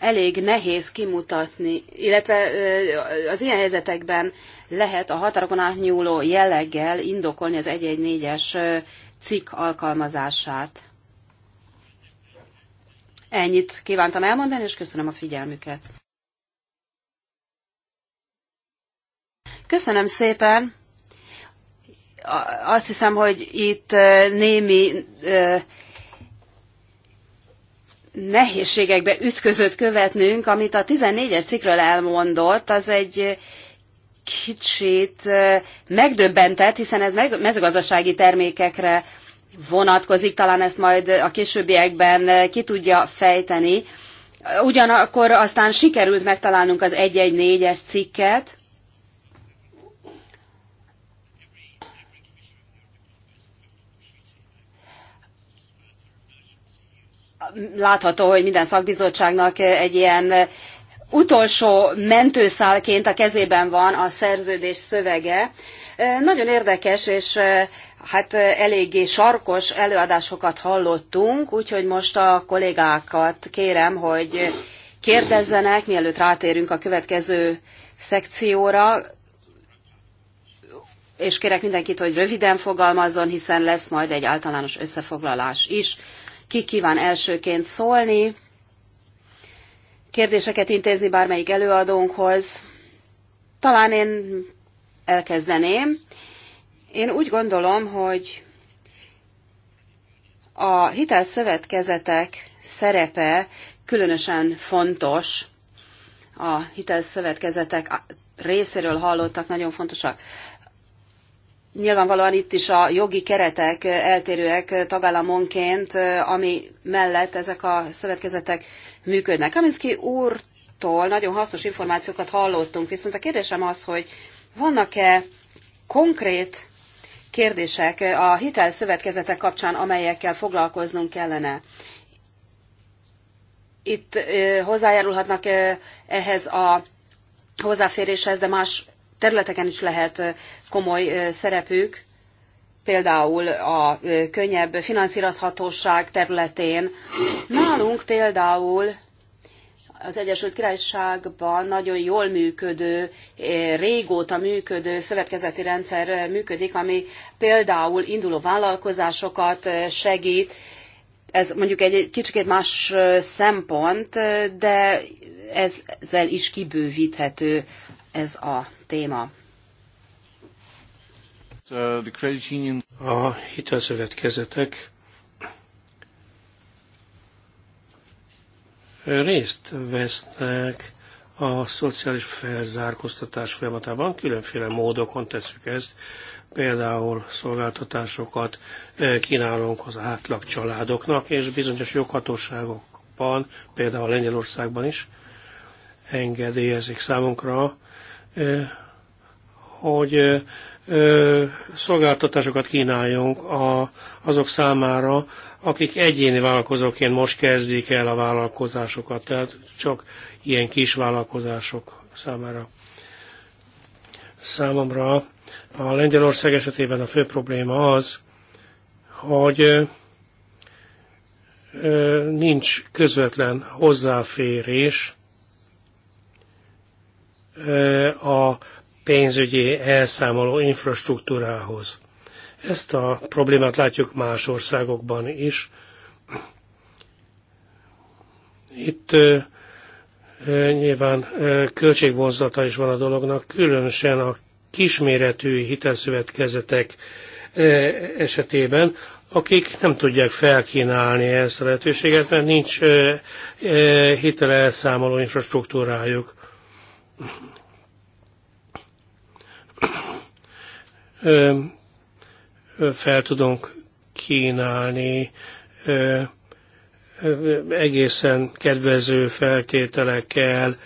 elég nehéz kimutatni, illetve az ilyen helyzetekben lehet a határokon átnyúló jelleggel indokolni az 114-es cikk alkalmazását. Ennyit kívántam elmondani, és köszönöm a figyelmüket. Köszönöm szépen. Azt hiszem, hogy itt némi nehézségekbe ütközött követnünk, amit a 14-es cikről elmondott, az egy kicsit megdöbbentett, hiszen ez mezőgazdasági termékekre vonatkozik, talán ezt majd a későbbiekben eh, ki tudja fejteni. Ugyanakkor aztán sikerült megtalálnunk az 114-es cikket, Látható, hogy minden szakbizottságnak egy ilyen utolsó mentőszálként a kezében van a szerződés szövege. Eh, nagyon érdekes, és eh, hát eléggé sarkos előadásokat hallottunk, úgyhogy most a kollégákat kérem, hogy kérdezzenek, mielőtt rátérünk a következő szekcióra, és kérek mindenkit, hogy röviden fogalmazzon, hiszen lesz majd egy általános összefoglalás is. Ki kíván elsőként szólni, kérdéseket intézni bármelyik előadónkhoz. Talán én elkezdeném. Én úgy gondolom, hogy a hitelszövetkezetek szerepe különösen fontos. A hitelszövetkezetek részéről hallottak nagyon fontosak. Nyilvánvalóan itt is a jogi keretek eltérőek tagállamonként, ami mellett ezek a szövetkezetek működnek. Kaminski úrtól nagyon hasznos információkat hallottunk, viszont a kérdésem az, hogy vannak-e konkrét kérdések a hitelszövetkezetek kapcsán, amelyekkel foglalkoznunk kellene. Itt hozzájárulhatnak ehhez a hozzáféréshez, de más területeken is lehet komoly szerepük, például a könnyebb finanszírozhatóság területén. Nálunk például az Egyesült Királyságban nagyon jól működő, eh, régóta működő szövetkezeti rendszer eh, működik, ami például induló vállalkozásokat eh, segít. Ez mondjuk egy kicsikét más szempont, de ezzel is kibővíthető ez a téma. Uh, a hitelszövetkezetek részt vesznek a szociális felzárkóztatás folyamatában. Különféle módokon tesszük ezt, például szolgáltatásokat eh, kínálunk az átlag családoknak, és bizonyos joghatóságokban, például Lengyelországban is engedélyezik számunkra, eh, hogy eh, szolgáltatásokat kínáljunk azok számára, akik egyéni vállalkozóként most kezdik el a vállalkozásokat, tehát csak ilyen kis vállalkozások számára. Számomra a Lengyelország esetében a fő probléma az, hogy nincs közvetlen hozzáférés a pénzügyi elszámoló infrastruktúrához. Ezt a problémát látjuk más országokban is. Itt nyilván költségvonzata is van a dolognak, különösen a kisméretű hitelszövetkezetek esetében, akik nem tudják felkínálni ezt a lehetőséget, mert nincs hitelelszámoló infrastruktúrájuk fel tudunk kínálni egészen kedvező feltételekkel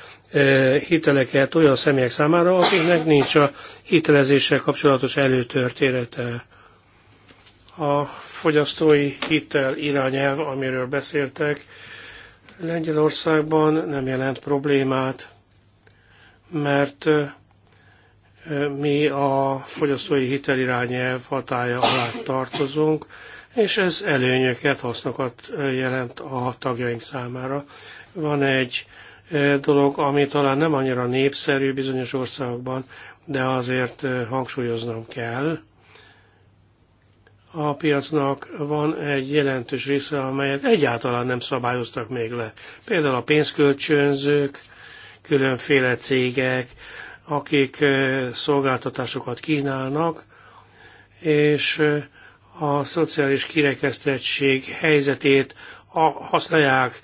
hiteleket olyan személyek számára, akiknek nincs a hitelezéssel kapcsolatos előtörténete. A fogyasztói hitel irányelv, amiről beszéltek, Lengyelországban nem jelent problémát, mert mi a fogyasztói hitelirányelv hatája alá tartozunk, és ez előnyöket, hasznokat jelent a tagjaink számára. Van egy e, dolog, ami talán nem annyira népszerű bizonyos országokban, de azért e, hangsúlyoznom kell. A piacnak van egy jelentős része, amelyet egyáltalán nem szabályoztak még le. Például a pénzkölcsönzők, különféle cégek, akik eh, szolgáltatásokat kínálnak, és eh, a szociális kirekesztettség helyzetét használják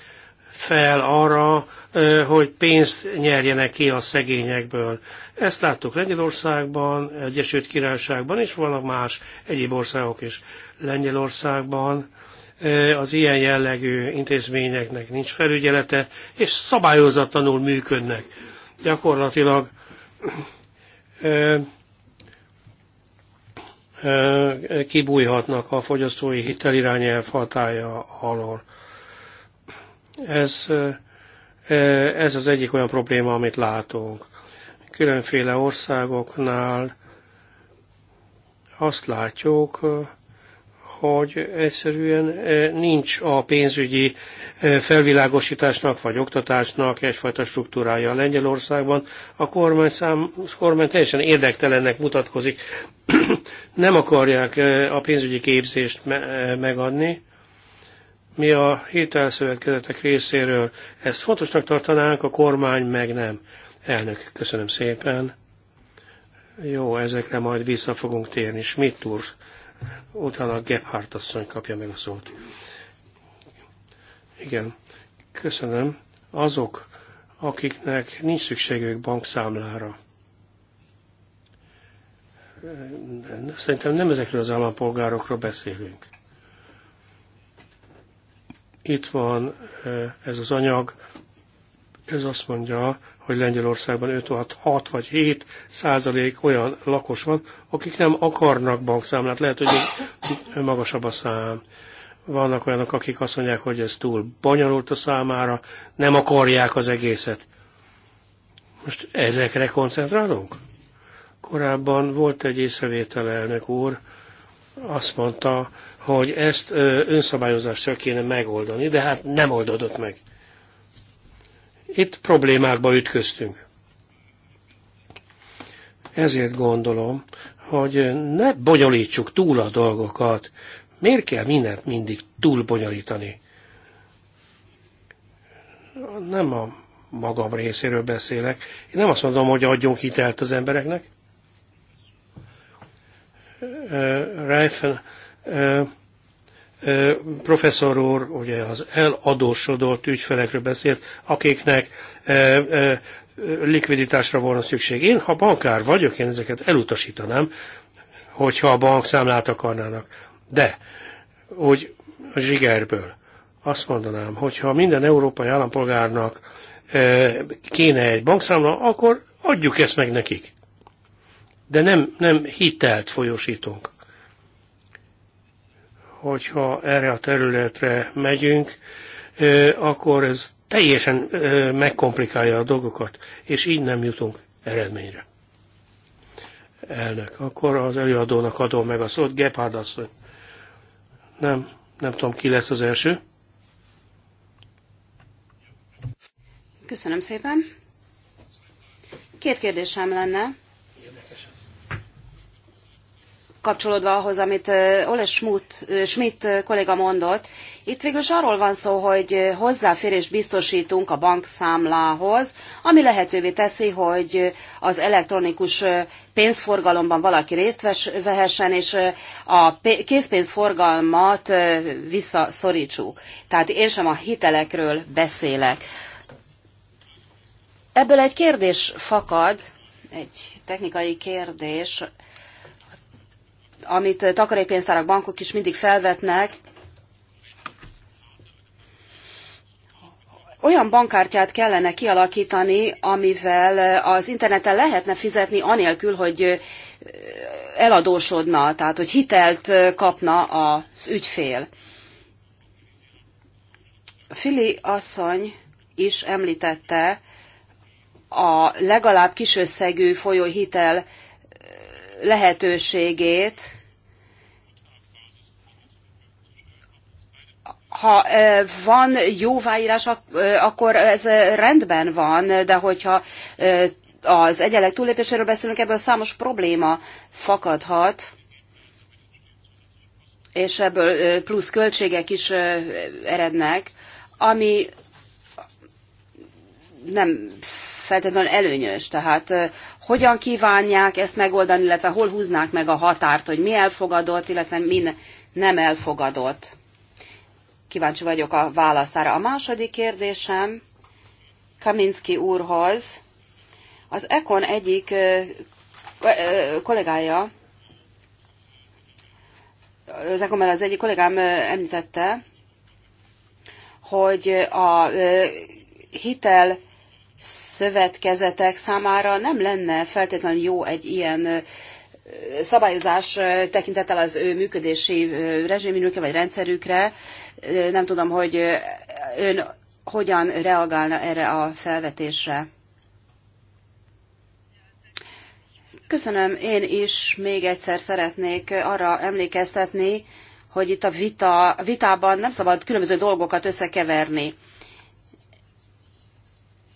fel arra, eh, hogy pénzt nyerjenek ki a szegényekből. Ezt láttuk Lengyelországban, Egyesült Királyságban, és vannak más egyéb országok is. Lengyelországban az ilyen jellegű intézményeknek nincs felügyelete, és szabályozatlanul működnek. Gyakorlatilag kibújhatnak a fogyasztói hitelirányelv hatája alól. Ez, ez az egyik olyan probléma, amit látunk. Különféle országoknál azt látjuk, hogy egyszerűen e, nincs a pénzügyi e, felvilágosításnak vagy oktatásnak egyfajta struktúrája a Lengyelországban. A kormány, szám, a kormány teljesen érdektelennek mutatkozik. Nem akarják e, a pénzügyi képzést megadni. Mi a hitelszövetkezetek részéről ezt fontosnak tartanánk, a kormány meg nem. Elnök, köszönöm szépen. Jó, ezekre majd vissza fogunk térni. Schmidt úr utána Gebhardt asszony kapja meg a szót. Igen, köszönöm. Azok, akiknek nincs szükségük bankszámlára, szerintem nem ezekről az állampolgárokról beszélünk. Itt van eh, ez az anyag, ez azt mondja, hogy Lengyelországban 5, 6, 6 vagy 7 százalék olyan lakos van, akik nem akarnak bankszámlát. Lehet, hogy magasabb a szám. Vannak olyanok, akik azt mondják, hogy ez túl bonyolult a számára, nem akarják az egészet. Most ezekre koncentrálunk? Korábban volt egy észrevétel elnök úr, azt mondta, hogy ezt önszabályozással kéne megoldani, de hát nem oldódott meg. Itt problémákba ütköztünk. Ezért gondolom, hogy ne bonyolítsuk túl a dolgokat. Miért kell mindent mindig túl bonyolítani? Nem a magam részéről beszélek. Én nem azt mondom, hogy adjunk hitelt az embereknek. Reifen professzor úr ugye az eladósodott ügyfelekről beszélt, akiknek likviditásra volna szükség. Én, ha bankár vagyok, én ezeket elutasítanám, hogyha a bankszámlát akarnának. De, hogy a zsigerből, azt mondanám, hogyha minden európai állampolgárnak kéne egy bankszámla, akkor adjuk ezt meg nekik. De nem, nem hitelt folyosítunk hogyha erre a területre megyünk, akkor ez teljesen megkomplikálja a dolgokat, és így nem jutunk eredményre. Elnök, akkor az előadónak adom meg a szót, Gephardt asszony. Nem, nem tudom, ki lesz az első. Köszönöm szépen. Két kérdésem lenne kapcsolódva ahhoz, amit Ole Schmidt, Schmidt kolléga mondott, itt végül is arról van szó, hogy hozzáférést biztosítunk a bankszámlához, ami lehetővé teszi, hogy az elektronikus pénzforgalomban valaki részt vehessen, és a készpénzforgalmat visszaszorítsuk. Tehát én sem a hitelekről beszélek. Ebből egy kérdés fakad, egy technikai kérdés, amit takarékpénztárak, bankok is mindig felvetnek, olyan bankkártyát kellene kialakítani, amivel az interneten lehetne fizetni anélkül, hogy eladósodna, tehát hogy hitelt kapna az ügyfél. Fili asszony is említette a legalább kisösszegű folyóhitel lehetőségét, ha van jóváírás, akkor ez rendben van, de hogyha az egyenleg túllépéséről beszélünk, ebből számos probléma fakadhat, és ebből plusz költségek is erednek, ami nem feltétlenül előnyös. Tehát hogyan kívánják ezt megoldani, illetve hol húznák meg a határt, hogy mi elfogadott, illetve mi nem elfogadott kíváncsi vagyok a válaszára. A második kérdésem Kaminski úrhoz. Az Ekon egyik kollégája, az Ekonban az egyik kollégám említette, hogy a hitel szövetkezetek számára nem lenne feltétlenül jó egy ilyen szabályozás tekintettel az ő működési rezsiminőkre vagy rendszerükre, nem tudom, hogy ön hogyan reagálna erre a felvetésre. Köszönöm, én is még egyszer szeretnék arra emlékeztetni, hogy itt a vita, vitában nem szabad különböző dolgokat összekeverni.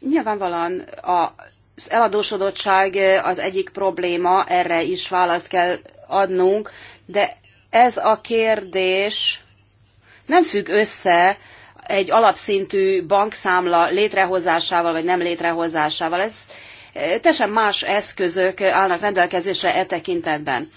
Nyilvánvalóan az eladósodottság az egyik probléma, erre is választ kell adnunk, de ez a kérdés nem függ össze egy alapszintű bankszámla létrehozásával vagy nem létrehozásával. Ez e, teljesen más eszközök állnak rendelkezésre e tekintetben.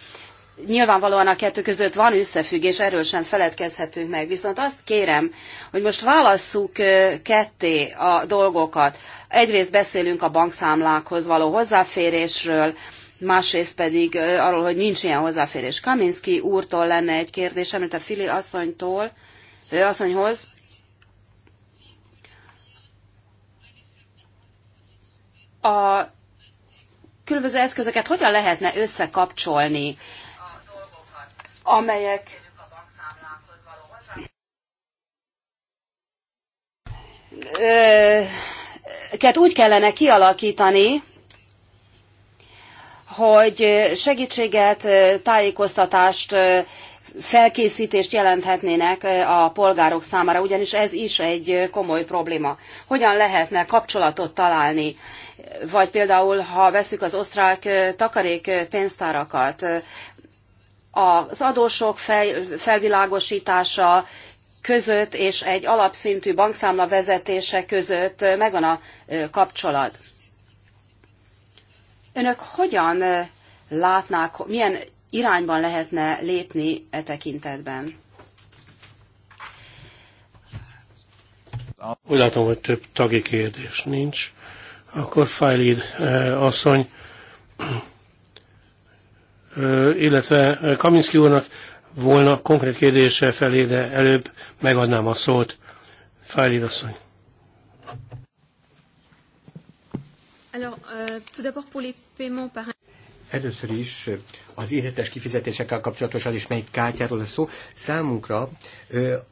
Nyilvánvalóan a kettő között van összefüggés, erről sem feledkezhetünk meg. Viszont azt kérem, hogy most válasszuk e, ketté a dolgokat. Egyrészt beszélünk a bankszámlákhoz való hozzáférésről, másrészt pedig e, arról, hogy nincs ilyen hozzáférés. Kaminski úrtól lenne egy kérdés, amit a Fili asszonytól asszonyhoz. A különböző eszközöket hogyan lehetne összekapcsolni, amelyek őket úgy kellene kialakítani, hogy segítséget, tájékoztatást felkészítést jelenthetnének a polgárok számára, ugyanis ez is egy komoly probléma. Hogyan lehetne kapcsolatot találni? Vagy például, ha veszük az osztrák takarék pénztárakat, az adósok felvilágosítása között és egy alapszintű bankszámla vezetése között megvan a kapcsolat. Önök hogyan látnák, milyen irányban lehetne lépni e tekintetben? Úgy látom, hogy több tagi kérdés nincs. Akkor Fájlid eh, asszony, eh, illetve eh, Kaminski úrnak volna konkrét kérdése felé, de előbb megadnám a szót. Fájlid asszony. Euh, Először is az érhetes kifizetésekkel kapcsolatosan is melyik kártyáról lesz szó. Számunkra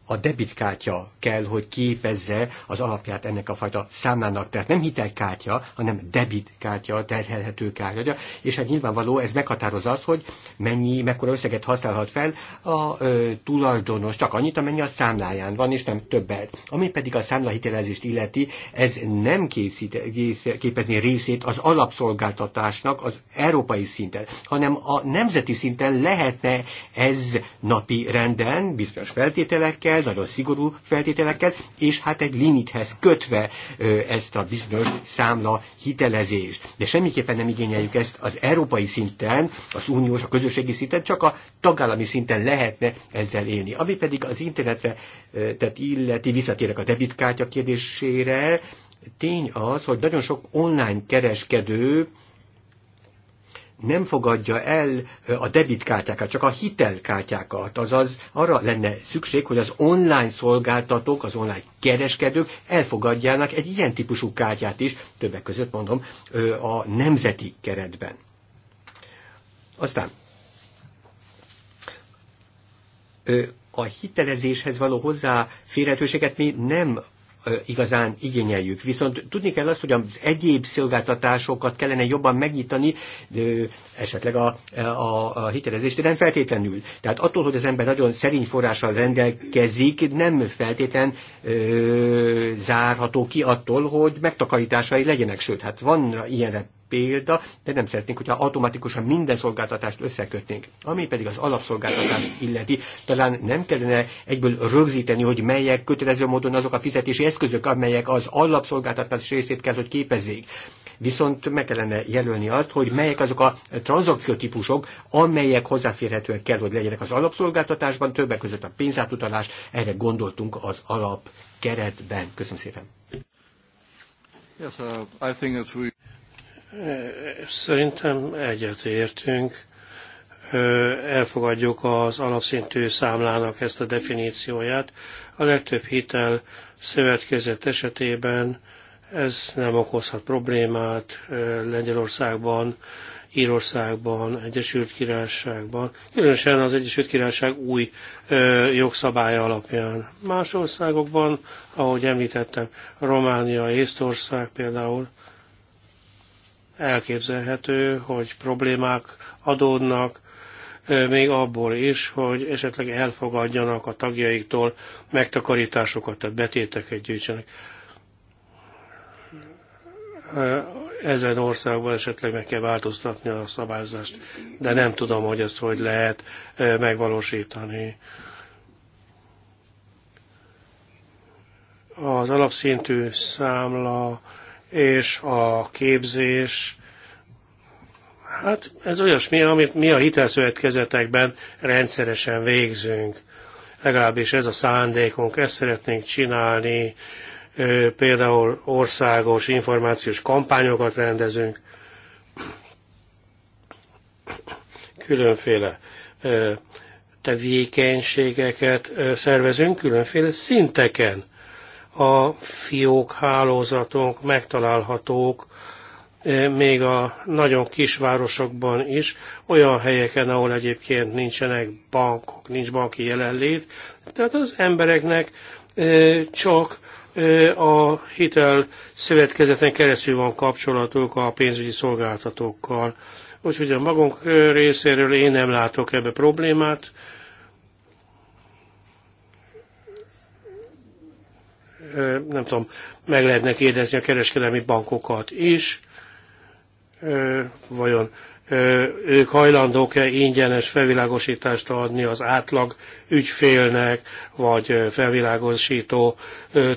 a debitkártya kell, hogy képezze az alapját ennek a fajta számlának. Tehát nem hitelkártya, hanem debitkártya, terhelhető kártya. És hát nyilvánvaló ez meghatározza az, hogy mennyi, mekkora összeget használhat fel a ö, tulajdonos, csak annyit, amennyi a számláján van, és nem többet. Ami pedig a számlahitelezést illeti, ez nem készít, kész, képezni részét az alapszolgáltatásnak az európai szinten, hanem a nemzeti szinten lehetne ez napi renden, bizonyos feltételekkel, nagyon szigorú feltételekkel, és hát egy limithez kötve ezt a bizonyos számla hitelezést. De semmiképpen nem igényeljük ezt az európai szinten, az uniós, a közösségi szinten, csak a tagállami szinten lehetne ezzel élni. Ami pedig az internetre tehát illeti, visszatérek a debitkártya kérdésére, tény az, hogy nagyon sok online kereskedő nem fogadja el a debitkártyákat, csak a hitelkártyákat, azaz arra lenne szükség, hogy az online szolgáltatók, az online kereskedők elfogadjának egy ilyen típusú kártyát is, többek között mondom, a nemzeti keretben. Aztán a hitelezéshez való hozzáférhetőséget mi nem igazán igényeljük. Viszont tudni kell azt, hogy az egyéb szolgáltatásokat kellene jobban megnyitani, esetleg a, a, a hitelezést, nem feltétlenül. Tehát attól, hogy az ember nagyon szerény forrással rendelkezik, nem feltétlen ö, zárható ki attól, hogy megtakarításai legyenek. Sőt, hát van ilyenre példa, de nem szeretnénk, hogyha automatikusan minden szolgáltatást összekötnénk. Ami pedig az alapszolgáltatást illeti, talán nem kellene egyből rögzíteni, hogy melyek kötelező módon azok a fizetési eszközök, amelyek az alapszolgáltatás részét kell, hogy képezzék viszont meg kellene jelölni azt, hogy melyek azok a tranzakciótípusok, amelyek hozzáférhetőek kell, hogy legyenek az alapszolgáltatásban, többek között a pénzátutalás, erre gondoltunk az alapkeretben. Köszönöm szépen. Yes, uh, I think it's really... Szerintem egyetértünk. Elfogadjuk az alapszintű számlának ezt a definícióját. A legtöbb hitel szövetkezett esetében ez nem okozhat problémát Lengyelországban, Írországban, Egyesült Királyságban, különösen az Egyesült Királyság új ö, jogszabálya alapján. Más országokban, ahogy említettem, Románia, Észtország például, elképzelhető, hogy problémák adódnak, még abból is, hogy esetleg elfogadjanak a tagjaiktól megtakarításokat, tehát betéteket gyűjtsenek. Ezen országban esetleg meg kell változtatni a szabályzást, de nem tudom, hogy ezt hogy lehet megvalósítani. Az alapszintű számla és a képzés, hát ez olyasmi, amit mi a hitelszövetkezetekben rendszeresen végzünk. Legalábbis ez a szándékunk, ezt szeretnénk csinálni, például országos információs kampányokat rendezünk, különféle tevékenységeket szervezünk különféle szinteken a fiók hálózatunk megtalálhatók e, még a nagyon kis városokban is, olyan helyeken, ahol egyébként nincsenek bankok, nincs banki jelenlét. Tehát az embereknek e, csak e, a hitel szövetkezeten keresztül van kapcsolatuk a pénzügyi szolgáltatókkal. Úgyhogy a magunk részéről én nem látok ebbe problémát, nem tudom, meg lehetne kérdezni a kereskedelmi bankokat is, vajon ők hajlandók-e ingyenes felvilágosítást adni az átlag ügyfélnek, vagy felvilágosító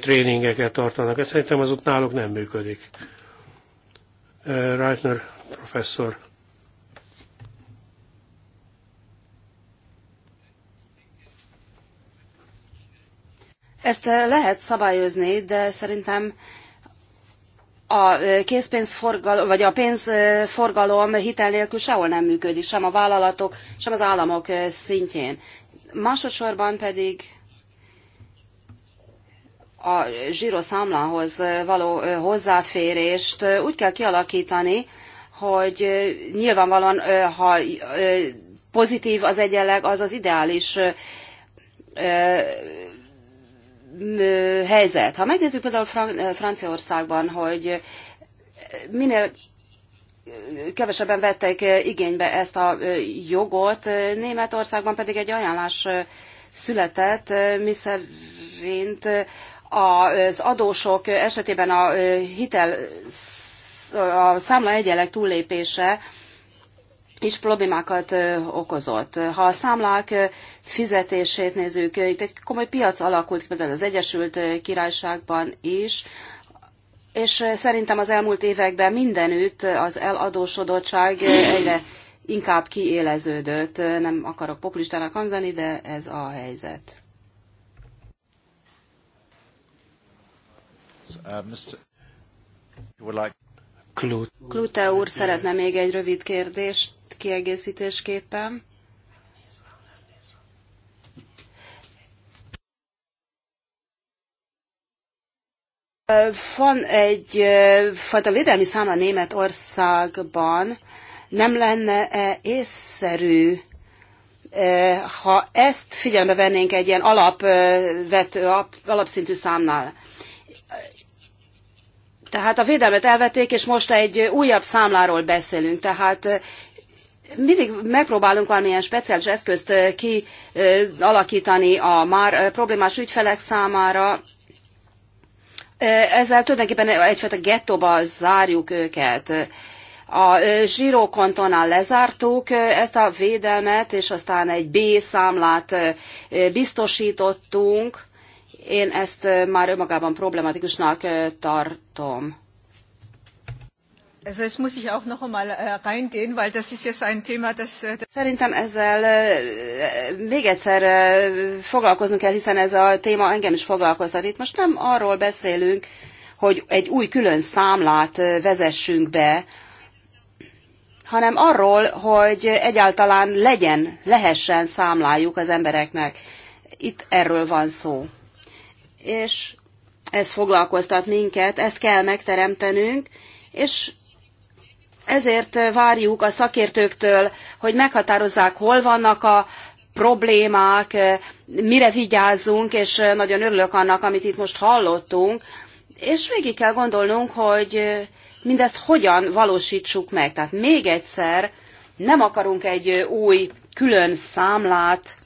tréningeket tartanak. Ez szerintem az ott náluk nem működik. Reitner professzor. Ezt lehet szabályozni, de szerintem a készpénzforgalom, vagy a pénzforgalom hitel nélkül sehol nem működik, sem a vállalatok, sem az államok szintjén. Másodszorban pedig a zsíroszámlához való hozzáférést úgy kell kialakítani, hogy nyilvánvalóan, ha pozitív az egyenleg, az az ideális helyzet. Ha megnézzük például Fran- Franciaországban, hogy minél kevesebben vettek igénybe ezt a jogot, Németországban pedig egy ajánlás született, miszerint az adósok esetében a hitel a számla egyenleg túllépése is problémákat okozott. Ha a számlák fizetését nézzük, itt egy komoly piac alakult ki, például az Egyesült Királyságban is, és szerintem az elmúlt években mindenütt az eladósodottság egyre inkább kiéleződött. Nem akarok populistának hangzani, de ez a helyzet. Uh, Klute úr szeretne még egy rövid kérdést kiegészítésképpen. Van egy fajta védelmi száma Németországban, nem lenne -e észszerű, ha ezt figyelembe vennénk egy ilyen alapvető, alapszintű számnál? Tehát a védelmet elvették, és most egy újabb számláról beszélünk. Tehát mindig megpróbálunk valamilyen speciális eszközt kialakítani a már problémás ügyfelek számára. Ezzel tulajdonképpen egyfajta gettóba zárjuk őket. A zsírókontonál lezártuk ezt a védelmet, és aztán egy B számlát biztosítottunk. Én ezt már önmagában problematikusnak tartom. Szerintem ezzel äh, äh, még egyszer äh, foglalkoznunk kell, hiszen ez a téma engem is foglalkoztat. Itt most nem arról beszélünk, hogy egy új külön számlát vezessünk be, hanem arról, hogy egyáltalán legyen, lehessen számlájuk az embereknek. Itt erről van szó. És ez foglalkoztat minket, ezt kell megteremtenünk, és ezért eh, várjuk a szakértőktől, hogy meghatározzák, hol vannak a problémák, eh, mire vigyázzunk, és eh, nagyon örülök annak, amit itt most hallottunk, és végig kell gondolnunk, hogy mindezt hogyan valósítsuk meg. Tehát még egyszer, nem akarunk egy új külön számlát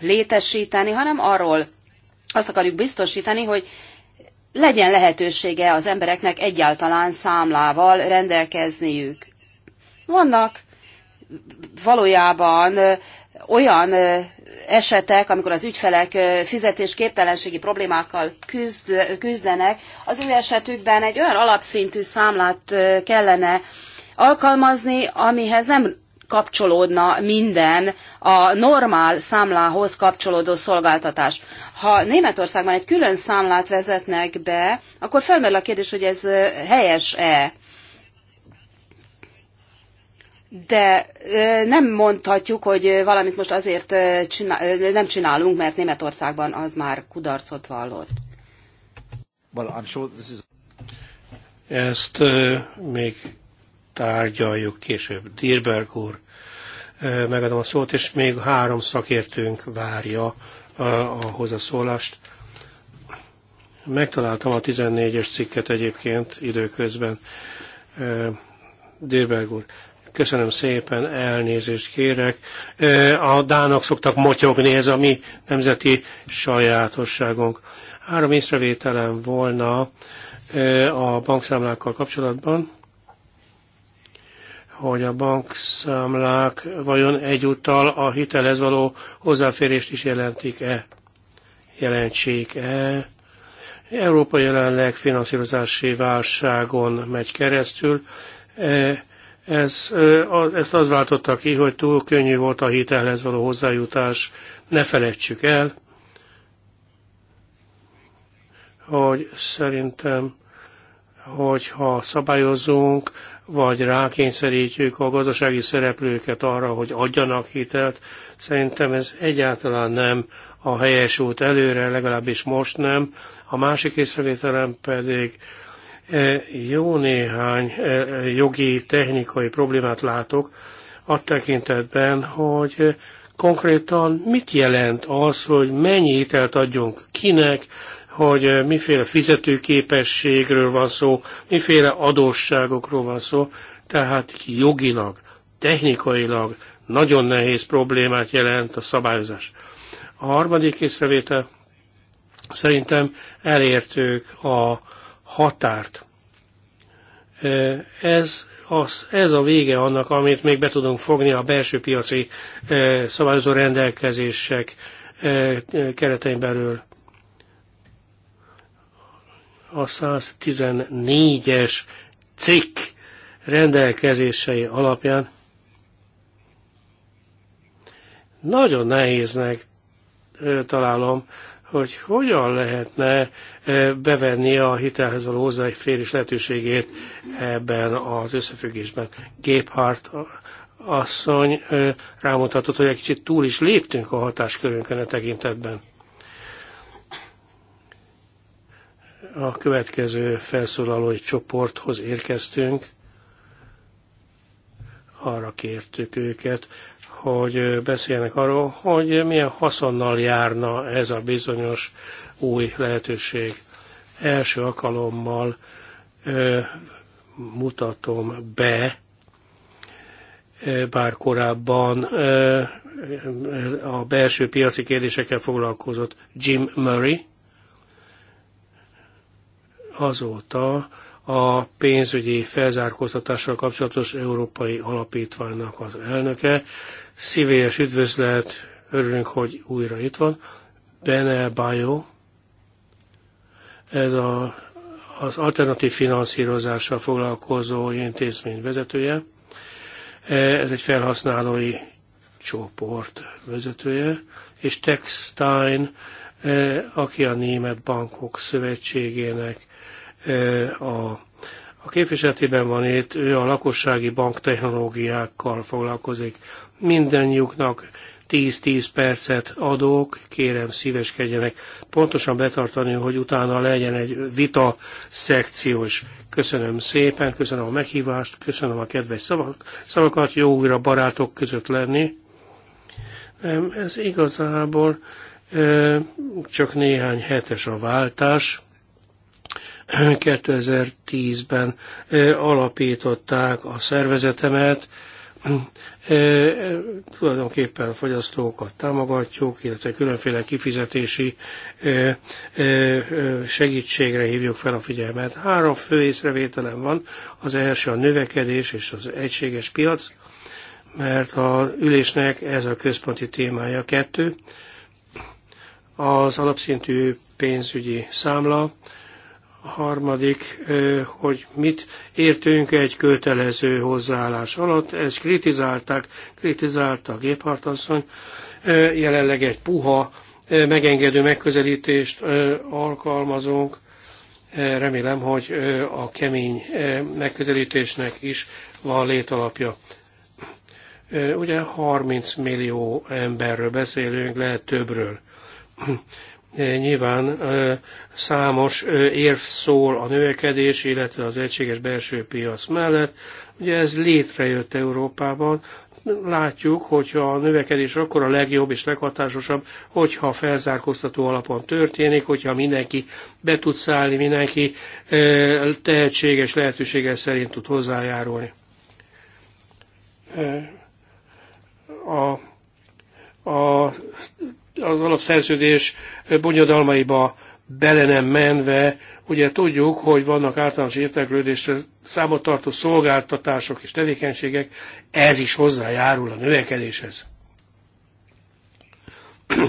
létesíteni, hanem arról azt akarjuk biztosítani, hogy legyen lehetősége az embereknek egyáltalán számlával rendelkezniük. Vannak valójában olyan esetek, amikor az ügyfelek fizetésképtelenségi problémákkal küzd, küzdenek, az ő esetükben egy olyan alapszintű számlát kellene alkalmazni, amihez nem kapcsolódna minden a normál számlához kapcsolódó szolgáltatás. Ha Németországban egy külön számlát vezetnek be, akkor felmerül a kérdés, hogy ez helyes-e. De nem mondhatjuk, hogy valamit most azért csinál, nem csinálunk, mert Németországban az már kudarcot vallott. Well, I'm sure this is... Ezt uh, még tárgyaljuk később. Dirberg úr, megadom a szót, és még három szakértőnk várja a, hozzászólást. Megtaláltam a 14-es cikket egyébként időközben. Dirberg úr, köszönöm szépen, elnézést kérek. A dánok szoktak motyogni, ez a mi nemzeti sajátosságunk. Három észrevételem volna a bankszámlákkal kapcsolatban hogy a bankszámlák vajon egyúttal a hitelhez való hozzáférést is jelentik-e? Jelentsék-e? Európa jelenleg finanszírozási válságon megy keresztül. E, ez, e, ezt az váltotta ki, hogy túl könnyű volt a hitelhez való hozzájutás. Ne felejtsük el, hogy szerintem, hogyha szabályozunk, vagy rákényszerítjük a gazdasági szereplőket arra, hogy adjanak hitelt. Szerintem ez egyáltalán nem a helyes út előre, legalábbis most nem. A másik észrevételem pedig e, jó néhány e, jogi, technikai problémát látok, a tekintetben, hogy konkrétan mit jelent az, hogy mennyi hitelt adjunk kinek, hogy miféle fizetőképességről van szó, miféle adósságokról van szó, tehát jogilag, technikailag nagyon nehéz problémát jelent a szabályozás. A harmadik észrevétel szerintem elértők a határt. Ez, az, ez a vége annak, amit még be tudunk fogni a belső piaci szabályozó rendelkezések keretein belül a 114-es cikk rendelkezései alapján nagyon nehéznek találom, hogy hogyan lehetne bevenni a hitelhez való hozzáférés lehetőségét ebben az összefüggésben. Géphárt asszony rámutatott, hogy egy kicsit túl is léptünk a hatáskörünkön a tekintetben. a következő felszólalói csoporthoz érkeztünk. Arra kértük őket, hogy beszéljenek arról, hogy milyen haszonnal járna ez a bizonyos új lehetőség. Első alkalommal ö, mutatom be, bár korábban ö, a belső piaci kérdésekkel foglalkozott Jim Murray, azóta a pénzügyi felzárkóztatással kapcsolatos Európai Alapítványnak az elnöke. Szívélyes üdvözlet, örülünk, hogy újra itt van. Bene Bajo, ez a, az alternatív finanszírozással foglalkozó intézmény vezetője. Ez egy felhasználói csoport vezetője, és Stein, E, aki a Német Bankok Szövetségének e, a, a képviseletében van itt, ő a lakossági banktechnológiákkal foglalkozik. Mindennyiuknak 10-10 percet adok, kérem szíveskedjenek pontosan betartani, hogy utána legyen egy vita szekciós. Köszönöm szépen, köszönöm a meghívást, köszönöm a kedves szavak, szavakat, jó újra barátok között lenni. Nem, ez igazából csak néhány hetes a váltás. 2010-ben alapították a szervezetemet, tulajdonképpen fogyasztókat támogatjuk, illetve különféle kifizetési segítségre hívjuk fel a figyelmet. Három fő észrevételem van, az első a növekedés és az egységes piac, mert a ülésnek ez a központi témája kettő az alapszintű pénzügyi számla, a harmadik, hogy mit értünk egy kötelező hozzáállás alatt, ezt kritizálták, kritizálta a géphartasszony, jelenleg egy puha, megengedő megközelítést alkalmazunk, remélem, hogy a kemény megközelítésnek is van létalapja. Ugye 30 millió emberről beszélünk, lehet többről Eh, nyilván eh, számos eh, érv szól a növekedés, illetve az egységes belső piac mellett. Ugye ez létrejött Európában, látjuk, hogyha a növekedés akkor a legjobb és leghatásosabb, hogyha felzárkóztató alapon történik, hogyha mindenki be tud szállni, mindenki tehetséges lehetősége szerint tud hozzájárulni. A, a az alapszerződés bonyodalmaiba bele nem menve, ugye tudjuk, hogy vannak általános érteklődésre számot tartó szolgáltatások és tevékenységek, ez is hozzájárul a növekedéshez.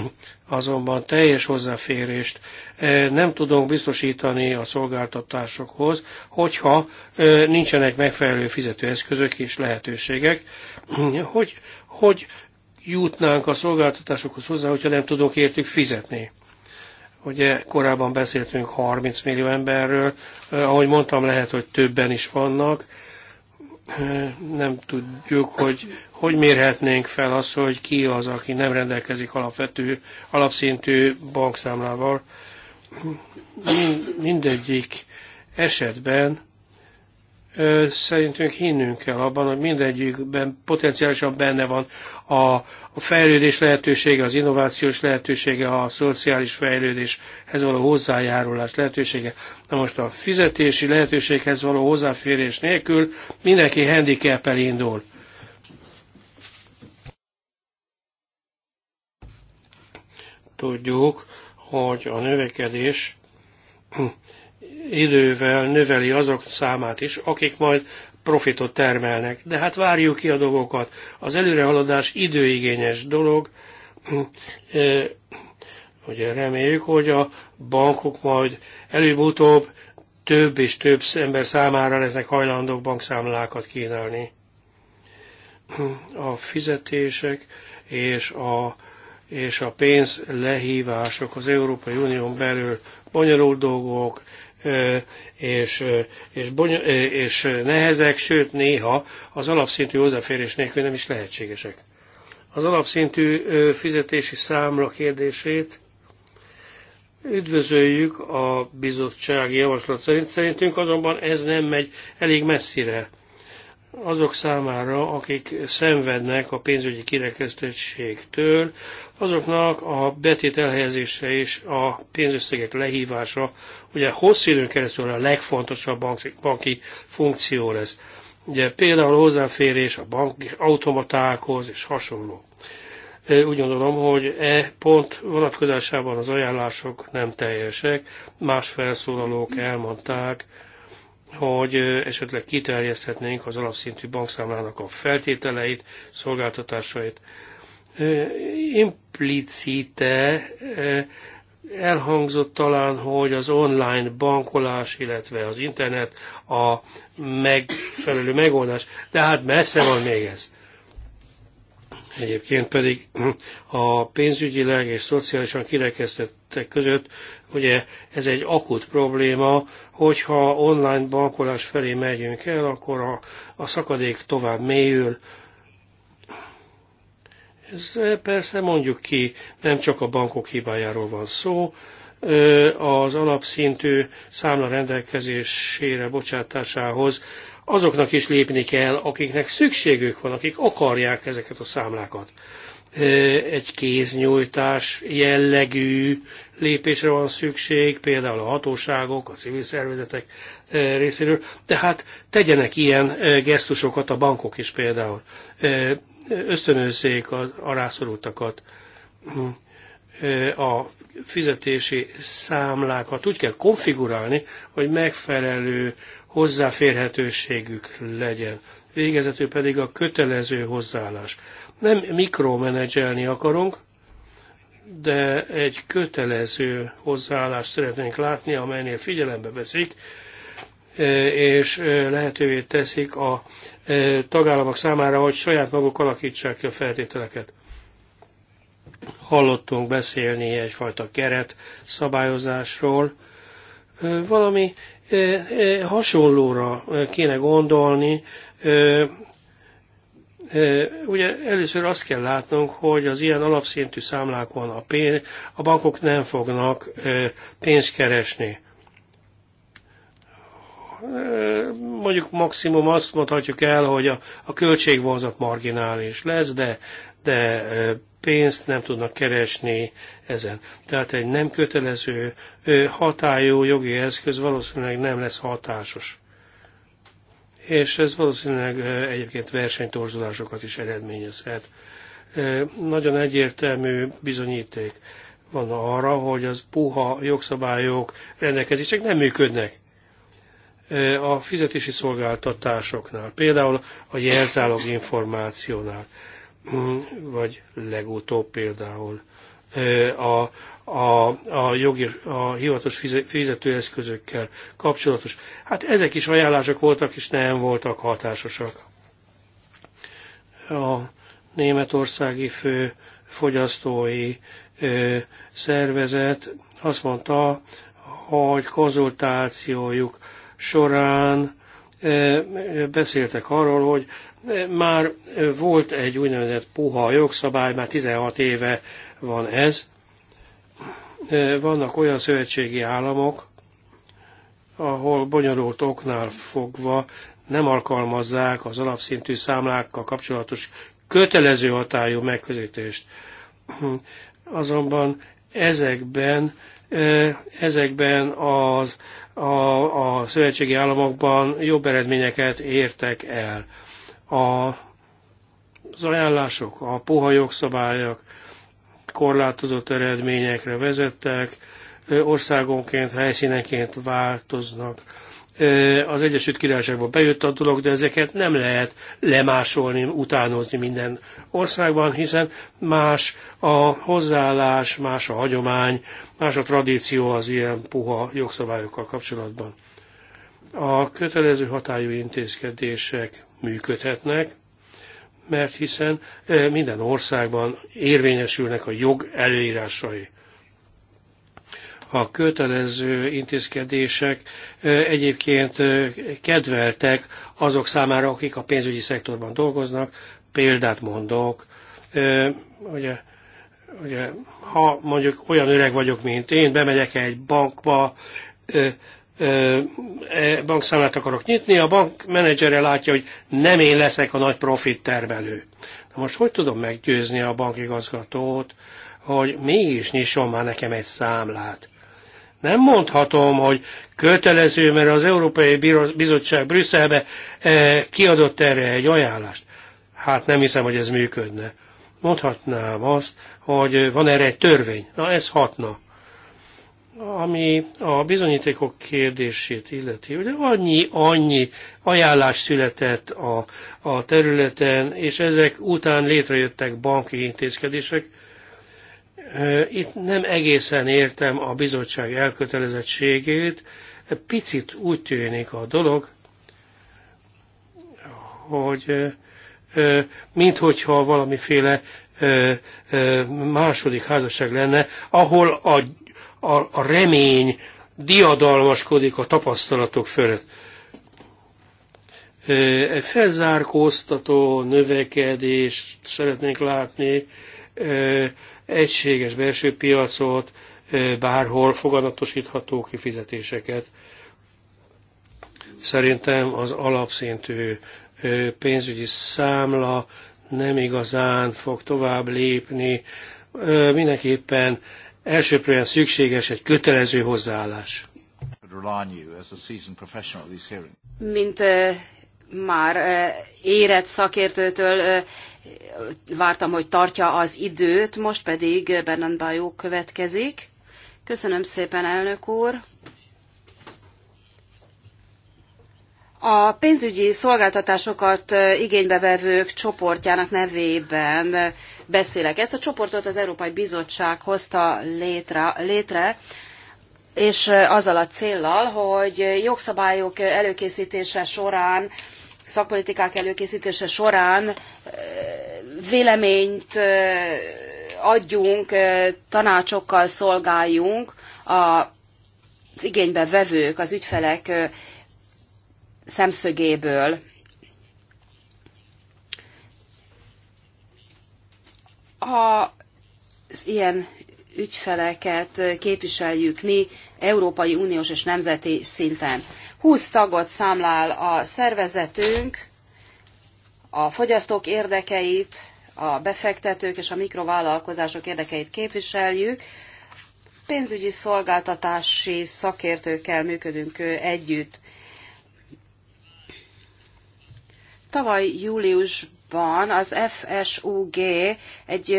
Azonban teljes hozzáférést eh, nem tudunk biztosítani a szolgáltatásokhoz, hogyha eh, nincsenek megfelelő fizetőeszközök és lehetőségek, hogy, hogy jutnánk a szolgáltatásokhoz hozzá, hogyha nem tudunk értük fizetni. Ugye korábban beszéltünk 30 millió emberről, ahogy mondtam, lehet, hogy többen is vannak. Nem tudjuk, hogy hogy mérhetnénk fel azt, hogy ki az, aki nem rendelkezik alapvető, alapszintű bankszámlával. Mindegyik esetben szerintünk hinnünk kell abban, hogy mindegyikben potenciálisan benne van a, a fejlődés lehetősége, az innovációs lehetősége, a szociális fejlődéshez való hozzájárulás lehetősége. Na most a fizetési lehetőséghez való hozzáférés nélkül mindenki handicap indul. Tudjuk, hogy a növekedés idővel növeli azok számát is, akik majd profitot termelnek. De hát várjuk ki a dolgokat. Az előrehaladás időigényes dolog. Ugye reméljük, hogy a bankok majd előbb-utóbb több és több ember számára lesznek hajlandók bankszámlákat kínálni. A fizetések és a, és a pénz lehívások az Európai Unión belül bonyolult dolgok, és, és, bony- és nehezek, sőt néha az alapszintű hozzáférés nélkül nem is lehetségesek. Az alapszintű fizetési számla kérdését üdvözöljük a bizottsági javaslat szerint. Szerintünk azonban ez nem megy elég messzire azok számára, akik szenvednek a pénzügyi kirekesztettségtől, azoknak a betételhelyezése és a pénzösszegek lehívása ugye hosszú időn keresztül a legfontosabb banki, banki funkció lesz. Ugye például hozzáférés a bank automatákhoz és hasonló. Úgy gondolom, hogy e pont vonatkozásában az ajánlások nem teljesek, más felszólalók elmondták, hogy esetleg kiterjeszthetnénk az alapszintű bankszámlának a feltételeit, szolgáltatásait. Implicite Elhangzott talán, hogy az online bankolás, illetve az internet a megfelelő megoldás, de hát messze van még ez. Egyébként pedig a pénzügyileg és szociálisan kirekesztettek között, ugye ez egy akut probléma, hogyha online bankolás felé megyünk el, akkor a, a szakadék tovább mélyül, ez eh, persze mondjuk ki, nem csak a bankok hibájáról van szó, eh, az alapszintű számla rendelkezésére bocsátásához azoknak is lépni kell, akiknek szükségük van, akik akarják ezeket a számlákat. Eh, egy kéznyújtás jellegű lépésre van szükség, például a hatóságok, a civil szervezetek részéről, de hát tegyenek ilyen gesztusokat a bankok is például ösztönözzék az arászorultakat. Hm, a fizetési számlákat úgy kell konfigurálni, hogy megfelelő hozzáférhetőségük legyen. Végezetül pedig a kötelező hozzáállás. Nem mikromenedzselni akarunk, de egy kötelező hozzáállást szeretnénk látni, amelynél figyelembe veszik, és lehetővé teszik a tagállamok számára, hogy saját maguk alakítsák ki a feltételeket. Hallottunk beszélni egyfajta keret szabályozásról, valami hasonlóra kéne gondolni. Ugye először azt kell látnunk, hogy az ilyen alapszintű számlákon a, pénz, a bankok nem fognak pénzt keresni mondjuk maximum azt mondhatjuk el, hogy a, a költségvonzat marginális lesz, de, de pénzt nem tudnak keresni ezen. Tehát egy nem kötelező hatályú jogi eszköz valószínűleg nem lesz hatásos. És ez valószínűleg egyébként versenytorzulásokat is eredményezhet. Nagyon egyértelmű bizonyíték van arra, hogy az puha jogszabályok rendelkezések nem működnek a fizetési szolgáltatásoknál, például a jelzálog információnál, mm, vagy legutóbb például a, a, a, jogi, a hivatos fizetőeszközökkel kapcsolatos. Hát ezek is ajánlások voltak, és nem voltak hatásosak. A németországi fő fogyasztói ö, szervezet azt mondta, hogy konzultációjuk során eh, beszéltek arról, hogy eh, már volt egy úgynevezett puha jogszabály, már 16 éve van ez. Eh, vannak olyan szövetségi államok, ahol bonyolult oknál fogva nem alkalmazzák az alapszintű számlákkal kapcsolatos kötelező hatályú megközelítést. Azonban ezekben, ezekben az a, a szövetségi államokban jobb eredményeket értek el. A, az ajánlások, a puha jogszabályok korlátozott eredményekre vezettek, országonként, helyszínenként változnak az Egyesült Királyságban bejött a dolog, de ezeket nem lehet lemásolni, utánozni minden országban, hiszen más a hozzáállás, más a hagyomány, más a tradíció az ilyen puha jogszabályokkal kapcsolatban. A kötelező hatályú intézkedések működhetnek, mert hiszen minden országban érvényesülnek a jog előírásai a kötelező intézkedések egyébként kedveltek azok számára, akik a pénzügyi szektorban dolgoznak. Példát mondok, ugye, ugye, ha mondjuk olyan öreg vagyok, mint én, bemegyek egy bankba, e, bankszámlát akarok nyitni, a bank menedzsere látja, hogy nem én leszek a nagy profit termelő. Na most hogy tudom meggyőzni a bankigazgatót, hogy mégis nyisson már nekem egy számlát? nem mondhatom, hogy kötelező, mert az Európai Bizottság Brüsszelbe eh, kiadott erre egy ajánlást. Hát nem hiszem, hogy ez működne. Mondhatnám azt, hogy van erre egy törvény. Na ez hatna. Ami a bizonyítékok kérdését illeti, hogy annyi, annyi ajánlás született a, a területen, és ezek után létrejöttek banki intézkedések, itt nem egészen értem a bizottság elkötelezettségét, picit úgy tűnik a dolog, hogy minthogyha valamiféle második házasság lenne, ahol a, a, a remény diadalmaskodik a tapasztalatok fölött. Egy felzárkóztató növekedést szeretnék látni, egységes belső piacot, bárhol fogadatosítható kifizetéseket. Szerintem az alapszintű pénzügyi számla nem igazán fog tovább lépni. Mindenképpen elsőprően szükséges egy kötelező hozzáállás. Mint már érett szakértőtől vártam, hogy tartja az időt, most pedig Bernard Bajó következik. Köszönöm szépen, elnök úr! A pénzügyi szolgáltatásokat igénybevevők csoportjának nevében beszélek. Ezt a csoportot az Európai Bizottság hozta létre, létre és azzal a céllal, hogy jogszabályok előkészítése során szakpolitikák előkészítése során eh, véleményt eh, adjunk, eh, tanácsokkal szolgáljunk az igénybe vevők, az ügyfelek szemszögéből. Az ilyen ügyfeleket képviseljük mi Európai Uniós és nemzeti szinten. 20 tagot számlál a szervezetünk, a fogyasztók érdekeit, a befektetők és a mikrovállalkozások érdekeit képviseljük. Pénzügyi szolgáltatási szakértőkkel működünk együtt. Tavaly júliusban az FSUG egy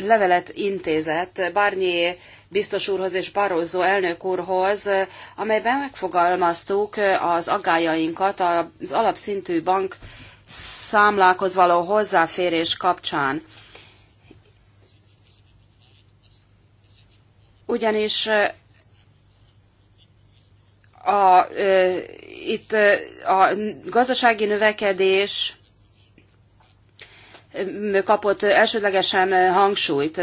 levelet intézett Barnier biztos úrhoz és Barroso elnök úrhoz, amelyben megfogalmaztuk az aggájainkat az alapszintű bank számlákhoz való hozzáférés kapcsán. Ugyanis a, itt a gazdasági növekedés kapott elsődlegesen hangsúlyt.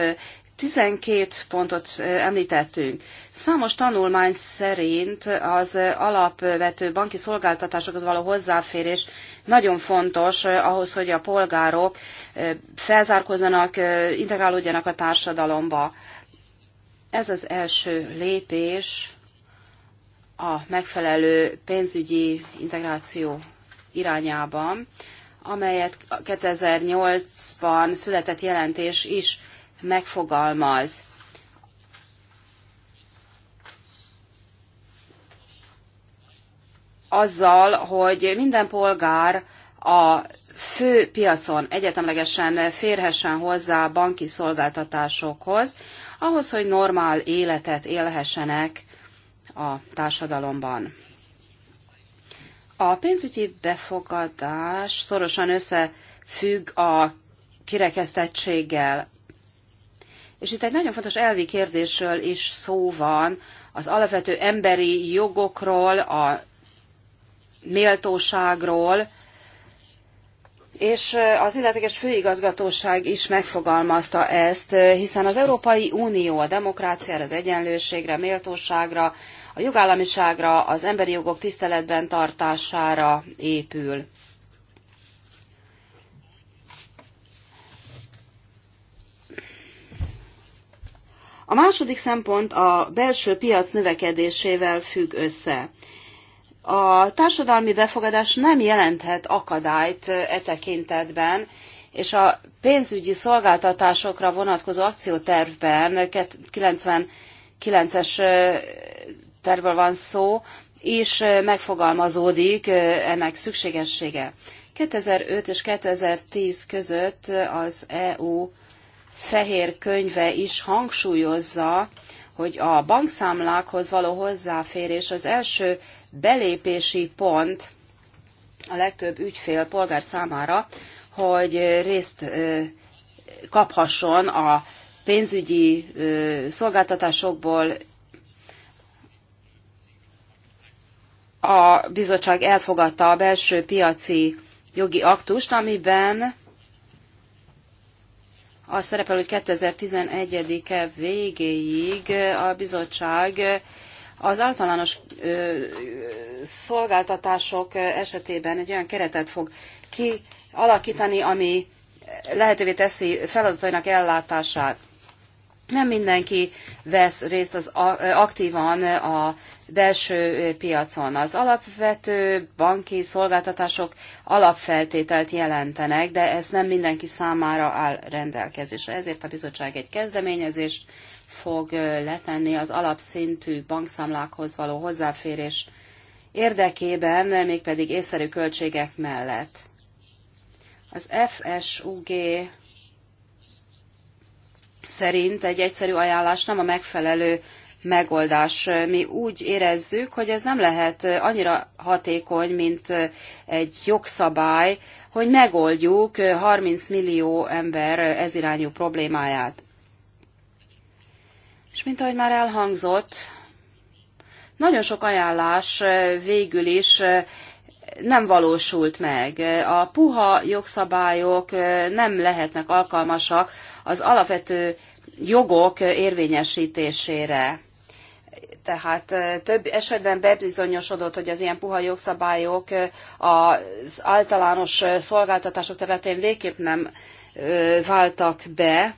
12 pontot említettünk. Számos tanulmány szerint az alapvető banki szolgáltatásokhoz való hozzáférés nagyon fontos eh, ahhoz, hogy a polgárok eh, felzárkozzanak, eh, integrálódjanak a társadalomba. Ez az első lépés a megfelelő pénzügyi integráció irányában amelyet 2008-ban született jelentés is megfogalmaz. Azzal, hogy minden polgár a fő piacon egyetemlegesen férhessen hozzá banki szolgáltatásokhoz, ahhoz, hogy normál életet élhessenek a társadalomban. A pénzügyi befogadás szorosan összefügg a kirekesztettséggel. És itt egy nagyon fontos elvi kérdésről is szó van, az alapvető emberi jogokról, a méltóságról, és az illetékes főigazgatóság is megfogalmazta ezt, hiszen az Európai Unió a demokráciára, az egyenlőségre, méltóságra, a jogállamiságra, az emberi jogok tiszteletben tartására épül. A második szempont a belső piac növekedésével függ össze. A társadalmi befogadás nem jelenthet akadályt e tekintetben, és a pénzügyi szolgáltatásokra vonatkozó akciótervben 99-es tervről van szó, és megfogalmazódik ennek szükségessége. 2005 és 2010 között az EU fehér könyve is hangsúlyozza, hogy a bankszámlákhoz való hozzáférés az első belépési pont a legtöbb ügyfél polgár számára, hogy részt kaphasson a pénzügyi szolgáltatásokból a bizottság elfogadta a belső piaci jogi aktust, amiben az szerepel, hogy 2011-e végéig a bizottság az általános szolgáltatások esetében egy olyan keretet fog kialakítani, ami lehetővé teszi feladatainak ellátását nem mindenki vesz részt az aktívan a belső piacon. Az alapvető banki szolgáltatások alapfeltételt jelentenek, de ez nem mindenki számára áll rendelkezésre. Ezért a bizottság egy kezdeményezést fog letenni az alapszintű bankszámlákhoz való hozzáférés érdekében, mégpedig észszerű költségek mellett. Az FSUG szerint egy egyszerű ajánlás nem a megfelelő megoldás. Mi úgy érezzük, hogy ez nem lehet annyira hatékony, mint egy jogszabály, hogy megoldjuk 30 millió ember irányú problémáját. És mint ahogy már elhangzott, nagyon sok ajánlás végül is nem valósult meg. A puha jogszabályok nem lehetnek alkalmasak az alapvető jogok érvényesítésére. Tehát több esetben bebizonyosodott, hogy az ilyen puha jogszabályok az általános szolgáltatások területén végképp nem váltak be.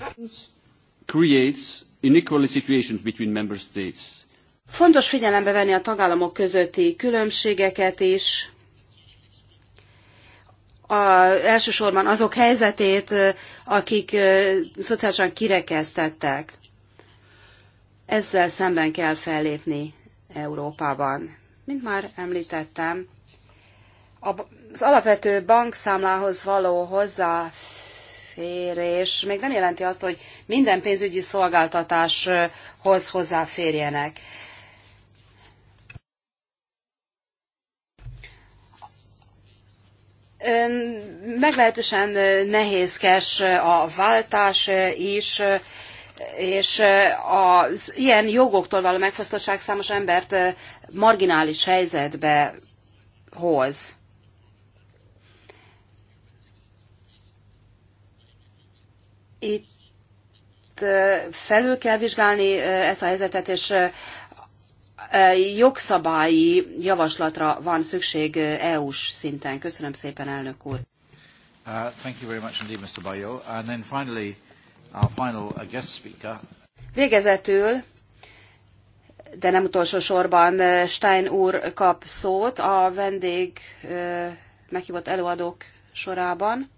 Köszönöm creates unequal situations between member states. Fontos figyelembe venni a tagállamok közötti különbségeket is, a, elsősorban azok helyzetét, akik szociálisan kirekesztettek. Ezzel szemben kell fellépni Európában. Mint már említettem, az alapvető bankszámlához való hozzáférés hozzáférés még nem jelenti azt, hogy minden pénzügyi szolgáltatáshoz hozzáférjenek. Meglehetősen nehézkes a váltás is, és az ilyen jogoktól való megfosztottság számos embert marginális helyzetbe hoz. Itt felül kell vizsgálni ezt a helyzetet, és jogszabályi javaslatra van szükség EU-s szinten. Köszönöm szépen, elnök úr. Uh, thank you very much indeed, Mr. Bayo. And then finally, our final uh, guest speaker. Végezetül, de nem utolsó sorban, Stein úr kap szót a vendég meghívott előadók sorában.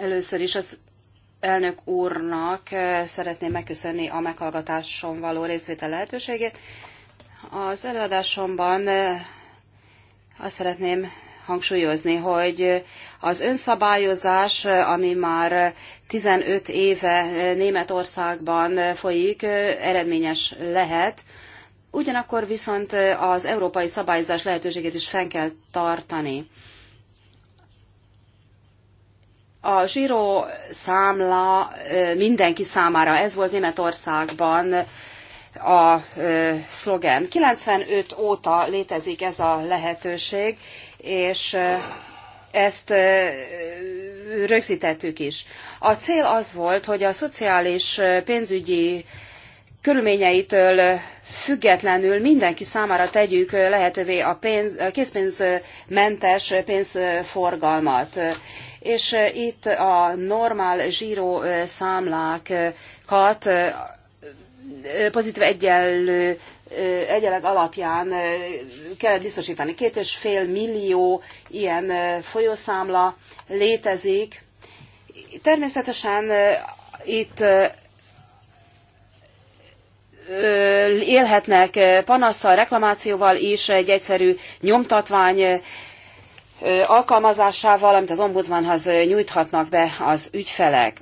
Először is az elnök úrnak eh, szeretném megköszönni a meghallgatáson való részvétel lehetőségét. Az előadásomban eh, azt szeretném hangsúlyozni, hogy az önszabályozás, eh, ami már 15 éve Németországban folyik, eredményes lehet. Ugyanakkor viszont az európai szabályozás lehetőségét is fenn kell tartani. A zsíró számla mindenki számára, ez volt Németországban a szlogen. 95 óta létezik ez a lehetőség, és ezt rögzítettük is. A cél az volt, hogy a szociális pénzügyi körülményeitől függetlenül mindenki számára tegyük lehetővé a pénz, készpénzmentes pénzforgalmat és itt a normál zsíró számlákat pozitív egyenlő egyenleg alapján kellett biztosítani. Két és fél millió ilyen folyószámla létezik. Természetesen itt élhetnek panaszsal, reklamációval is, egy egyszerű nyomtatvány alkalmazásával, amit az ombudsmanhoz nyújthatnak be az ügyfelek.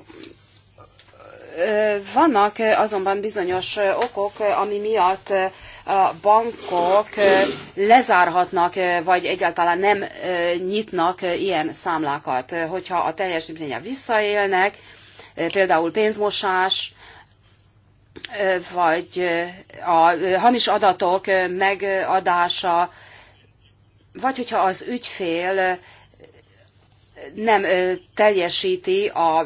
Vannak azonban bizonyos okok, ami miatt a bankok lezárhatnak, vagy egyáltalán nem nyitnak ilyen számlákat. Hogyha a teljesítménye visszaélnek, például pénzmosás, vagy a hamis adatok megadása, vagy hogyha az ügyfél nem teljesíti a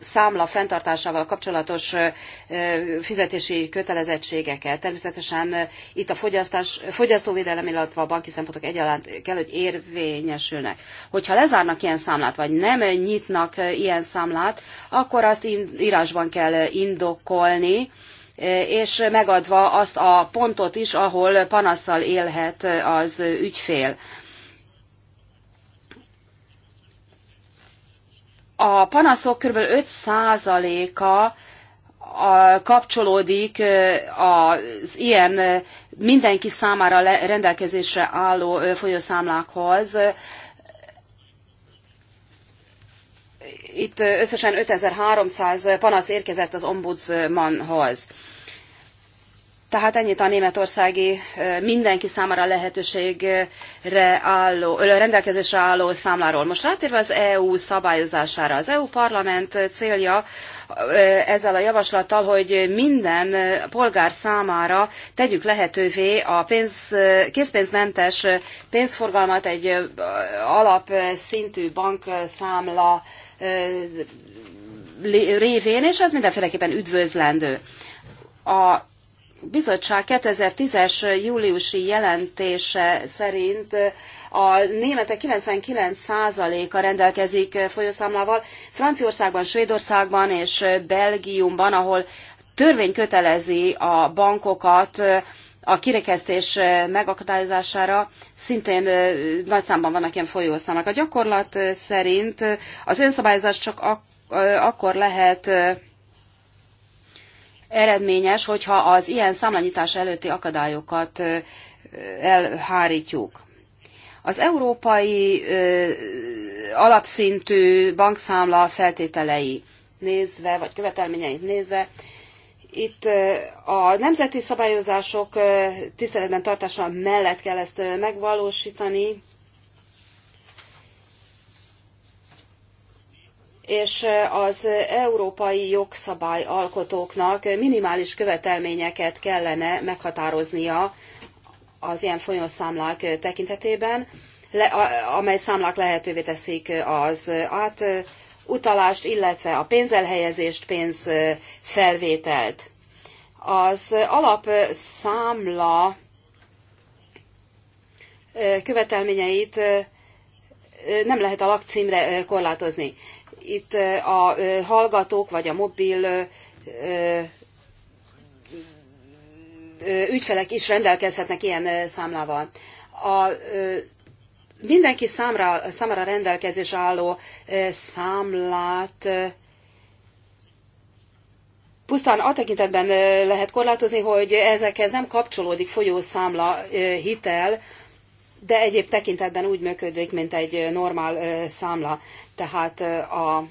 számla fenntartásával kapcsolatos fizetési kötelezettségeket. Természetesen itt a fogyasztás, fogyasztóvédelem, illetve a banki szempontok egyaránt kell, hogy érvényesülnek. Hogyha lezárnak ilyen számlát, vagy nem nyitnak ilyen számlát, akkor azt írásban kell indokolni, és megadva azt a pontot is, ahol panaszsal élhet az ügyfél. A panaszok kb. 5%-a kapcsolódik az ilyen mindenki számára rendelkezésre álló folyószámlákhoz, itt összesen 5300 panasz érkezett az ombudsmanhoz. Tehát ennyit a németországi mindenki számára lehetőségre álló, rendelkezésre álló számláról. Most rátérve az EU szabályozására. Az EU parlament célja ezzel a javaslattal, hogy minden polgár számára tegyük lehetővé a pénz, készpénzmentes pénzforgalmat egy alapszintű bankszámla eh, révén, és ez mindenféleképpen üdvözlendő. A bizottság 2010-es júliusi jelentése szerint a németek 99%-a rendelkezik folyószámlával. Franciaországban, Svédországban és Belgiumban, ahol törvény kötelezi a bankokat a kirekesztés megakadályozására szintén nagy számban vannak ilyen folyószámlák. A gyakorlat szerint az önszabályozás csak ak akkor lehet eredményes, hogyha az ilyen számlányítás előtti akadályokat elhárítjuk. Az európai alapszintű bankszámla feltételei nézve, vagy követelményeit nézve, itt a nemzeti szabályozások tiszteletben tartása mellett kell ezt megvalósítani, és az európai jogszabályalkotóknak minimális követelményeket kellene meghatároznia az ilyen folyószámlák tekintetében, amely számlák lehetővé teszik az átutalást, illetve a pénzelhelyezést, pénzfelvételt. Az alapszámla követelményeit nem lehet a lakcímre korlátozni itt a hallgatók vagy a mobil ügyfelek is rendelkezhetnek ilyen számlával. A mindenki számra, számára rendelkezés álló számlát pusztán a tekintetben lehet korlátozni, hogy ezekhez nem kapcsolódik folyószámla hitel, de egyéb tekintetben úgy működik, mint egy normál számla. Tehát a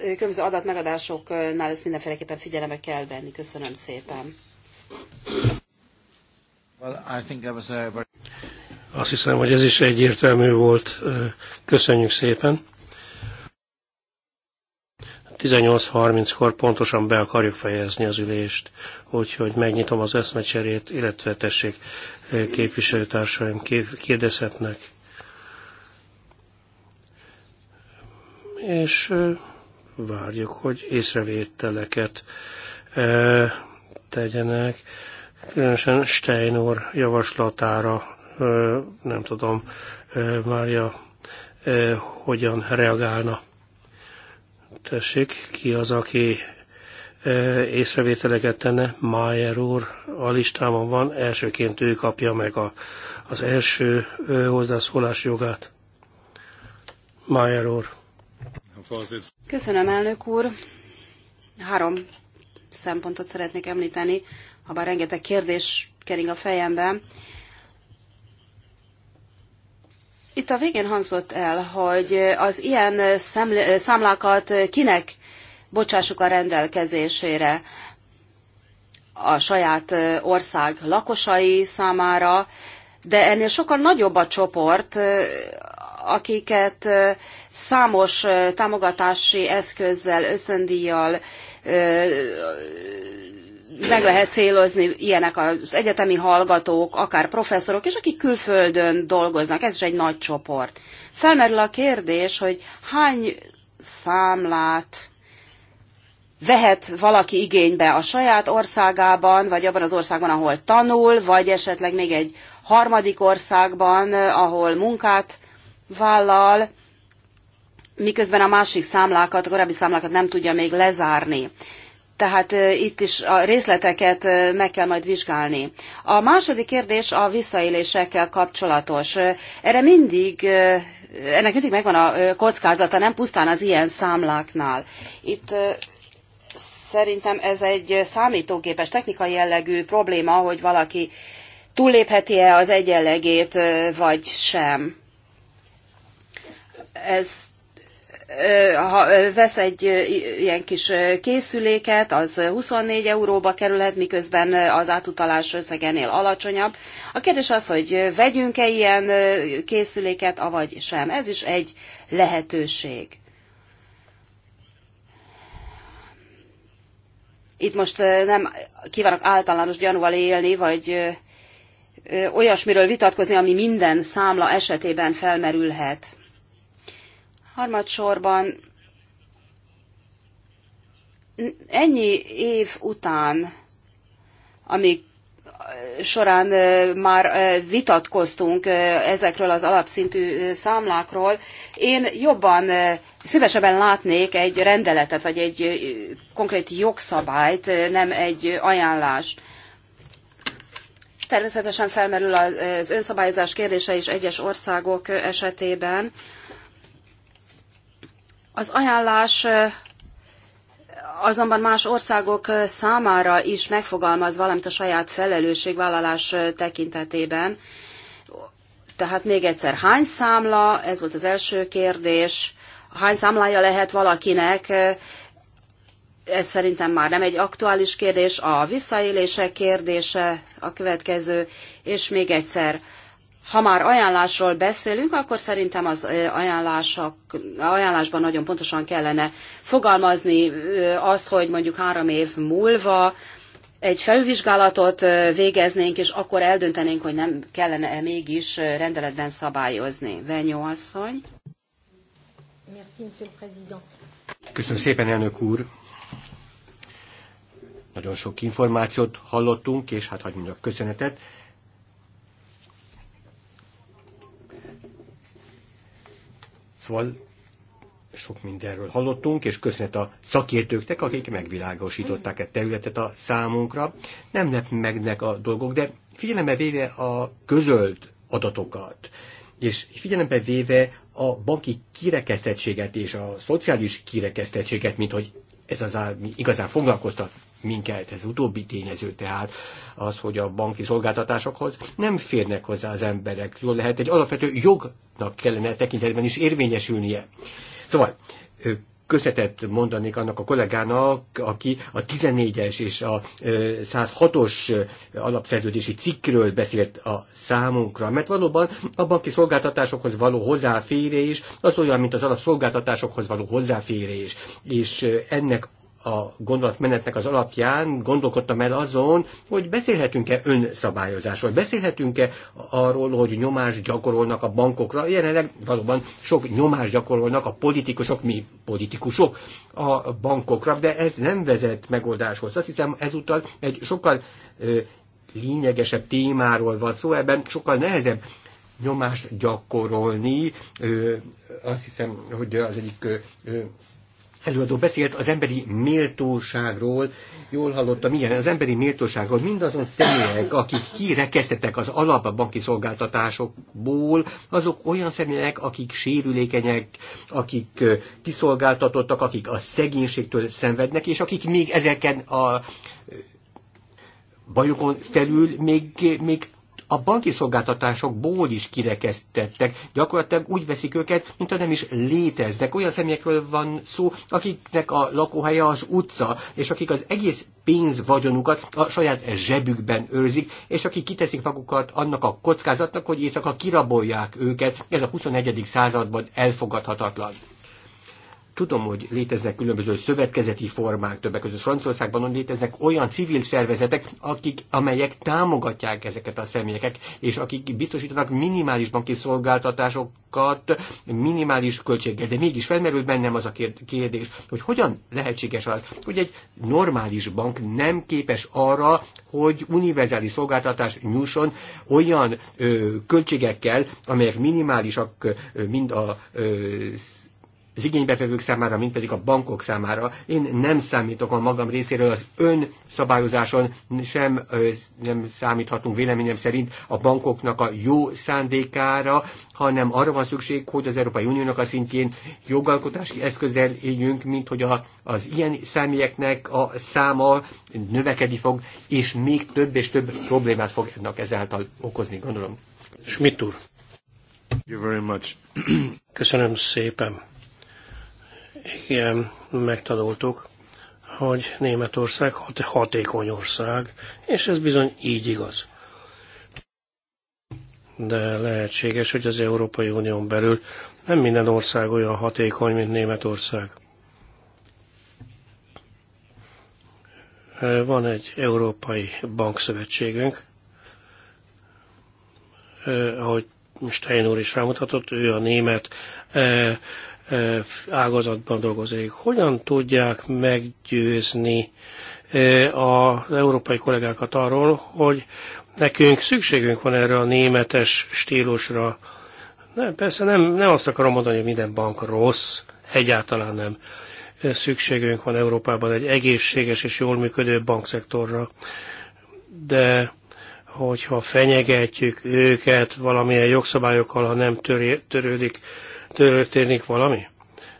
különböző adatmegadásoknál ezt mindenféleképpen figyelembe kell venni. Köszönöm szépen. Azt hiszem, hogy ez is egyértelmű volt. Köszönjük szépen. 18.30-kor pontosan be akarjuk fejezni az ülést, úgyhogy megnyitom az eszmecserét, illetve tessék képviselőtársaim kérdezhetnek. És várjuk, hogy észrevételeket tegyenek. Különösen Steinor javaslatára nem tudom, Mária hogyan reagálna. Tessék, ki az, aki észrevételeket tenne, Mayer úr a listámon van, elsőként ő kapja meg a, az első hozzászólás jogát. Mayer úr. Köszönöm, elnök úr. Három szempontot szeretnék említeni, ha bár rengeteg kérdés kering a fejemben. Itt a végén hangzott el, hogy az ilyen számlákat kinek bocsássuk a rendelkezésére a saját ország lakosai számára, de ennél sokkal nagyobb a csoport, akiket számos támogatási eszközzel, ösztöndíjjal meg lehet célozni ilyenek az egyetemi hallgatók, akár professzorok, és akik külföldön dolgoznak, ez is egy nagy csoport. Felmerül a kérdés, hogy hány számlát vehet valaki igénybe a saját országában, vagy abban az országban, ahol tanul, vagy esetleg még egy harmadik országban, ahol munkát vállal, miközben a másik számlákat, a korábbi számlákat nem tudja még lezárni. Tehát itt is a részleteket meg kell majd vizsgálni. A második kérdés a visszaélésekkel kapcsolatos. Erre mindig, ennek mindig megvan a kockázata, nem pusztán az ilyen számláknál. Itt Szerintem ez egy számítógépes, technikai jellegű probléma, hogy valaki túllépheti-e az egyenlegét, vagy sem. Ez ha vesz egy ilyen kis készüléket, az 24 euróba kerülhet, miközben az átutalás összegenél alacsonyabb. A kérdés az, hogy vegyünk-e ilyen készüléket, avagy sem. Ez is egy lehetőség. itt most nem kívánok általános gyanúval élni, vagy olyasmiről vitatkozni, ami minden számla esetében felmerülhet. Harmadsorban ennyi év után, amik során már vitatkoztunk ezekről az alapszintű számlákról, én jobban szívesebben látnék egy rendeletet, vagy egy konkrét jogszabályt, nem egy ajánlást. Természetesen felmerül az önszabályozás kérdése is egyes országok esetében. Az ajánlás azonban más országok számára is megfogalmaz valamit a saját felelősségvállalás tekintetében. Tehát még egyszer, hány számla? Ez volt az első kérdés hány számlája lehet valakinek, ez szerintem már nem egy aktuális kérdés, a visszaélések kérdése a következő, és még egyszer, ha már ajánlásról beszélünk, akkor szerintem az ajánlások, ajánlásban nagyon pontosan kellene fogalmazni azt, hogy mondjuk három év múlva egy felvizsgálatot végeznénk, és akkor eldöntenénk, hogy nem kellene -e mégis rendeletben szabályozni. Venyó asszony. Köszönöm szépen, elnök úr. Nagyon sok információt hallottunk, és hát hagyd mondjak köszönetet. Szóval sok mindenről hallottunk, és köszönet a szakértőknek, akik megvilágosították a e területet a számunkra. Nem lep megnek a dolgok, de figyelembe véve a közölt adatokat, és figyelembe véve a banki kirekesztettséget és a szociális kirekesztettséget, mint hogy ez az, ami igazán foglalkoztat minket, ez utóbbi tényező tehát az, hogy a banki szolgáltatásokhoz nem férnek hozzá az emberek. Jól lehet, egy alapvető jognak kellene tekintetben is érvényesülnie. Szóval köszetet mondanék annak a kollégának, aki a 14-es és a 106-os alapszerződési cikkről beszélt a számunkra, mert valóban a banki szolgáltatásokhoz való hozzáférés az olyan, mint az alapszolgáltatásokhoz való hozzáférés, és ennek a gondolatmenetnek az alapján gondolkodtam el azon, hogy beszélhetünk-e önszabályozásról, beszélhetünk-e arról, hogy nyomást gyakorolnak a bankokra. Jelenleg valóban sok nyomást gyakorolnak a politikusok, mi politikusok a bankokra, de ez nem vezet megoldáshoz. Azt hiszem ezúttal egy sokkal ö, lényegesebb témáról van szó, ebben sokkal nehezebb nyomást gyakorolni. Ö, azt hiszem, hogy az egyik ö, előadó beszélt az emberi méltóságról, jól hallottam, milyen az emberi méltóságról mindazon személyek, akik kirekeztetek az alap a banki szolgáltatásokból, azok olyan személyek, akik sérülékenyek, akik kiszolgáltatottak, akik a szegénységtől szenvednek, és akik még ezeken a bajokon felül még, még a banki szolgáltatásokból is kirekesztettek. Gyakorlatilag úgy veszik őket, mint nem is léteznek. Olyan személyekről van szó, akiknek a lakóhelye az utca, és akik az egész pénzvagyonukat a saját zsebükben őrzik, és akik kiteszik magukat annak a kockázatnak, hogy éjszaka kirabolják őket, ez a 21. században elfogadhatatlan. Tudom, hogy léteznek különböző szövetkezeti formák, többek között Franciaországban léteznek olyan civil szervezetek, akik, amelyek támogatják ezeket a személyeket, és akik biztosítanak minimális banki szolgáltatásokat minimális költséggel. De mégis felmerült bennem az a kérdés, hogy hogyan lehetséges az, hogy egy normális bank nem képes arra, hogy univerzális szolgáltatás nyújtson olyan ö, költségekkel, amelyek minimálisak ö, mind a ö, az igénybevevők számára, mint pedig a bankok számára. Én nem számítok a magam részéről az ön szabályozáson sem nem számíthatunk véleményem szerint a bankoknak a jó szándékára, hanem arra van szükség, hogy az Európai Uniónak a szintjén jogalkotási eszközzel éljünk, mint hogy a, az ilyen személyeknek a száma növekedni fog, és még több és több problémát fog ennek ezáltal okozni, gondolom. Schmidt úr. Köszönöm szépen. Igen, megtanultuk, hogy Németország hat- hatékony ország, és ez bizony így igaz. De lehetséges, hogy az Európai Unión belül nem minden ország olyan hatékony, mint Németország. Van egy Európai Bankszövetségünk, ahogy Stein úr is rámutatott, ő a német eh, ágazatban dolgozik. Hogyan tudják meggyőzni az európai kollégákat arról, hogy nekünk szükségünk van erre a németes stílusra. Nem, persze nem, nem azt akarom mondani, hogy minden bank rossz, egyáltalán nem. Szükségünk van Európában egy egészséges és jól működő bankszektorra. De hogyha fenyegetjük őket valamilyen jogszabályokkal, ha nem törődik történik valami?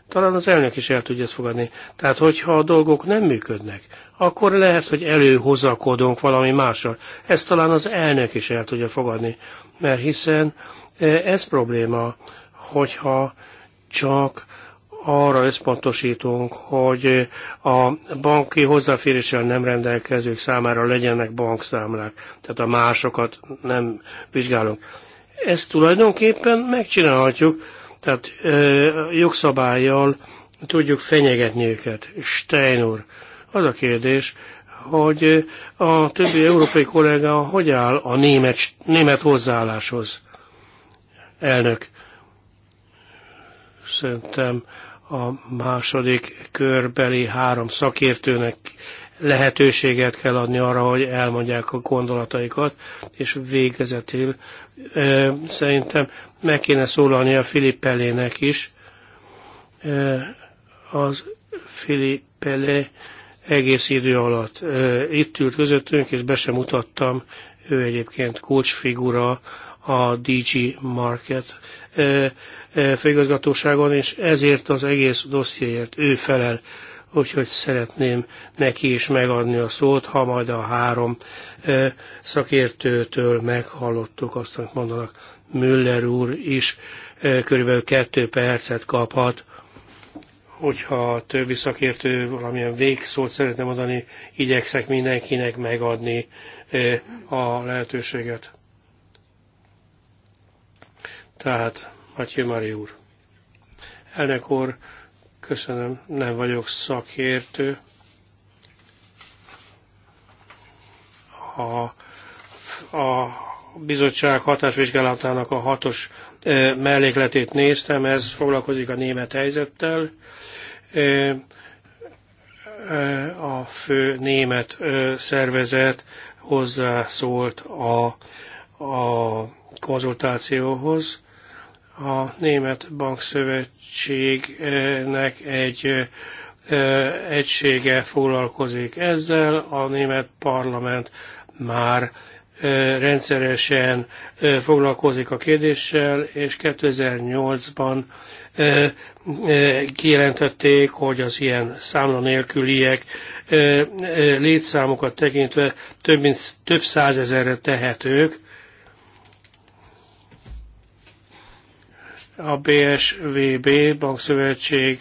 Talán az elnök is el tudja ezt fogadni. Tehát, hogyha a dolgok nem működnek, akkor lehet, hogy előhozakodunk valami mással. Ezt talán az elnök is el tudja fogadni. Mert hiszen e, ez probléma, hogyha csak arra összpontosítunk, hogy a banki hozzáféréssel nem rendelkezők számára legyenek bankszámlák, tehát a másokat nem vizsgálunk. Ezt tulajdonképpen megcsinálhatjuk, tehát jogszabályjal tudjuk fenyegetni őket. Stein úr, az a kérdés, hogy a többi európai kollega hogy áll a német, német hozzáálláshoz? Elnök, szerintem a második körbeli három szakértőnek lehetőséget kell adni arra, hogy elmondják a gondolataikat, és végezetül szerintem meg kéne szólalni a Filippelének is. Az Filippelé egész idő alatt itt ült közöttünk, és be sem mutattam, ő egyébként kulcsfigura a DG Market főigazgatóságon, és ezért az egész dossziért ő felel úgyhogy szeretném neki is megadni a szót, ha majd a három szakértőtől meghallottuk azt, amit mondanak. Müller úr is körülbelül kettő percet kaphat, hogyha a többi szakértő valamilyen végszót szeretne mondani, igyekszek mindenkinek megadni a lehetőséget. Tehát, Matyő Mari úr. Elnök úr, Köszönöm, nem vagyok szakértő. A, a bizottság hatásvizsgálatának a hatos mellékletét néztem, ez foglalkozik a német helyzettel. A fő német szervezet hozzászólt a, a konzultációhoz. A Német Bankszövet Bizottságnak egy egysége foglalkozik ezzel, a német parlament már rendszeresen foglalkozik a kérdéssel, és 2008-ban kijelentették, hogy az ilyen számla nélküliek létszámokat tekintve több mint több százezerre tehetők, A BSVB bankszövetség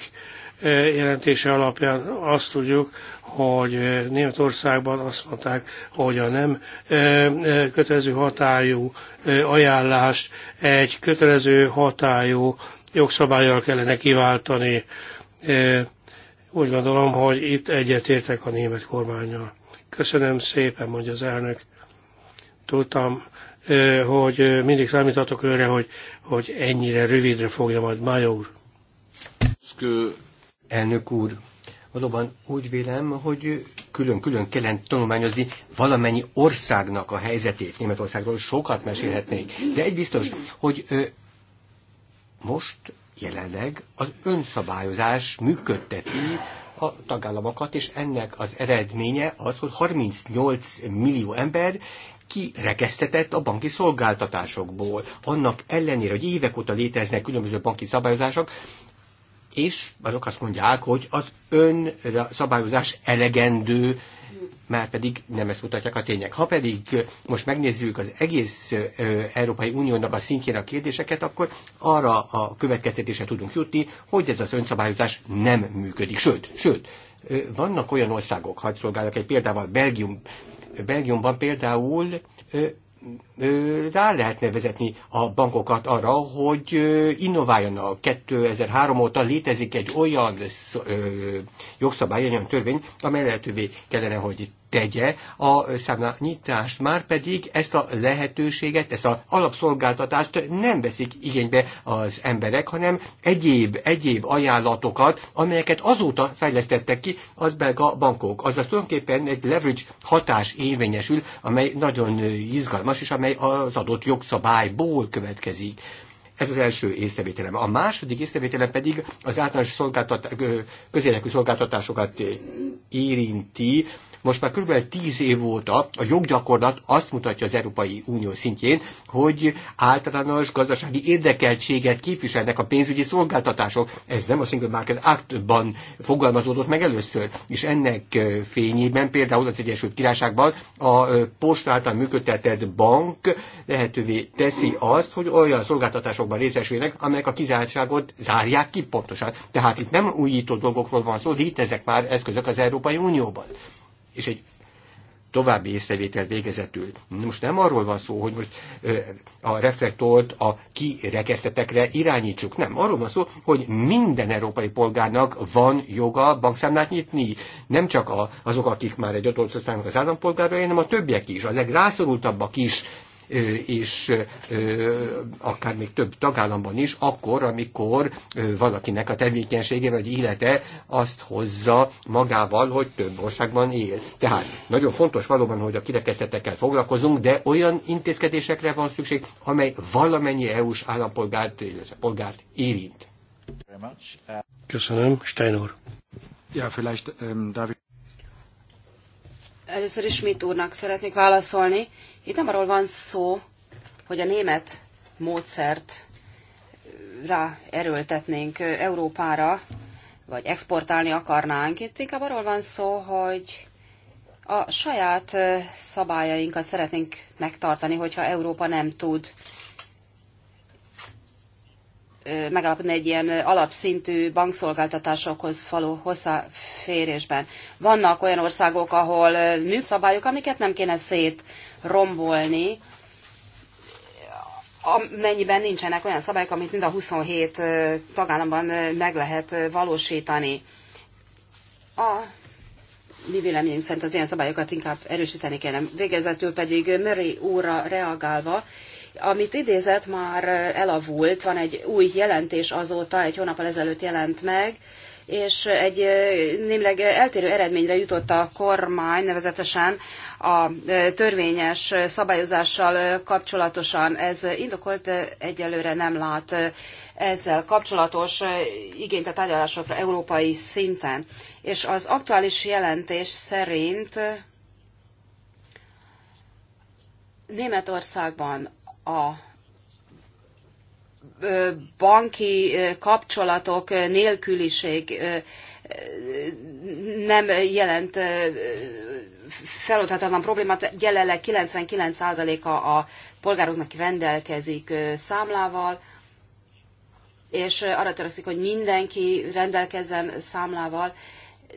eh, jelentése alapján azt tudjuk, hogy eh, Németországban azt mondták, hogy a nem eh, kötelező hatályú ajánlást egy kötelező hatályú jogszabályjal kellene kiváltani. Úgy gondolom, hogy itt egyetértek a német kormányjal. Köszönöm szépen, mondja az elnök. Tudtam, hogy mindig számítatok önre, hogy, hogy ennyire rövidre fogja majd Mája úr. Elnök úr, valóban úgy vélem, hogy külön-külön kellene tanulmányozni valamennyi országnak a helyzetét. Németországról sokat mesélhetnék, de egy biztos, hogy ö, most jelenleg az önszabályozás működteti a tagállamokat, és ennek az eredménye az, hogy 38 millió ember kirekesztetett a banki szolgáltatásokból. Annak ellenére, hogy évek óta léteznek különböző banki szabályozások, és azok azt mondják, hogy az ön szabályozás elegendő, már pedig nem ezt mutatják a tények. Ha pedig most megnézzük az egész Európai Uniónak a szintjén a kérdéseket, akkor arra a következtetése tudunk jutni, hogy ez az önszabályozás nem működik. Sőt, sőt, vannak olyan országok, hagyd szolgáljak egy példával, Belgium Belgiumban például rá lehetne vezetni a bankokat arra, hogy innováljanak. 2003 óta létezik egy olyan jogszabály, olyan törvény, amely lehetővé kellene, hogy tegye a számla már pedig ezt a lehetőséget, ezt az alapszolgáltatást nem veszik igénybe az emberek, hanem egyéb, egyéb ajánlatokat, amelyeket azóta fejlesztettek ki az belga bankok. Azaz tulajdonképpen egy leverage hatás érvényesül, amely nagyon izgalmas, és amely az adott jogszabályból következik. Ez az első észrevételem. A második észrevételem pedig az általános szolgáltatás, közérdekű szolgáltatásokat érinti, most már kb. 10 év óta a joggyakorlat azt mutatja az Európai Unió szintjén, hogy általános gazdasági érdekeltséget képviselnek a pénzügyi szolgáltatások. Ez nem a Single Market Act-ban fogalmazódott meg először, és ennek fényében például az Egyesült Királyságban a post által működtetett bank lehetővé teszi azt, hogy olyan szolgáltatásokban részesüljenek, amelyek a kizártságot zárják ki pontosan. Tehát itt nem újító dolgokról van szó, léteznek már eszközök az Európai Unióban. És egy további észrevétel végezetül. Most nem arról van szó, hogy most ö, a reflektort a kirekesztetekre irányítsuk, nem. Arról van szó, hogy minden európai polgárnak van joga bankszámlát nyitni. Nem csak a, azok, akik már egy adott országnak az állampolgárai, hanem a többiek is, a legrászorultabbak is és akár még több tagállamban is, akkor, amikor valakinek a tevékenysége vagy élete azt hozza magával, hogy több országban él. Tehát nagyon fontos valóban, hogy a kirekesztetekkel foglalkozunk, de olyan intézkedésekre van szükség, amely valamennyi EU-s állampolgárt, illetve polgárt érint. Köszönöm, Stein úr. Ja, vielleicht, ähm, David. Először is mit úrnak szeretnék válaszolni. Itt nem arról van szó, hogy a német módszert rá erőltetnénk Európára, vagy exportálni akarnánk. Itt inkább arról van szó, hogy a saját szabályainkat szeretnénk megtartani, hogyha Európa nem tud megállapodni egy ilyen alapszintű bankszolgáltatásokhoz való hozzáférésben. Vannak olyan országok, ahol műszabályok, amiket nem kéne szétrombolni, amennyiben nincsenek olyan szabályok, amit mind a 27 tagállamban meg lehet valósítani. A mi véleményünk szerint az ilyen szabályokat inkább erősíteni kellene. Végezetül pedig Murray úrra reagálva, amit idézett, már elavult, van egy új jelentés azóta, egy hónappal ezelőtt jelent meg, és egy némleg eltérő eredményre jutott a kormány, nevezetesen a törvényes szabályozással kapcsolatosan. Ez indokolt egyelőre nem lát ezzel kapcsolatos igényt a tárgyalásokra európai szinten. És az aktuális jelentés szerint Németországban a banki kapcsolatok nélküliség nem jelent feloldhatatlan problémát. Jelenleg 99%-a a polgároknak rendelkezik számlával, és arra törekszik, hogy mindenki rendelkezzen számlával.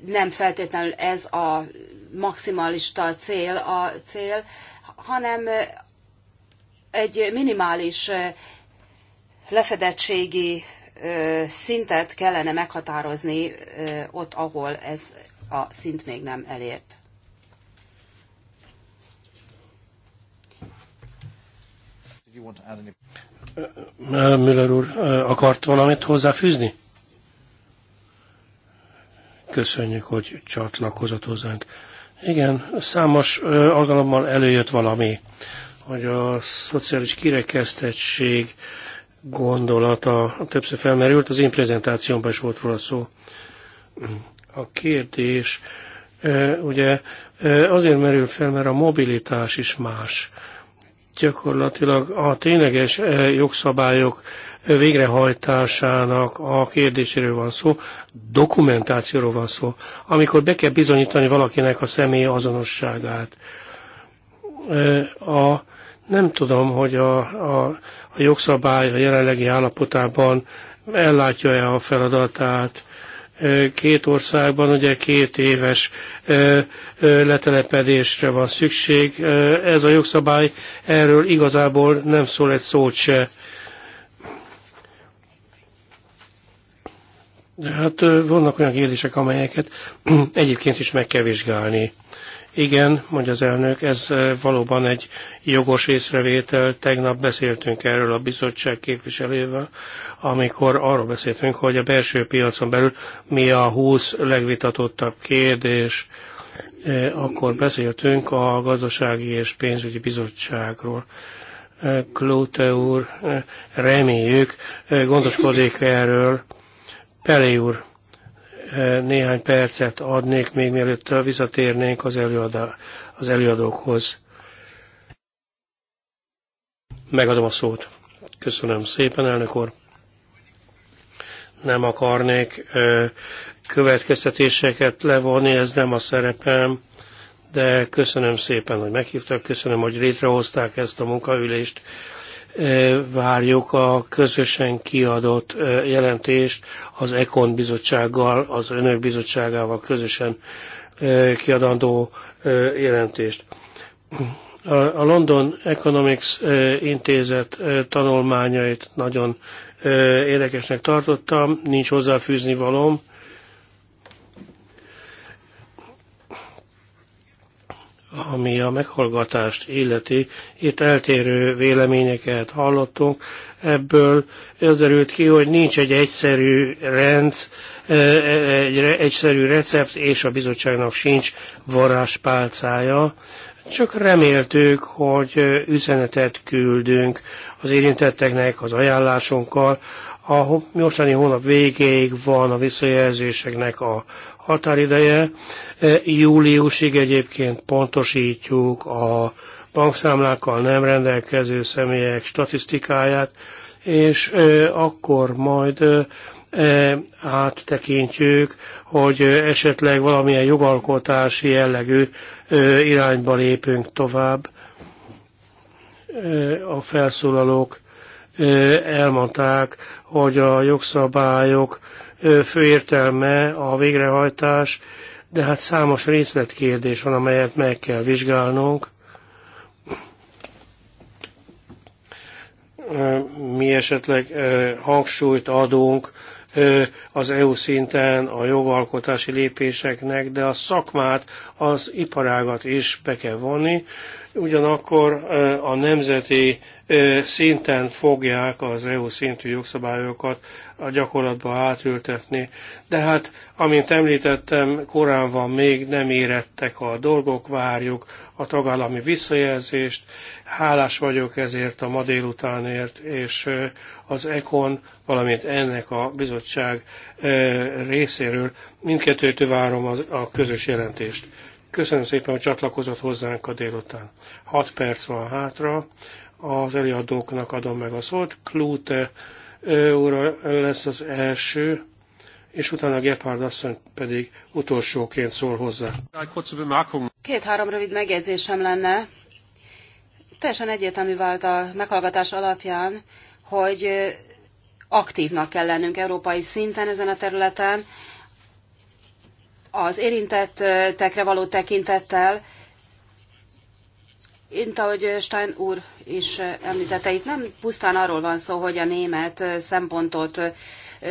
Nem feltétlenül ez a maximalista cél a cél, hanem egy minimális lefedettségi szintet kellene meghatározni ott, ahol ez a szint még nem elért. Müller úr, akart valamit hozzáfűzni? Köszönjük, hogy csatlakozott hozzánk. Igen, számos alkalommal előjött valami hogy a szociális kirekesztettség gondolata többször felmerült, az én prezentációmban is volt róla szó. A kérdés ugye azért merül fel, mert a mobilitás is más. Gyakorlatilag a tényleges jogszabályok végrehajtásának a kérdéséről van szó, dokumentációról van szó, amikor be kell bizonyítani valakinek a személy azonosságát. A nem tudom, hogy a, a, a jogszabály a jelenlegi állapotában ellátja-e a feladatát. Két országban ugye két éves letelepedésre van szükség. Ez a jogszabály erről igazából nem szól egy szót se. De hát vannak olyan kérdések, amelyeket egyébként is meg kell vizsgálni. Igen, mondja az elnök, ez valóban egy jogos észrevétel. Tegnap beszéltünk erről a bizottság képviselővel, amikor arról beszéltünk, hogy a belső piacon belül mi a 20 legvitatottabb kérdés, akkor beszéltünk a gazdasági és pénzügyi bizottságról. Klóte úr, reméljük, gondoskodik erről. Pelé úr, néhány percet adnék, még mielőtt visszatérnénk az, előadá, az előadókhoz. Megadom a szót. Köszönöm szépen, elnök úr. Nem akarnék következtetéseket levonni, ez nem a szerepem, de köszönöm szépen, hogy meghívtak, köszönöm, hogy létrehozták ezt a munkaülést. E, várjuk a közösen kiadott e, jelentést az Ekon bizottsággal, az önök bizottságával közösen e, kiadandó jelentést. A London Economics intézet tanulmányait nagyon érdekesnek tartottam, nincs hozzáfűzni valóm, ami a meghallgatást illeti. Itt eltérő véleményeket hallottunk. Ebből az derült ki, hogy nincs egy egyszerű rend, e, e, egy egyszerű recept, és a bizottságnak sincs varázspálcája. Csak reméltük, hogy üzenetet küldünk az érintetteknek az ajánlásunkkal. A mostani hónap végéig van a visszajelzéseknek a határideje. E, júliusig egyébként pontosítjuk a bankszámlákkal nem rendelkező személyek statisztikáját, és e, akkor majd e, áttekintjük, hogy esetleg valamilyen jogalkotási jellegű irányba lépünk tovább. A felszólalók elmondták, hogy a jogszabályok fő értelme a végrehajtás, de hát számos részletkérdés van, amelyet meg kell vizsgálnunk. Mi esetleg hangsúlyt adunk az EU szinten a jogalkotási lépéseknek, de a szakmát, az iparágat is be kell vonni ugyanakkor a nemzeti szinten fogják az EU szintű jogszabályokat a gyakorlatba átültetni. De hát, amint említettem, korán van még, nem érettek a dolgok, várjuk a tagállami visszajelzést. Hálás vagyok ezért a ma délutánért, és az ECON, valamint ennek a bizottság részéről mindkettőtől várom a közös jelentést. Köszönöm szépen, hogy csatlakozott hozzánk a délután. 6 perc van hátra, az előadóknak adom meg a szót. Klute óra lesz az első, és utána Gepard asszony pedig utolsóként szól hozzá. Két-három rövid megjegyzésem lenne. Teljesen egyértelmű vált a meghallgatás alapján, hogy aktívnak kell lennünk európai szinten ezen a területen, az érintettekre való tekintettel, mint ahogy Stein úr is említette, itt nem pusztán arról van szó, hogy a német szempontot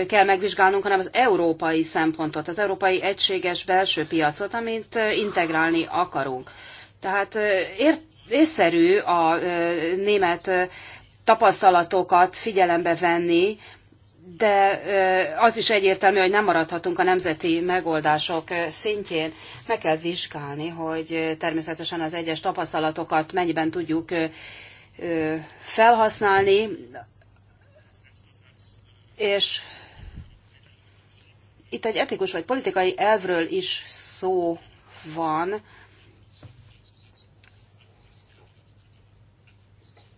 kell megvizsgálnunk, hanem az európai szempontot, az európai egységes belső piacot, amit integrálni akarunk. Tehát ért, észszerű a német tapasztalatokat figyelembe venni, de az is egyértelmű, hogy nem maradhatunk a nemzeti megoldások szintjén. Meg kell vizsgálni, hogy természetesen az egyes tapasztalatokat mennyiben tudjuk felhasználni, és itt egy etikus vagy politikai elvről is szó van.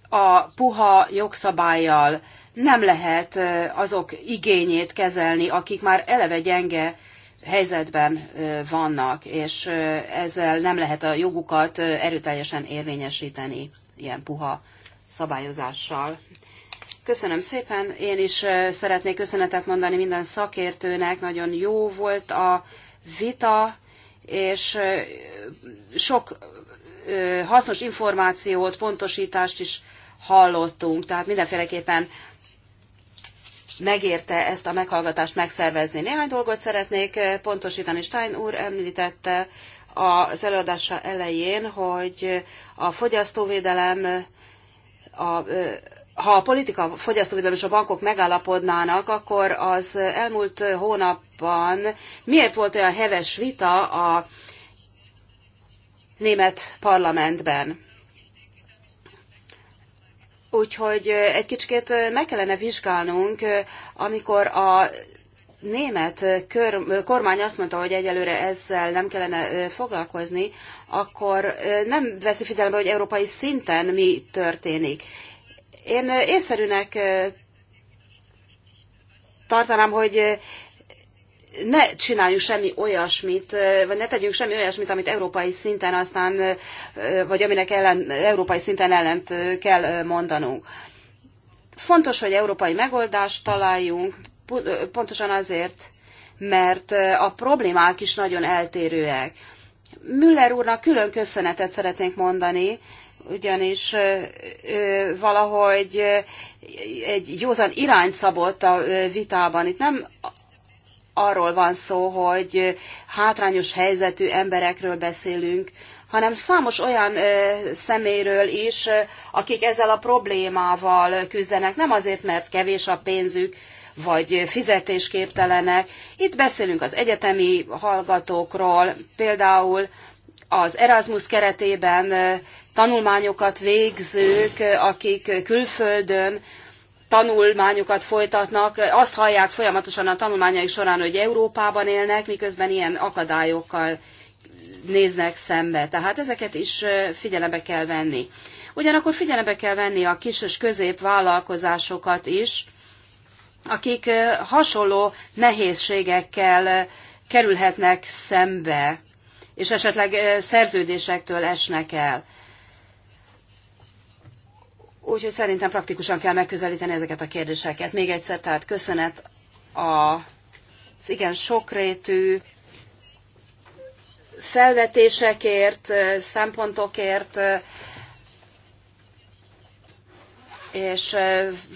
A puha jogszabályjal nem lehet azok igényét kezelni, akik már eleve gyenge helyzetben vannak, és ezzel nem lehet a jogukat erőteljesen érvényesíteni ilyen puha szabályozással. Köszönöm szépen, én is szeretnék köszönetet mondani minden szakértőnek, nagyon jó volt a vita, és sok hasznos információt, pontosítást is hallottunk, tehát mindenféleképpen megérte ezt a meghallgatást megszervezni. Néhány dolgot szeretnék eh, pontosítani. Stein úr említette az előadása elején, hogy a fogyasztóvédelem, a, eh, ha a politika, a fogyasztóvédelem és a bankok megállapodnának, akkor az elmúlt hónapban miért volt olyan heves vita a német parlamentben? Úgyhogy egy kicsikét meg kellene vizsgálnunk, amikor a német kör, kormány azt mondta, hogy egyelőre ezzel nem kellene foglalkozni, akkor nem veszi figyelembe, hogy európai szinten mi történik. Én észszerűnek tartanám, hogy ne csináljuk semmi olyasmit, vagy ne tegyünk semmi olyasmit, amit európai szinten aztán, vagy aminek ellen, európai szinten ellent kell mondanunk. Fontos, hogy európai megoldást találjunk, pontosan azért, mert a problémák is nagyon eltérőek. Müller úrnak külön köszönetet szeretnénk mondani, ugyanis valahogy egy józan irányt szabott a vitában. Itt nem arról van szó, hogy hátrányos helyzetű emberekről beszélünk, hanem számos olyan ö, személyről is, akik ezzel a problémával küzdenek, nem azért, mert kevés a pénzük, vagy fizetésképtelenek. Itt beszélünk az egyetemi hallgatókról, például az Erasmus keretében tanulmányokat végzők, akik külföldön tanulmányokat folytatnak, azt hallják folyamatosan a tanulmányaik során, hogy Európában élnek, miközben ilyen akadályokkal néznek szembe. Tehát ezeket is figyelembe kell venni. Ugyanakkor figyelembe kell venni a kis és középvállalkozásokat is, akik hasonló nehézségekkel kerülhetnek szembe, és esetleg szerződésektől esnek el. Úgyhogy szerintem praktikusan kell megközelíteni ezeket a kérdéseket. Még egyszer, tehát köszönet a az igen sokrétű felvetésekért, szempontokért, és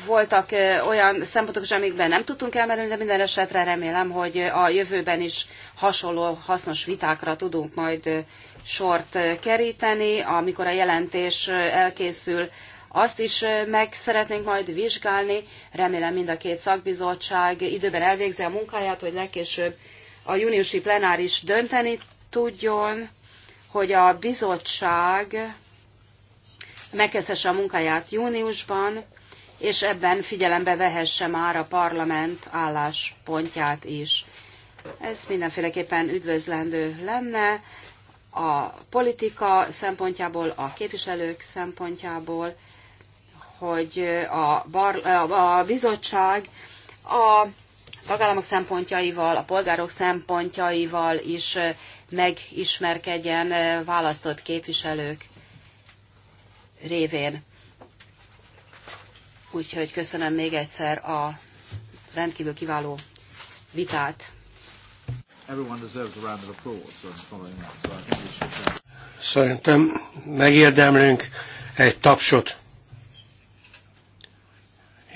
voltak olyan szempontok is, amikben nem tudtunk elmenni, de minden esetre remélem, hogy a jövőben is hasonló hasznos vitákra tudunk majd sort keríteni, amikor a jelentés elkészül, azt is meg szeretnénk majd vizsgálni. Remélem mind a két szakbizottság időben elvégzi a munkáját, hogy legkésőbb a júniusi plenáris dönteni tudjon, hogy a bizottság megkezdhesse a munkáját júniusban, és ebben figyelembe vehesse már a parlament álláspontját is. Ez mindenféleképpen üdvözlendő lenne a politika szempontjából, a képviselők szempontjából, hogy a, bar, a bizottság a tagállamok szempontjaival, a polgárok szempontjaival is megismerkedjen választott képviselők révén. Úgyhogy köszönöm még egyszer a rendkívül kiváló vitát. Uh, Szerintem megérdemlünk egy tapsot.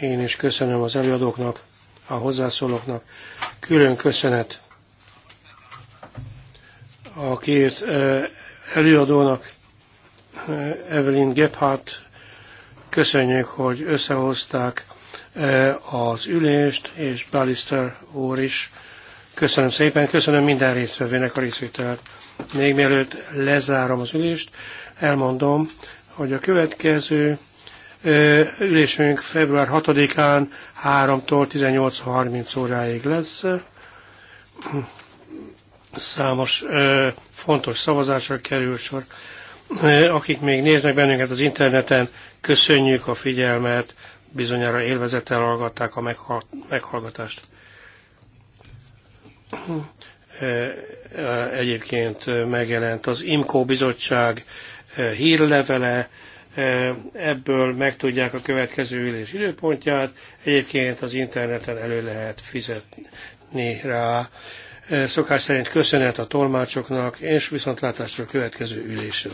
Én is köszönöm az előadóknak, a hozzászólóknak. Külön köszönet a két előadónak, Evelyn Gebhardt, köszönjük, hogy összehozták az ülést, és Ballister úr is. Köszönöm szépen, köszönöm minden résztvevőnek a részvételt. Még mielőtt lezárom az ülést, elmondom, hogy a következő Ülésünk február 6-án 3-tól 18-30 óráig lesz. Számos fontos szavazásra kerül sor. Akik még néznek bennünket az interneten, köszönjük a figyelmet, bizonyára élvezettel hallgatták a meghallgatást. Egyébként megjelent az IMCO bizottság hírlevele, Eh, ebből megtudják a következő ülés időpontját, egyébként az interneten elő lehet fizetni rá. Eh, szokás szerint köszönet a tolmácsoknak, és viszontlátásra a következő ülésre.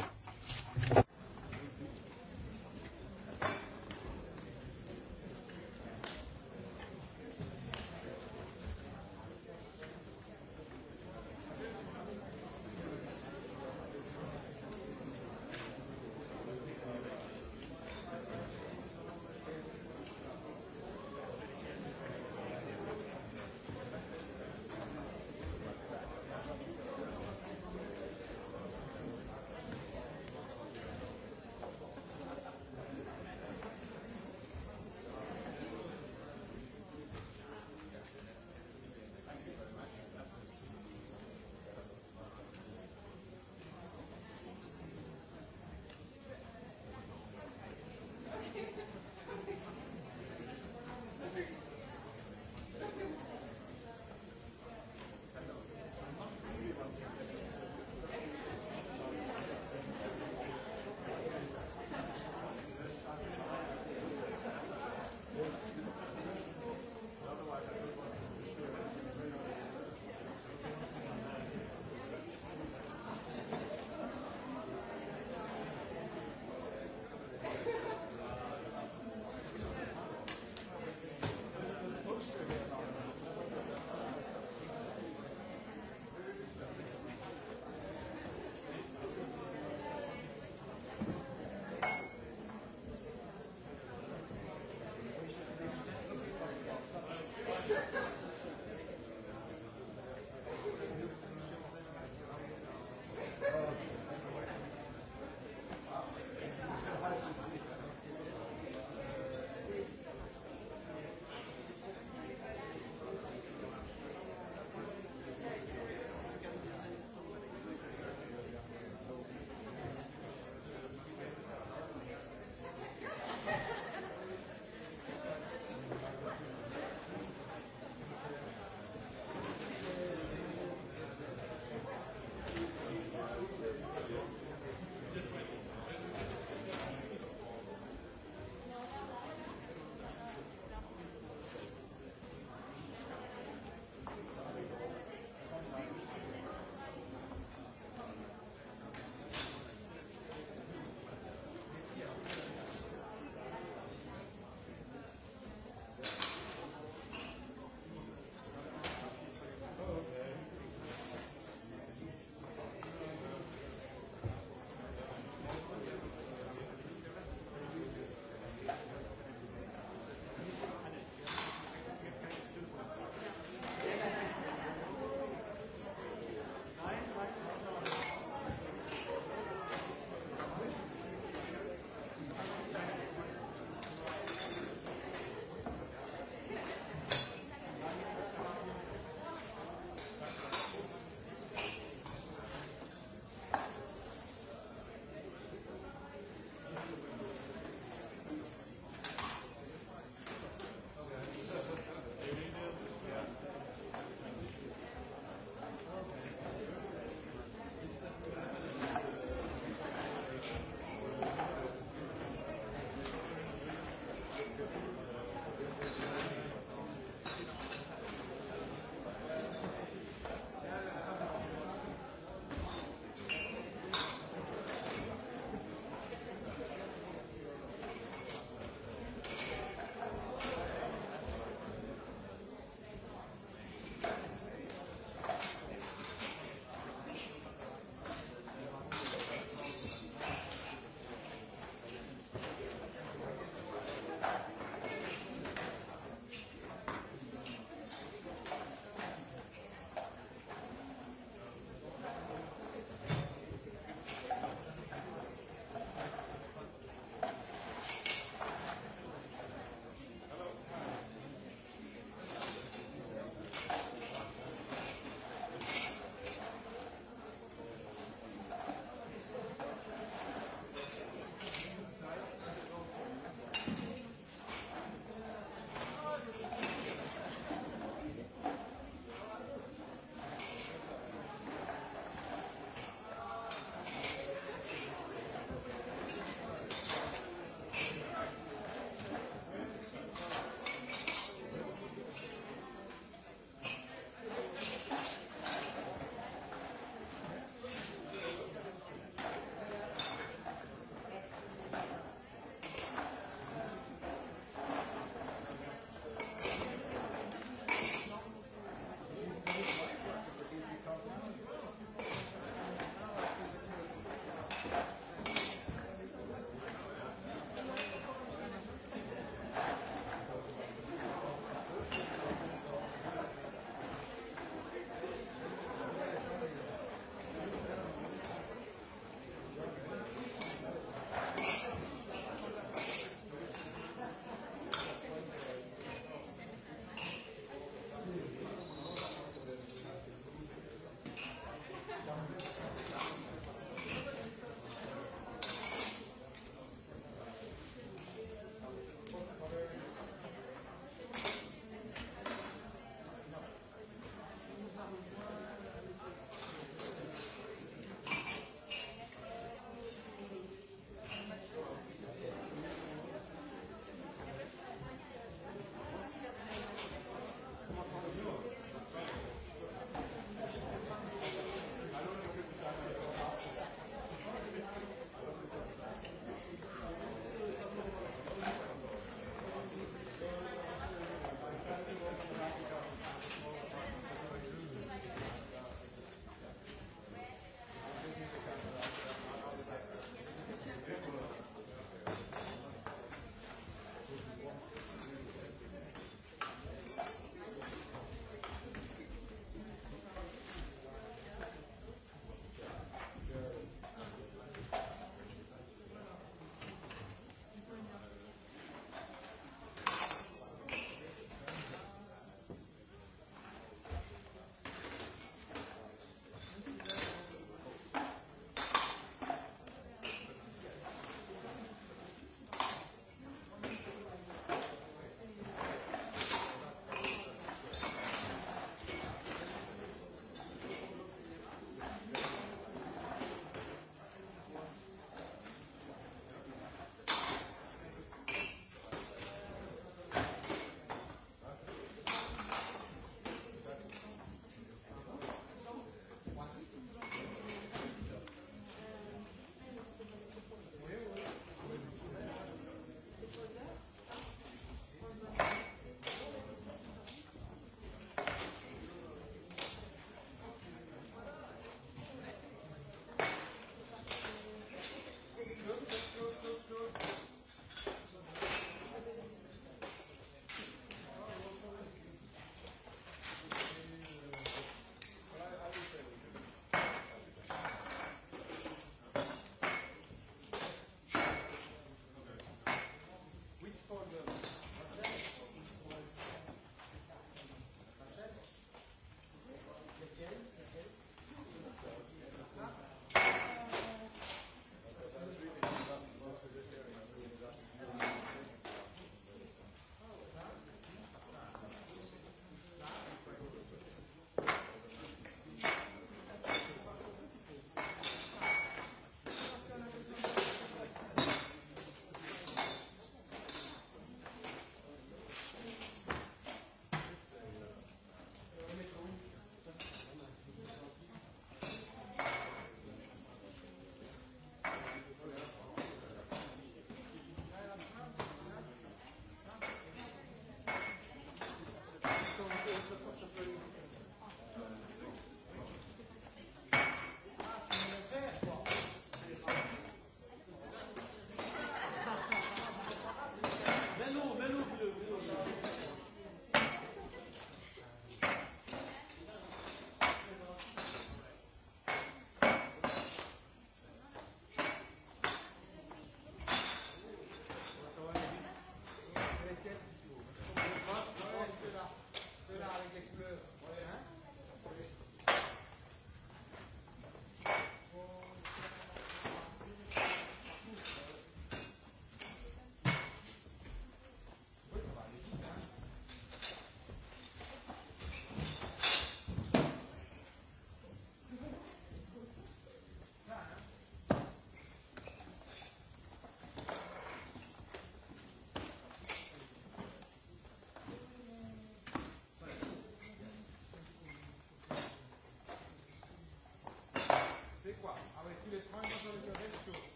viele Teilnehmer der Rechtsführung.